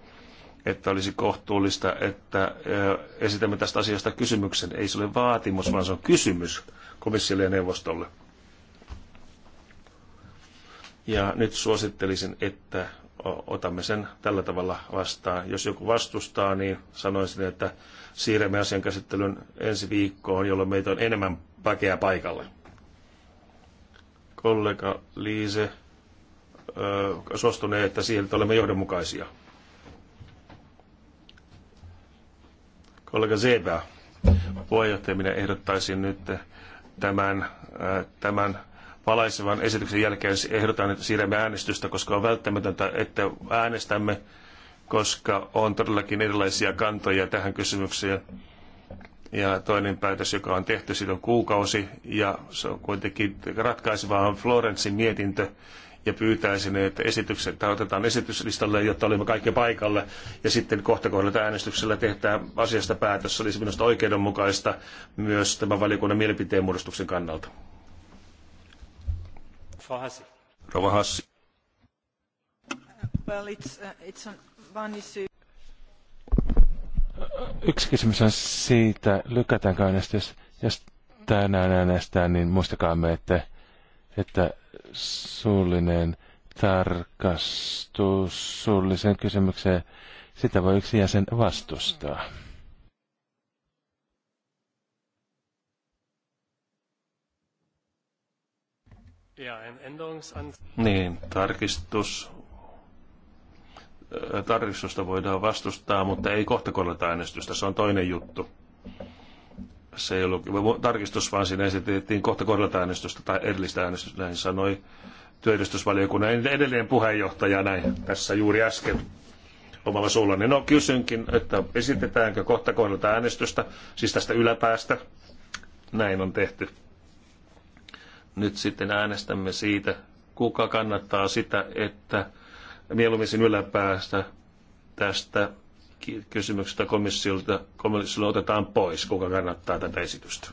että olisi kohtuullista, että esitämme tästä asiasta kysymyksen. Ei se ole vaatimus, vaan se on kysymys komissiolle ja neuvostolle. Ja nyt suosittelisin, että otamme sen tällä tavalla vastaan. Jos joku vastustaa, niin sanoisin, että siirrämme asian käsittelyn ensi viikkoon, jolloin meitä on enemmän väkeä paikalle. Kollega Liise suostunee, että siihen että olemme johdonmukaisia. Kollega Zebä, puheenjohtaja, minä ehdottaisin nyt, tämän, äh, tämän valaisevan esityksen jälkeen ehdotan, että siirrämme äänestystä, koska on välttämätöntä, että äänestämme, koska on todellakin erilaisia kantoja tähän kysymykseen. Ja toinen päätös, joka on tehty, siitä on kuukausi, ja se on kuitenkin ratkaisevaa, on Florensin mietintö, ja pyytäisin, että esitykset otetaan esityslistalle, jotta olemme kaikki paikalle ja sitten kohta kohdalta äänestyksellä tehdään asiasta päätös. Se olisi minusta oikeudenmukaista myös tämän valiokunnan mielipiteen muodostuksen kannalta. Rova Hassi. Well, it's, uh, it's on Yksi kysymys on siitä, lykätäänkö äänestys. Jos tänään äänestää, niin muistakaa me, että, että suullinen tarkastus suulliseen kysymykseen. Sitä voi yksi jäsen vastustaa. Niin, tarkistus. Tarkistusta voidaan vastustaa, mutta ei kohtakollata äänestystä. Se on toinen juttu se ei ollut tarkistus, vaan siinä esitettiin kohta kohdalta äänestystä tai erillistä äänestystä, näin sanoi työedustusvaliokunnan edellinen puheenjohtaja näin tässä juuri äsken omalla suullani. No kysynkin, että esitetäänkö kohta kohdalta äänestystä, siis tästä yläpäästä. Näin on tehty. Nyt sitten äänestämme siitä, kuka kannattaa sitä, että mieluummin yläpäästä tästä kysymyksestä komissiolta, komissiolta otetaan pois. Kuka kannattaa tätä esitystä?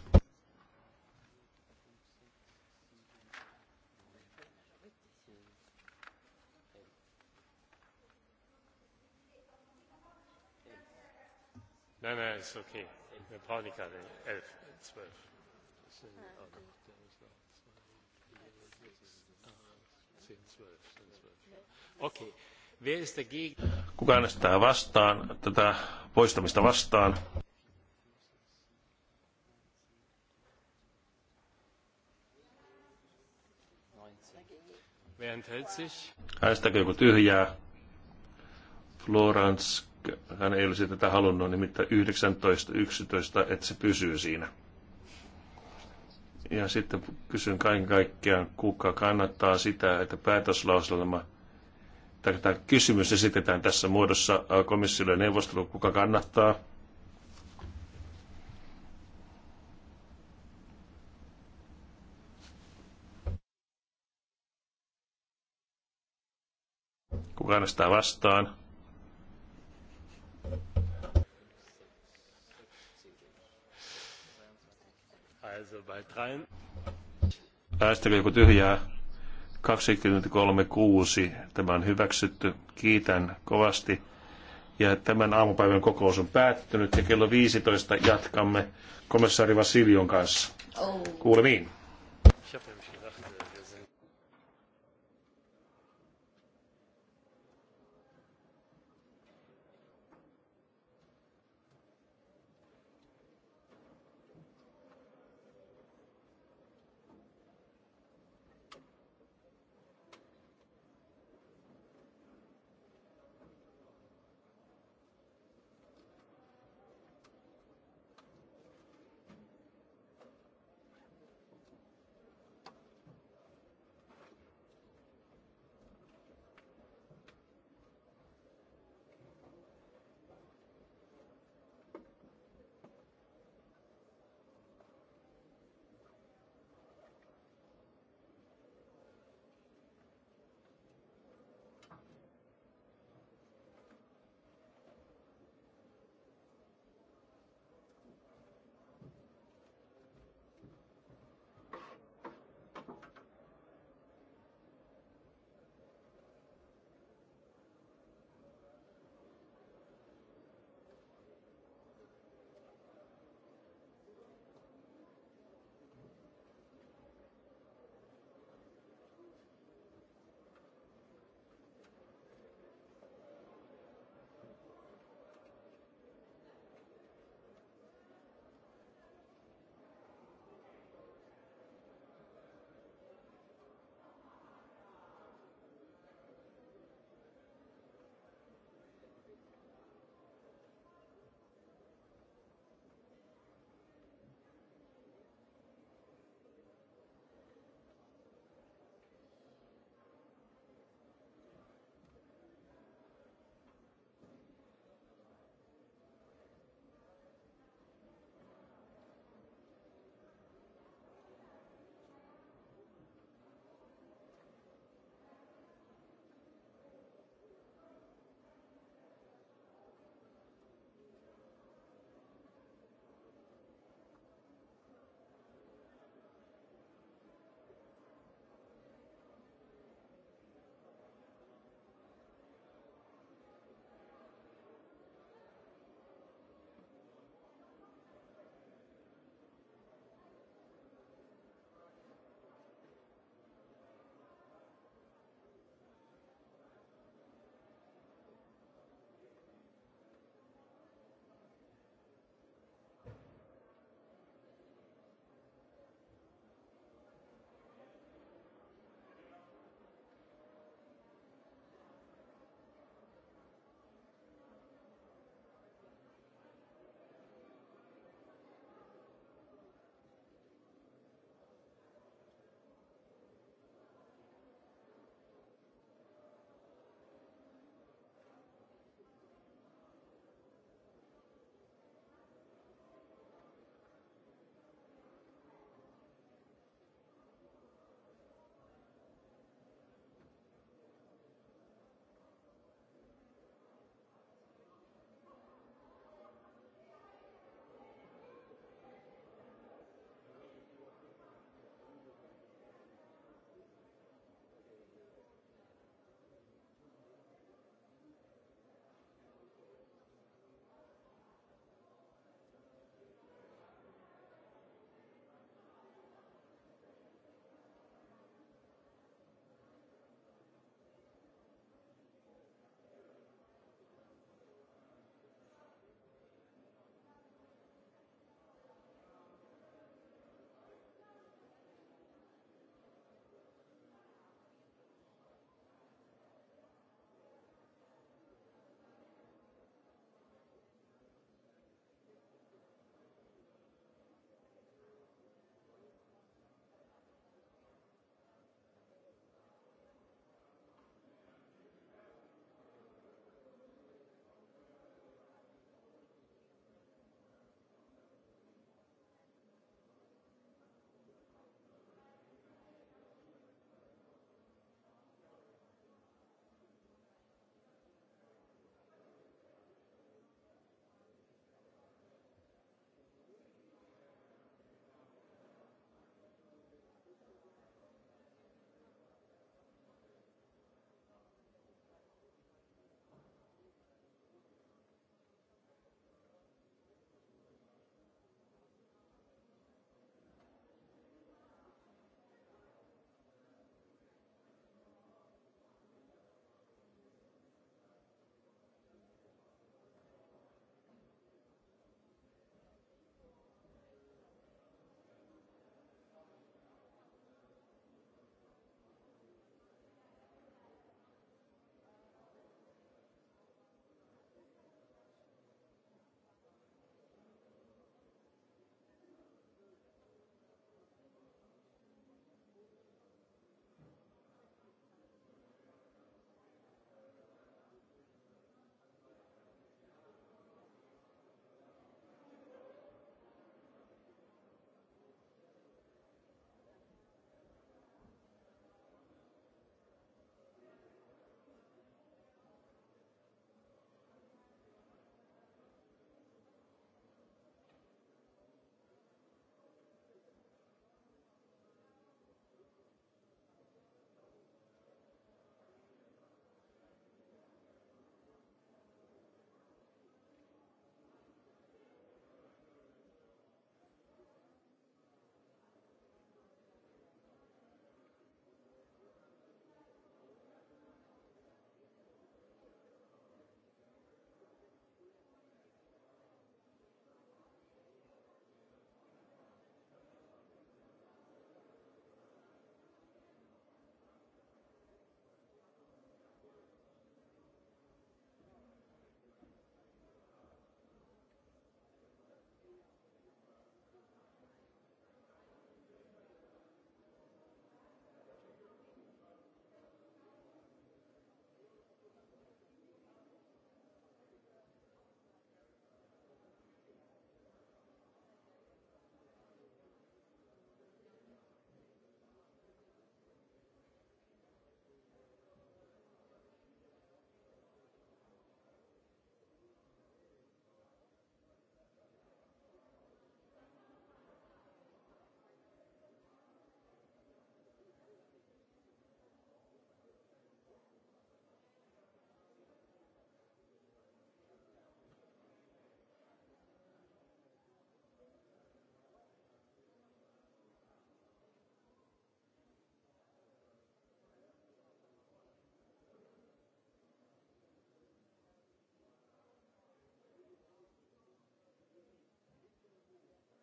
No, no, it's okay. The party card, 11, 12. Okay. Kuka äänestää vastaan, tätä poistamista vastaan? Äänestääkö joku tyhjää? Florence, hän ei olisi tätä halunnut, nimittäin 19.11, että se pysyy siinä. Ja sitten kysyn kaiken kaikkiaan, kuka kannattaa sitä, että päätöslauselma – tämä kysymys esitetään tässä muodossa komissiolle ja neuvostolle, kuka kannattaa. Kuka äänestää vastaan? Äänestäkö joku tyhjää? 23.6. Tämä on hyväksytty. Kiitän kovasti. Ja tämän aamupäivän kokous on päättynyt ja kello 15 jatkamme komissaari Vasilion kanssa. Oh. Kuulemiin.